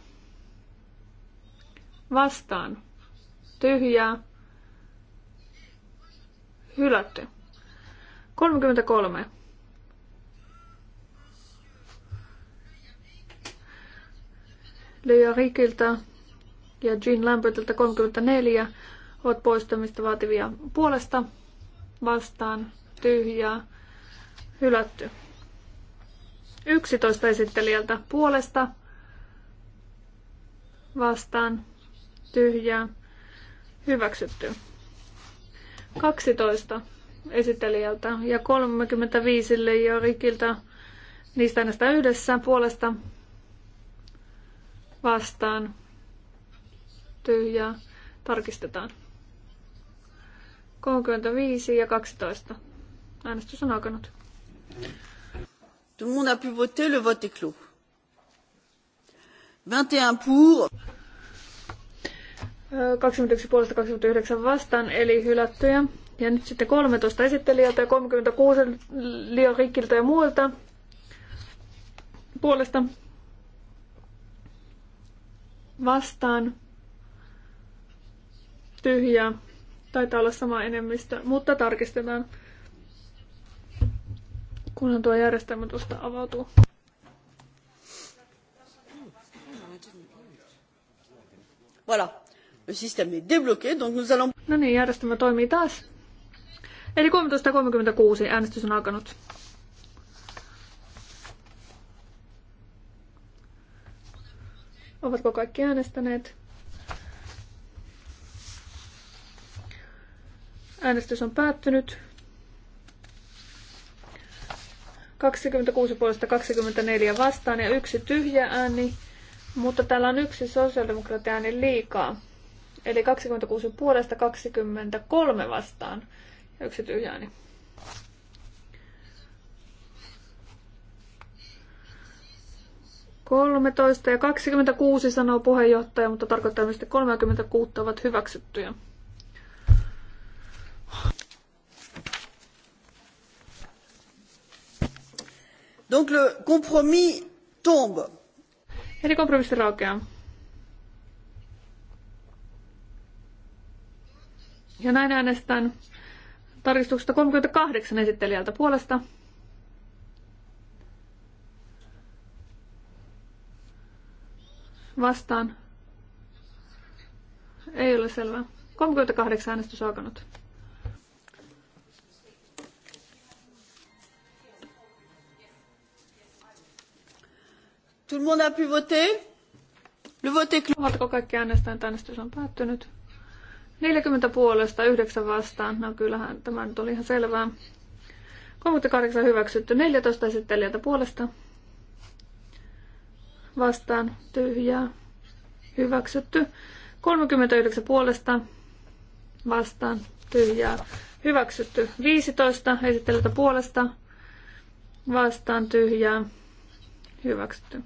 Vastaan. Tyhjää. Hylätty. 33. Leija Rikiltä ja Jean Lambertilta 34 ovat poistamista vaativia puolesta vastaan tyhjää hylätty. 11 esittelijältä puolesta vastaan tyhjää hyväksytty. 12 esittelijältä ja 35 Rikiltä niistä näistä yhdessä puolesta vastaan ja tarkistetaan. 35 ja 12. Äänestys on alkanut. Tout le monde a pu voter, le vote est clos. 21 pour. 21 puolesta 29 vastaan, eli hylättyjä. Ja nyt sitten 13 esittelijältä ja 36 liian rikkiltä ja muilta puolesta vastaan tyhjää. Taitaa olla sama enemmistö, mutta tarkistetaan, kunhan tuo järjestelmä tuosta avautuu. Voilà. Le système est débloqué, donc nous allons... No niin, järjestelmä toimii taas. Eli 13.36 äänestys on alkanut. Ovatko kaikki äänestäneet? Äänestys on päättynyt. 26 puolesta 24 vastaan ja yksi tyhjä ääni, mutta täällä on yksi sosiaalidemokraatin ääni liikaa. Eli 26 puolesta 23 vastaan ja yksi tyhjä ääni. Kolmetoista ja 26 sanoo puheenjohtaja, mutta tarkoittaa myös 36 ovat hyväksyttyjä. Donc le compromis tombe. Eli kompromissi raukeaa. Ja näin äänestän tarkistuksesta 38 esittelijältä puolesta. Vastaan. Ei ole selvää. 38 äänestys alkanut. Tout le monde a pu voter? Le vote est clos. Ovatko kaikki äänestäjät? Äänestys on päättynyt. 40 puolesta, 9 vastaan. No kyllähän tämä nyt oli ihan selvää. 38 hyväksytty, 14 esittelijältä puolesta. Vastaan tyhjää. Hyväksytty. 39 puolesta. Vastaan tyhjää. Hyväksytty. 15 esittelijältä puolesta. Vastaan tyhjää. Hyväksytty.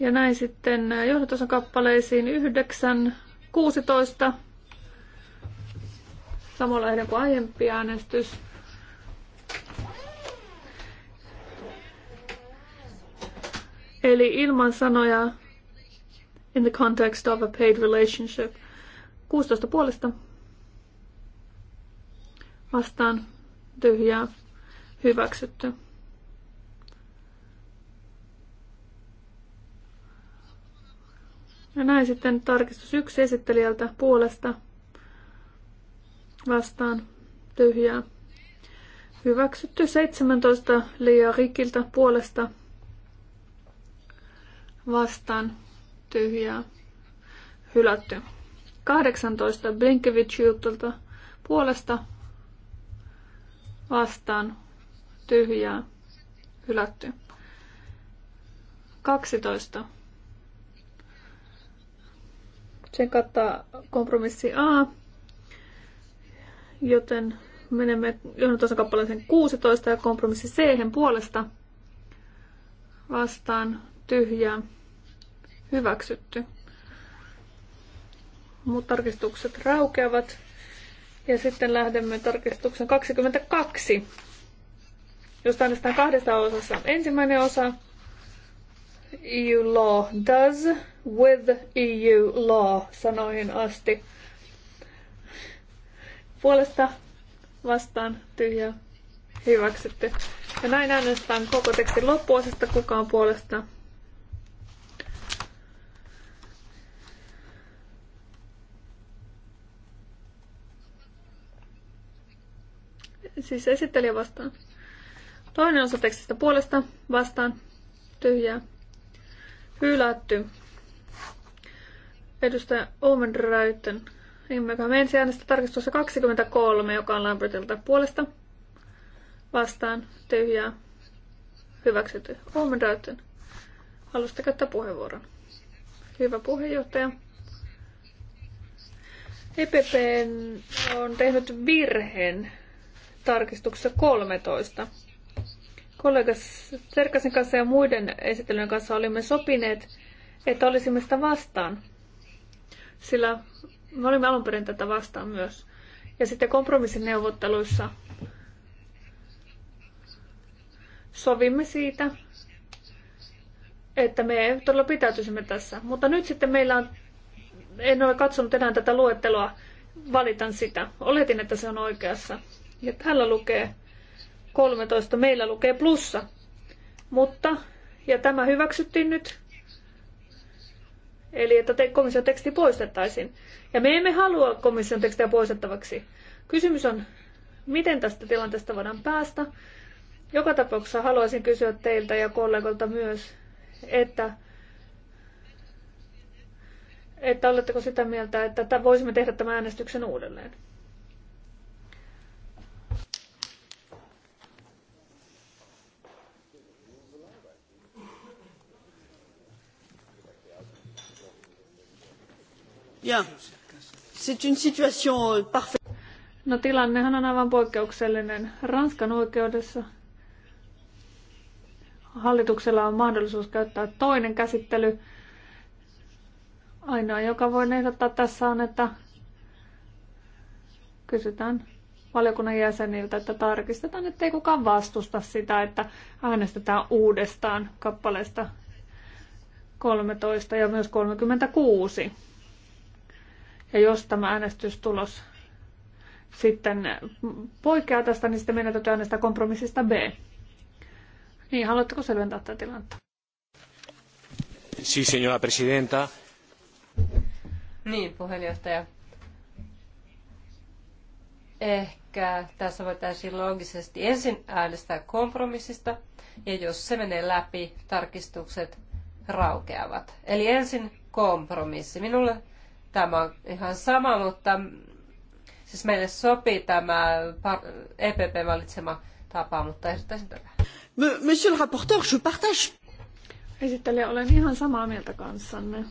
Ja näin sitten johdatusan kappaleisiin 9, 16, samalla ehden kuin aiempi äänestys. Eli ilman sanoja in the context of a paid relationship. 16 puolesta vastaan tyhjää hyväksytty. Ja näin sitten tarkistus yksi esittelijältä puolesta vastaan tyhjää. Hyväksytty 17 liian rikiltä puolesta vastaan tyhjää. Hylätty. 18 Blinkevich jutulta puolesta vastaan tyhjää. Hylätty. 12 sen kattaa kompromissi A, joten menemme kappaleeseen 16 ja kompromissi C puolesta vastaan tyhjää hyväksytty. Muut tarkistukset raukeavat. Ja sitten lähdemme tarkistuksen 22, josta äänestetään kahdessa osassa. Ensimmäinen osa EU law does with EU law sanoihin asti. Puolesta vastaan tyhjä hyväksytty. Ja näin äänestetään koko tekstin loppuosasta kukaan puolesta. Siis esittelijä vastaan. Toinen osa tekstistä puolesta vastaan. Tyhjää. Hylätty. Edustaja Omen Räytön. Immekä niin, me ensin äänestä tarkistusta 23, joka on Lambertilta puolesta. Vastaan. Tyhjää. Hyväksytty. Omen Räytön, Haluaisitte käyttää puheenvuoron? Hyvä puheenjohtaja. EPP on tehnyt virheen tarkistuksessa 13. Kollega Serkasin kanssa ja muiden esittelyjen kanssa olimme sopineet, että olisimme sitä vastaan sillä me olimme alun perin tätä vastaan myös. Ja sitten kompromissineuvotteluissa sovimme siitä, että me todella pitäytyisimme tässä. Mutta nyt sitten meillä on, en ole katsonut enää tätä luetteloa, valitan sitä. Oletin, että se on oikeassa. Ja täällä lukee 13, meillä lukee plussa. Mutta, ja tämä hyväksyttiin nyt, Eli että te, komission teksti poistettaisiin. Ja me emme halua komission tekstiä poistettavaksi. Kysymys on, miten tästä tilanteesta voidaan päästä. Joka tapauksessa haluaisin kysyä teiltä ja kollegolta myös, että, että oletteko sitä mieltä, että voisimme tehdä tämän äänestyksen uudelleen. Bien. C'est euh, No tilannehan on aivan poikkeuksellinen. Ranskan oikeudessa hallituksella on mahdollisuus käyttää toinen käsittely. Ainoa, joka voi ehdottaa tässä on, että kysytään valiokunnan jäseniltä, että tarkistetaan, ettei kukaan vastusta sitä, että äänestetään uudestaan kappaleesta 13 ja myös 36. Ja jos tämä äänestystulos sitten poikkeaa tästä, niin sitten meidän täytyy äänestää kompromissista B. Niin, haluatteko selventää tätä tilannetta? Sí, señora presidenta. Niin, puheenjohtaja. Ehkä tässä voitaisiin loogisesti ensin äänestää kompromissista, ja jos se menee läpi, tarkistukset raukeavat. Eli ensin kompromissi. Minulle Tämä on ihan sama, mutta siis meille sopii tämä EPP valitsema tapa, mutta ehdottaisin tätä. Monsieur le rapporteur, je partage. Esittelijä, olen ihan samaa mieltä kanssanne.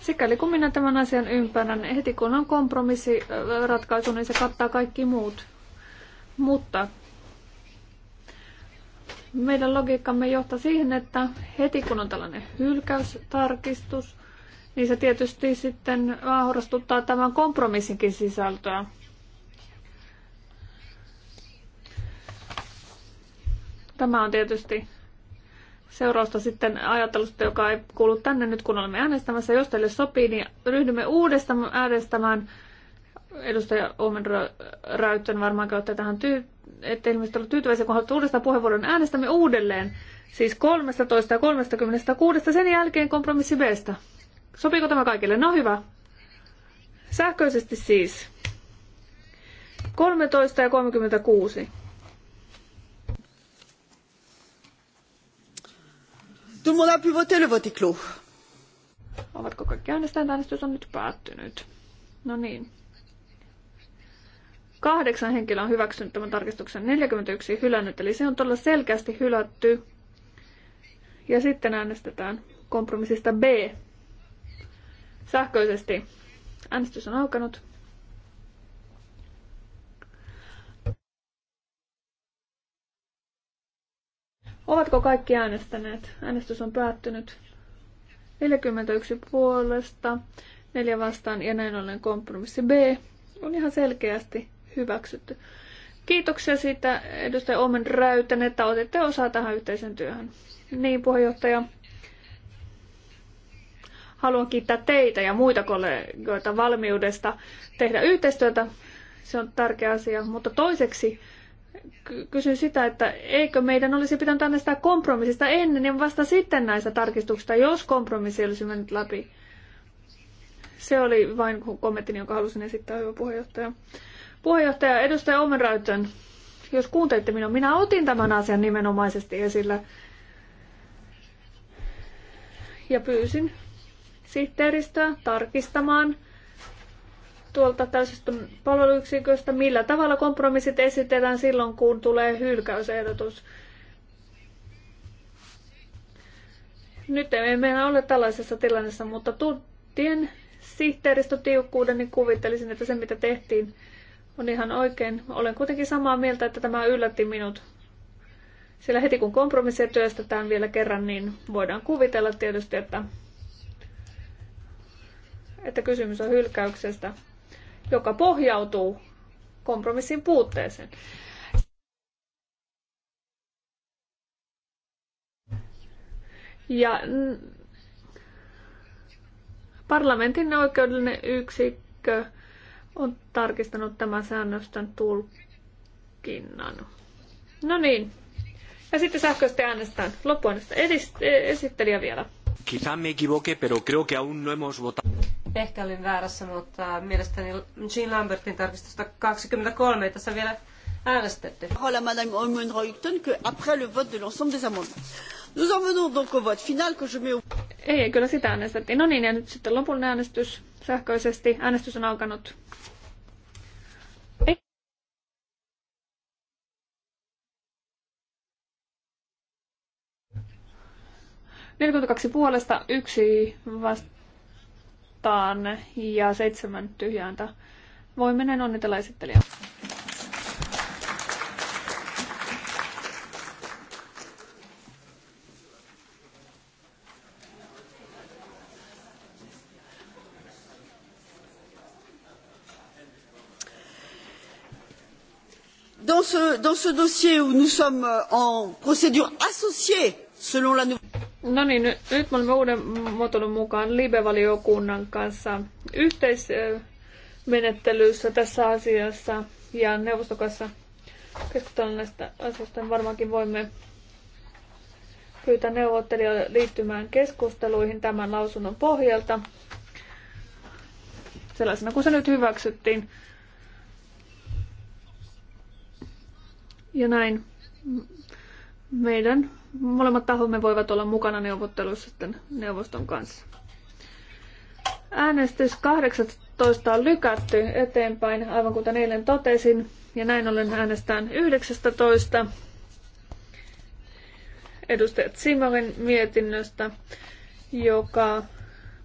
Sikäli kun minä tämän asian ympärän, niin heti kun on kompromissiratkaisu, niin se kattaa kaikki muut. Mutta meidän logiikkamme johtaa siihen, että heti kun on tällainen hylkäystarkistus, niin se tietysti sitten horrastuttaa tämän kompromissinkin sisältöä. Tämä on tietysti seurausta sitten ajattelusta, joka ei kuulu tänne nyt, kun olemme äänestämässä. Jos teille sopii, niin ryhdymme uudestaan äänestämään. Edustaja Omen Räyttön varmaankin olette tähän tyy- ette ilmeisesti ollut tyytyväisiä, kun haluatte uudestaan puheenvuoron. Äänestämme uudelleen, siis 13 ja 36 sen jälkeen kompromissi Bstä. Sopiiko tämä kaikille? No hyvä. Sähköisesti siis. 13 ja 36. Tout le monde a pu voter le vote clos. Ovatko kaikki äänestäjät? Äänestys on nyt päättynyt. No niin. Kahdeksan henkilöä on hyväksynyt tämän tarkistuksen, 41 hylännyt, eli se on todella selkeästi hylätty. Ja sitten äänestetään kompromissista B sähköisesti. Äänestys on alkanut. Ovatko kaikki äänestäneet? Äänestys on päättynyt. 41 puolesta, 4 vastaan ja näin ollen kompromissi B on ihan selkeästi hyväksytty. Kiitoksia siitä edustaja Omen Räytän, että otitte osaa tähän yhteisen työhön. Niin puheenjohtaja, Haluan kiittää teitä ja muita kollegoita valmiudesta tehdä yhteistyötä. Se on tärkeä asia. Mutta toiseksi kysyn sitä, että eikö meidän olisi pitänyt äänestää kompromissista ennen ja vasta sitten näistä tarkistuksista, jos kompromissi olisi mennyt läpi. Se oli vain kommentti, jonka halusin esittää, hyvä puheenjohtaja. Puheenjohtaja, edustaja Omenrauten, jos kuuntelitte minua, minä otin tämän asian nimenomaisesti esillä ja pyysin sihteeristöä tarkistamaan tuolta täysistön palveluyksiköstä, millä tavalla kompromissit esitetään silloin, kun tulee hylkäysehdotus. Nyt ei meillä ole tällaisessa tilanteessa, mutta tuntien sihteeristötiukkuuden, niin kuvittelisin, että se mitä tehtiin on ihan oikein. Olen kuitenkin samaa mieltä, että tämä yllätti minut. Sillä heti kun kompromissia työstetään vielä kerran, niin voidaan kuvitella tietysti, että että kysymys on hylkäyksestä, joka pohjautuu kompromissin puutteeseen. Ja parlamentin oikeudellinen yksikkö on tarkistanut tämän säännöstön tulkinnan. No niin. Ja sitten sähköisesti äänestään loppuäänestä e- esittelijä vielä. Quizá me equivoque, pero creo que aún no hemos votado. Ehkä olin väärässä, mutta mielestäni Jean Lambertin tarkistusta 23 ei tässä vielä äänestetty. Hola madame Oymen Royton, que après le vote de l'ensemble des amendements. Nous en venons donc au vote final que je mets Ei, kyllä sitä äänestettiin. No niin, ja nyt sitten lopullinen äänestys sähköisesti. Äänestys on alkanut. 42 puolesta, yksi vastaan ja seitsemän tyhjääntä. Voi mennä onnitella esittelijää. dans ce dossier où nous sommes en procédure associée selon la nouvelle No niin, nyt me olemme uuden muotoilun mukaan Libe-valiokunnan kanssa yhteismenettelyssä tässä asiassa ja neuvostokassa keskustella näistä asioista. Varmaankin voimme pyytää neuvottelijoita liittymään keskusteluihin tämän lausunnon pohjalta sellaisena kuin se nyt hyväksyttiin. Ja näin meidän molemmat tahomme voivat olla mukana neuvottelussa sitten neuvoston kanssa. Äänestys 18 on lykätty eteenpäin, aivan kuten eilen totesin, ja näin ollen äänestään 19 edustaja Zimmerin mietinnöstä, joka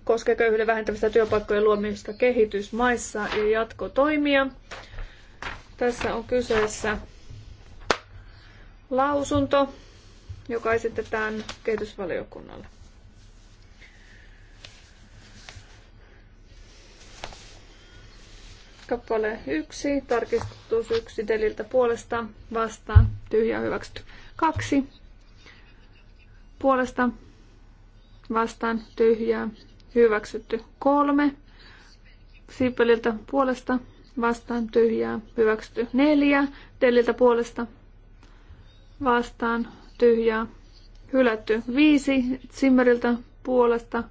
koskee köyhyyden vähentämistä työpaikkojen luomista kehitysmaissa ja jatkotoimia. Tässä on kyseessä lausunto joka esitetään kehitysvaliokunnalle. Kappale 1, tarkistus 1 deliltä puolesta, vastaan, tyhjä hyväksytty. 2, puolesta, vastaan, tyhjää, hyväksytty. 3, Siipeliltä puolesta, vastaan, tyhjää, hyväksytty. 4, deliltä puolesta, vastaan, tyhjää, hylätty. Viisi Zimmeriltä puolesta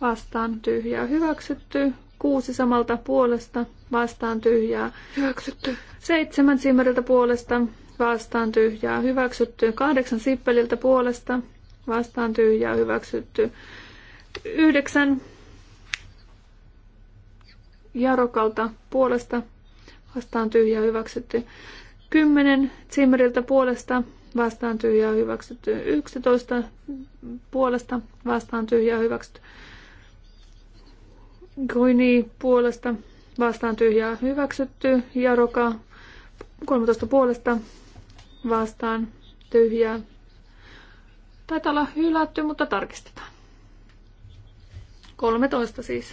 vastaan tyhjää, hyväksytty. Kuusi samalta puolesta vastaan tyhjää, hyväksytty. Seitsemän Zimmeriltä puolesta vastaan tyhjää, hyväksytty. Kahdeksan Sippeliltä puolesta vastaan tyhjää, hyväksytty. Yhdeksän Jarokalta puolesta vastaan tyhjää, hyväksytty. Kymmenen Zimmeriltä puolesta vastaan tyhjää hyväksytty 11 puolesta vastaan tyhjää hyväksytty Guini puolesta vastaan tyhjää hyväksytty Jaroka 13 puolesta vastaan tyhjää Taitaa olla hylätty, mutta tarkistetaan. 13 siis.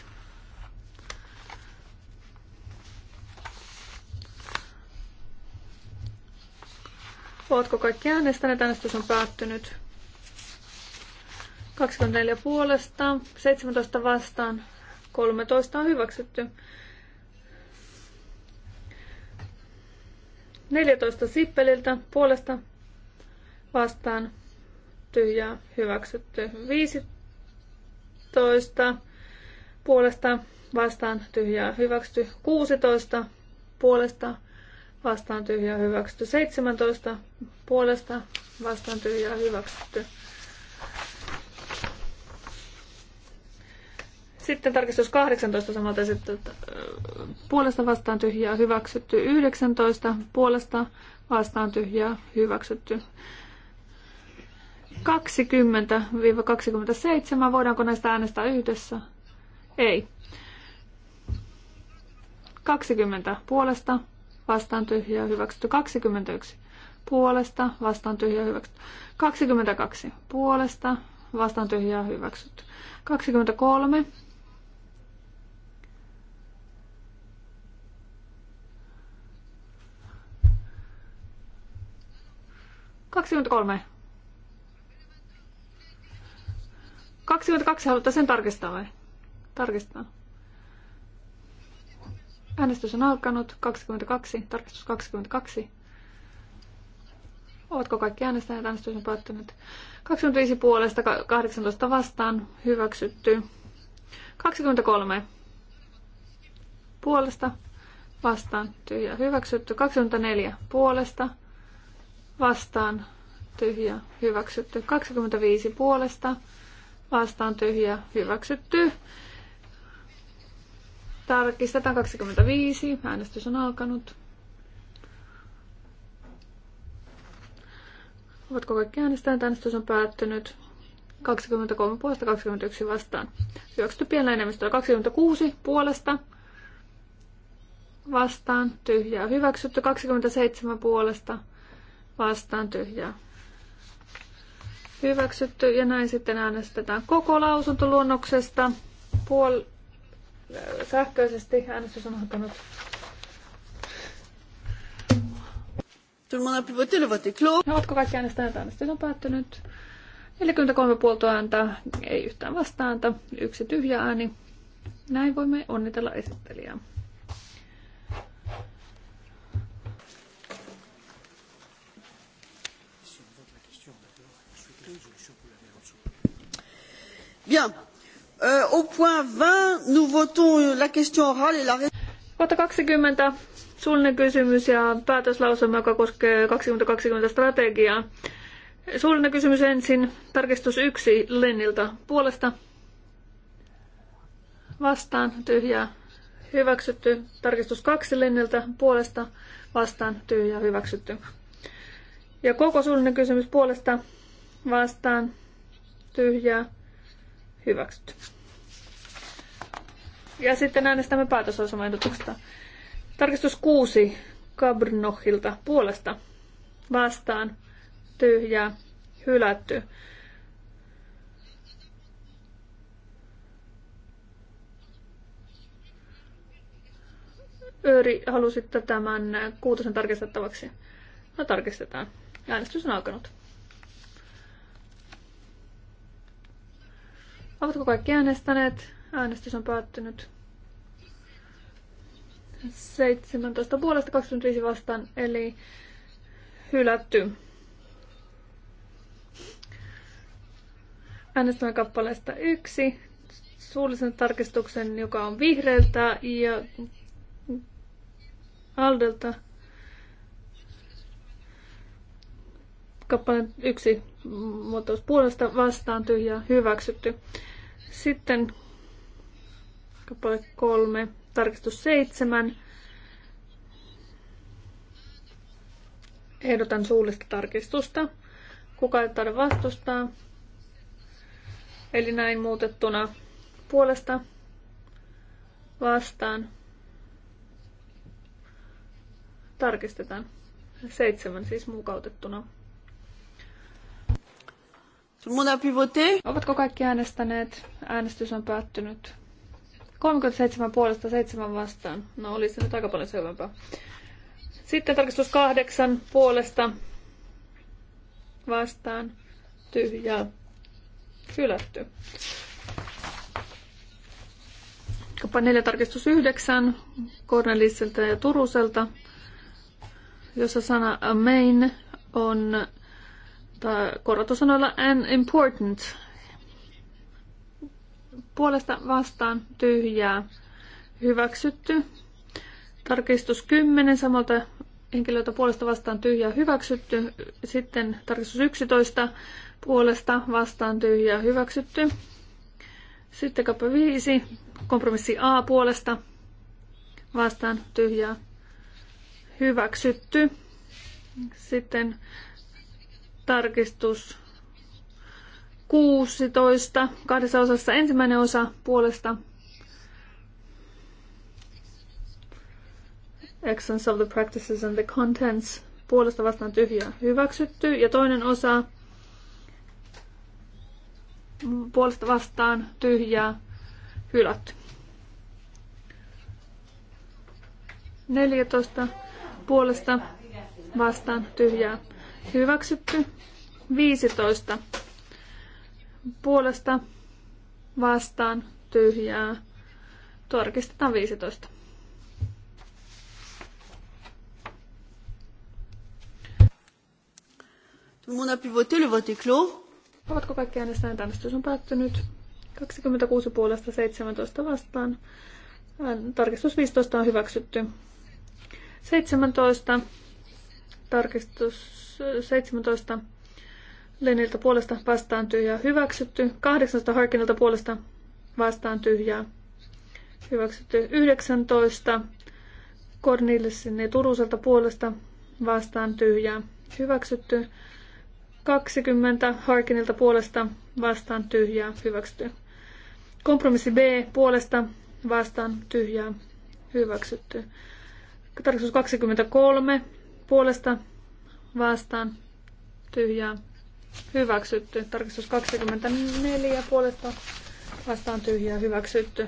Ootko kaikki äänestäneet? Äänestys on päättynyt. 24 puolesta, 17 vastaan, 13 on hyväksytty. 14 Sippeliltä puolesta vastaan tyhjää hyväksytty. 15 puolesta vastaan tyhjää hyväksytty. 16 puolesta vastaan tyhjä hyväksytty. 17 puolesta vastaan tyhjä hyväksytty. Sitten tarkistus 18 samalta sitten puolesta vastaan tyhjää hyväksytty. 19 puolesta vastaan tyhjää hyväksytty. 20-27. Voidaanko näistä äänestää yhdessä? Ei. 20 puolesta vastaan tyhjää hyväksytty 21 puolesta, vastaan tyhjää hyväksytty 22 puolesta, vastaan tyhjää hyväksytty 23 23. 22 haluatte sen tarkistaa vai? Tarkistetaan. Äänestys on alkanut. 22. Tarkistus 22. Ovatko kaikki äänestäneet? Äänestys on päättynyt. 25 puolesta 18 vastaan. Hyväksytty. 23 puolesta vastaan tyhjä hyväksytty. 24 puolesta vastaan tyhjä hyväksytty. 25 puolesta vastaan tyhjä hyväksytty. Tarkistetaan 25. Äänestys on alkanut. Ovatko kaikki äänestäneet? Äänestys on päättynyt. 23 puolesta 21 vastaan. Hyväksytty pienellä enemmistöllä 26 puolesta vastaan tyhjää. Hyväksytty 27 puolesta vastaan tyhjää. Hyväksytty ja näin sitten äänestetään koko lausuntoluonnoksesta puol- sähköisesti. Äänestys on alkanut. Tout le monde a no, kaikki äänestäneet? Äänestys on päättynyt. 43 puolta ääntä, ei yhtään vastaanta, yksi tyhjä ääni. Näin voimme onnitella esittelijää. Bien. Euh, au point 20, euh, suullinen kysymys ja päätöslauselma, joka koskee 2020 strategiaa. Suullinen kysymys ensin, tarkistus yksi Lenniltä puolesta. Vastaan, tyhjää, hyväksytty. Tarkistus kaksi Lenniltä puolesta, vastaan, tyhjää, hyväksytty. Ja koko suullinen kysymys puolesta, vastaan, tyhjää, Hyväksytty. Ja sitten äänestämme päätösosamaehdotuksesta. Tarkistus 6 Kabrnohilta puolesta. Vastaan. Tyhjää. Hylätty. öri halusitte tämän kuutosen tarkistettavaksi. No tarkistetaan. Äänestys on alkanut. Ovatko kaikki äänestäneet? Äänestys on päättynyt. 17 puolesta 25 vastaan, eli hylätty. Äänestämme kappaleesta yksi suullisen tarkistuksen, joka on vihreältä ja Aldelta Kappaleen yksi muotous puolesta vastaan tyhjää hyväksytty. Sitten kappale kolme, tarkistus seitsemän. Ehdotan suullista tarkistusta. Kuka ei taida vastustaa. Eli näin muutettuna puolesta vastaan. Tarkistetaan. Seitsemän siis mukautettuna. Sun mun täytyy Ovatko kaikki äänestäneet? Äänestys on päättynyt. 37 puolesta 7 vastaan. No oli se nyt aika paljon selvempää. Sitten tarkistus 8 puolesta vastaan. Tyhjä. Hylätty. Kappa 4 tarkistus 9 Kornelisselta ja Turuselta, jossa sana main on korotusanoilla and important puolesta vastaan tyhjää hyväksytty. Tarkistus 10 samalta henkilöltä puolesta vastaan tyhjää hyväksytty. Sitten tarkistus 11 puolesta vastaan tyhjää hyväksytty. Sitten kappa 5, kompromissi A puolesta vastaan tyhjää hyväksytty. Sitten tarkistus 16, kahdessa osassa ensimmäinen osa puolesta. Excellence of the practices and the contents puolesta vastaan tyhjää hyväksytty. Ja toinen osa puolesta vastaan tyhjää hylätty. 14 puolesta vastaan tyhjää Hyväksytty. 15. Puolesta vastaan tyhjää. Tarkistetaan 15. Tout le monde a pu voter, le vote est clos. Ovatko kaikki äänestäneet? Äänestys on päättynyt. 26 puolesta 17 vastaan. Tarkistus 15 on hyväksytty. 17. Tarkistus 17 Leniltä puolesta vastaan tyhjää hyväksytty. 18 Harkinilta puolesta vastaan tyhjää hyväksytty. 19 Cornelissen ja Turuselta puolesta vastaan tyhjää hyväksytty. 20 Harkinilta puolesta vastaan tyhjää hyväksytty. Kompromissi B puolesta vastaan tyhjää hyväksytty. Tarkistus 23 puolesta vastaan tyhjää hyväksytty. Tarkistus 24 puolesta vastaan tyhjää hyväksytty.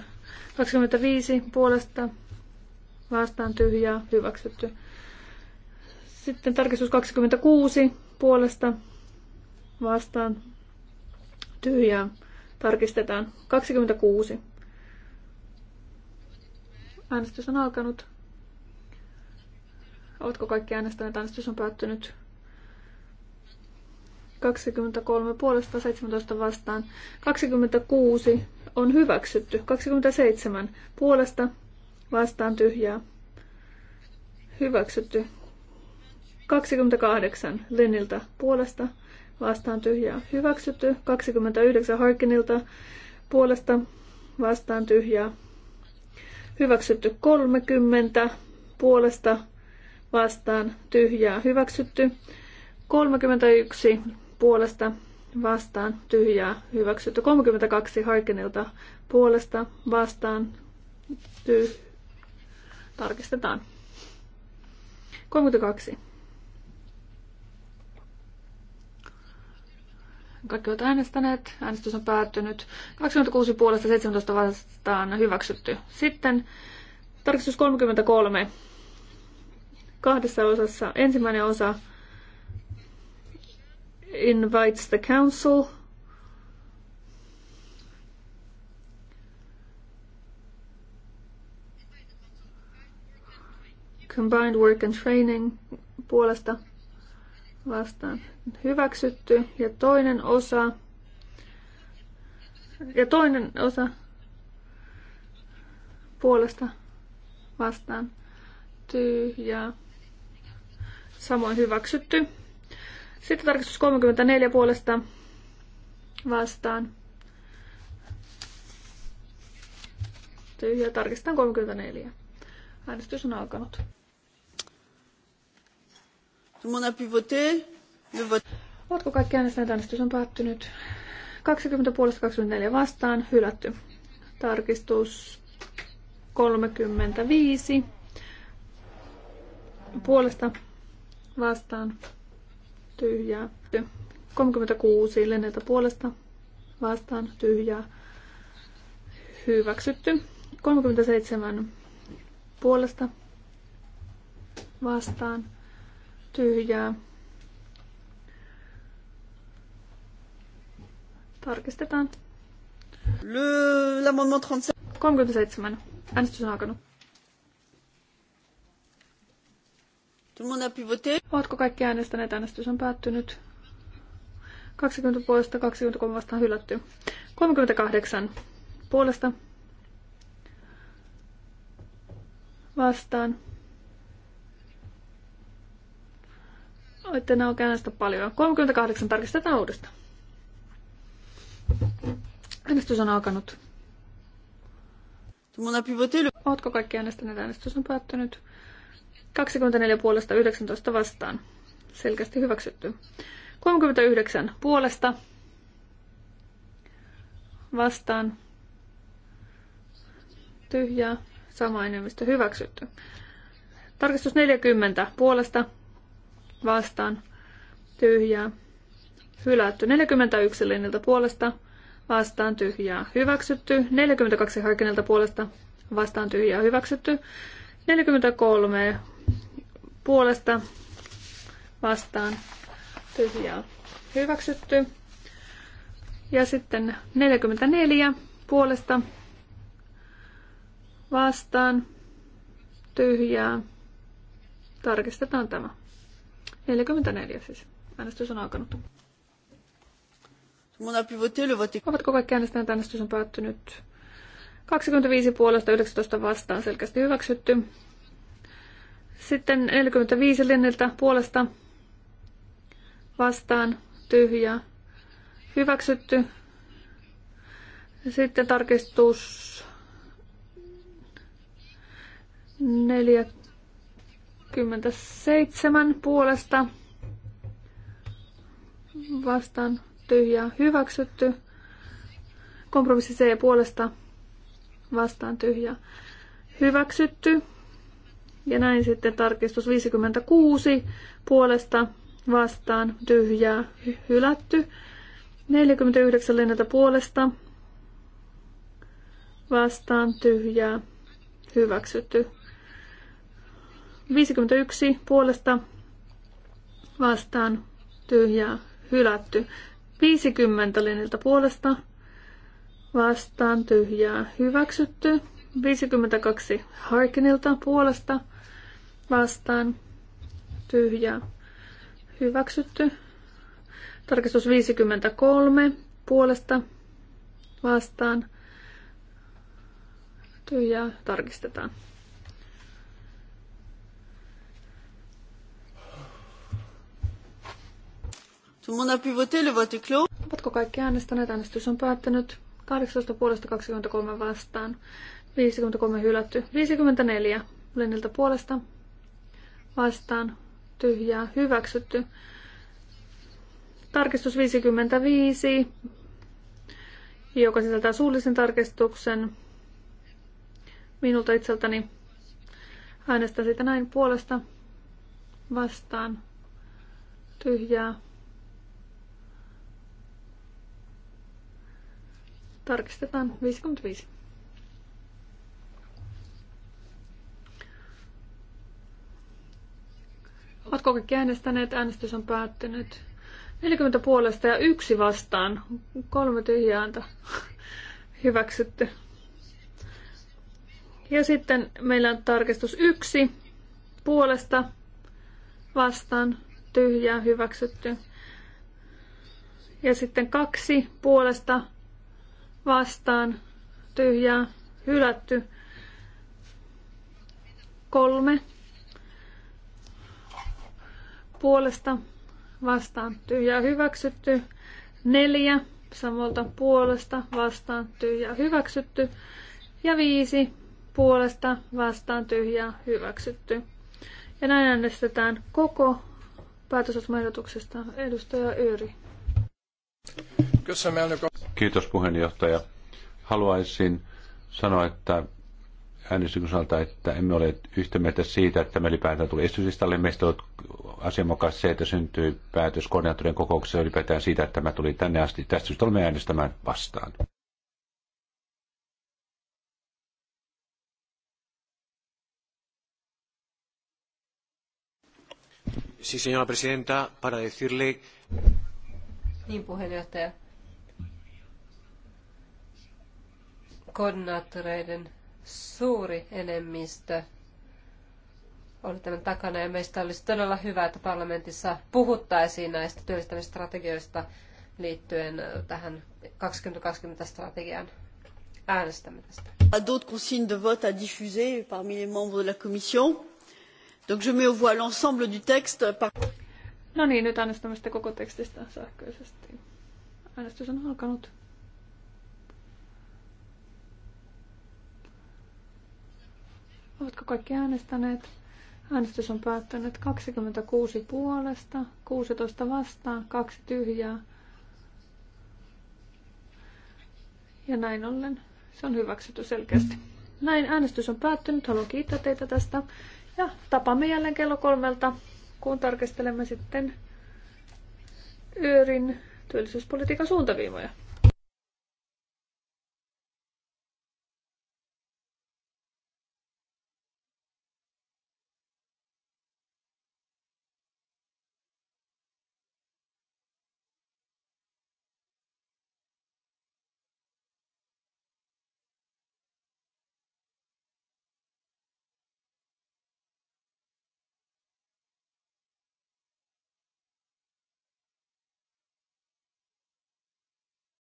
25 puolesta vastaan tyhjää hyväksytty. Sitten tarkistus 26 puolesta vastaan tyhjää tarkistetaan 26. Äänestys on alkanut. Oletko kaikki äänestäneet? Äänestys on päättynyt. 23 puolesta 17 vastaan. 26 on hyväksytty. 27 puolesta vastaan tyhjää. Hyväksytty. 28 Liniltä puolesta vastaan tyhjää. Hyväksytty. 29 Harkinilta puolesta vastaan tyhjää. Hyväksytty 30 puolesta vastaan tyhjää hyväksytty. 31 puolesta vastaan tyhjää hyväksytty. 32 Haikenilta puolesta vastaan tyh... Tarkistetaan. 32. Kaikki ovat äänestäneet. Äänestys on päättynyt. 26 puolesta 17 vastaan hyväksytty. Sitten tarkistus 33 kahdessa osassa. Ensimmäinen osa invites the council combined work and training puolesta vastaan hyväksytty. Ja toinen osa, ja toinen osa puolesta vastaan tyhjää Samoin hyväksytty. Sitten tarkistus 34 puolesta vastaan. Tyhjä. tarkistan 34. Äänestys on alkanut. Oletko kaikki äänestäneet? Äänestys on päättynyt. 20 puolesta 24 vastaan. Hylätty. Tarkistus 35. Puolesta vastaan tyhjää. 36 Leneltä puolesta vastaan tyhjää. Hyväksytty. 37 puolesta vastaan tyhjää. Tarkistetaan. L'amendement 37. Äänestys on alkanut. Oletko kaikki äänestäneet? Äänestys on päättynyt. 20 puolesta, 23 vastaan hylätty. 38 puolesta vastaan. Olette nauke äänestä paljon. 38 tarkistetaan uudestaan. Äänestys on alkanut. Ootko kaikki äänestäneet? Äänestys on päättynyt. 24 puolesta 19 vastaan. Selkeästi hyväksytty. 39 puolesta vastaan. Tyhjä. Sama enemmistö hyväksytty. Tarkistus 40 puolesta vastaan. Tyhjää. Hylätty. 41 linjalta puolesta vastaan tyhjää hyväksytty. 42 harkinnalta puolesta vastaan tyhjää hyväksytty. 43 puolesta vastaan tyhjää hyväksytty. Ja sitten 44 puolesta vastaan tyhjää. Tarkistetaan tämä. 44 siis. Äänestys on alkanut. Ovatko kaikki äänestäneet? Äänestys on päättynyt. 25 puolesta 19 vastaan selkeästi hyväksytty. Sitten 45 linniltä puolesta vastaan tyhjää. Hyväksytty. Sitten tarkistus 47 puolesta vastaan tyhjää hyväksytty. Kompromissi C puolesta vastaan tyhjää hyväksytty. Ja näin sitten tarkistus 56 puolesta vastaan tyhjää hylätty. 49 lennätä puolesta vastaan tyhjää hyväksytty. 51 puolesta vastaan tyhjää hylätty. 50 lennätä puolesta vastaan tyhjää hyväksytty. 52 Harkinilta puolesta vastaan Tyhjä. hyväksytty. Tarkistus 53 puolesta vastaan Tyhjä. tarkistetaan. Ovatko kaikki äänestäneet? Äänestys on päättänyt. 18 puolesta 23 vastaan. 53 hylätty. 54 Leniltä puolesta vastaan tyhjää hyväksytty. Tarkistus 55, joka sisältää suullisen tarkistuksen minulta itseltäni. äänestä sitä näin puolesta vastaan tyhjää. Tarkistetaan 55. Ovatko kaikki äänestäneet? Äänestys on päättynyt. 40 puolesta ja yksi vastaan. Kolme tyhjääntä Hyväksytty. Ja sitten meillä on tarkistus yksi puolesta vastaan tyhjää hyväksytty. Ja sitten kaksi puolesta vastaan tyhjää hylätty. Kolme puolesta vastaan tyhjää hyväksytty. Neljä samalta puolesta vastaan tyhjää hyväksytty. Ja viisi puolesta vastaan tyhjää hyväksytty. Ja näin äänestetään koko päätösosmaehdotuksesta edustaja Yri. Kiitos puheenjohtaja. Haluaisin sanoa, että äänestyksen osalta, että emme ole yhtä mieltä siitä, että me ylipäätään tuli esityslistalle. Meistä on asianmukaisesti se, että syntyi päätös koordinaattorien kokouksessa ylipäätään siitä, että tämä tuli tänne asti. Tästä syystä olemme äänestämään vastaan. Sí, señora presidenta, para decirle... Niin, puheenjohtaja. Koordinaattoreiden suuri enemmistö oli tämän takana ja meistä olisi todella hyvä, että parlamentissa puhuttaisiin näistä työllistämisstrategioista liittyen tähän 2020-strategiaan. äänestämisestä. D'autres consignes de vote à diffuser parmi les membres de la commission. Donc je mets au voie l'ensemble du texte. Par... No niin, nyt äänestämme sitä koko tekstistä sähköisesti. Äänestys on alkanut. Oletko kaikki äänestäneet? Äänestys on päättynyt 26 puolesta, 16 vastaan, kaksi tyhjää. Ja näin ollen se on hyväksytty selkeästi. Näin äänestys on päättynyt. Haluan kiittää teitä tästä. Ja tapaamme jälleen kello kolmelta, kun tarkastelemme sitten Öörin työllisyyspolitiikan suuntaviivoja.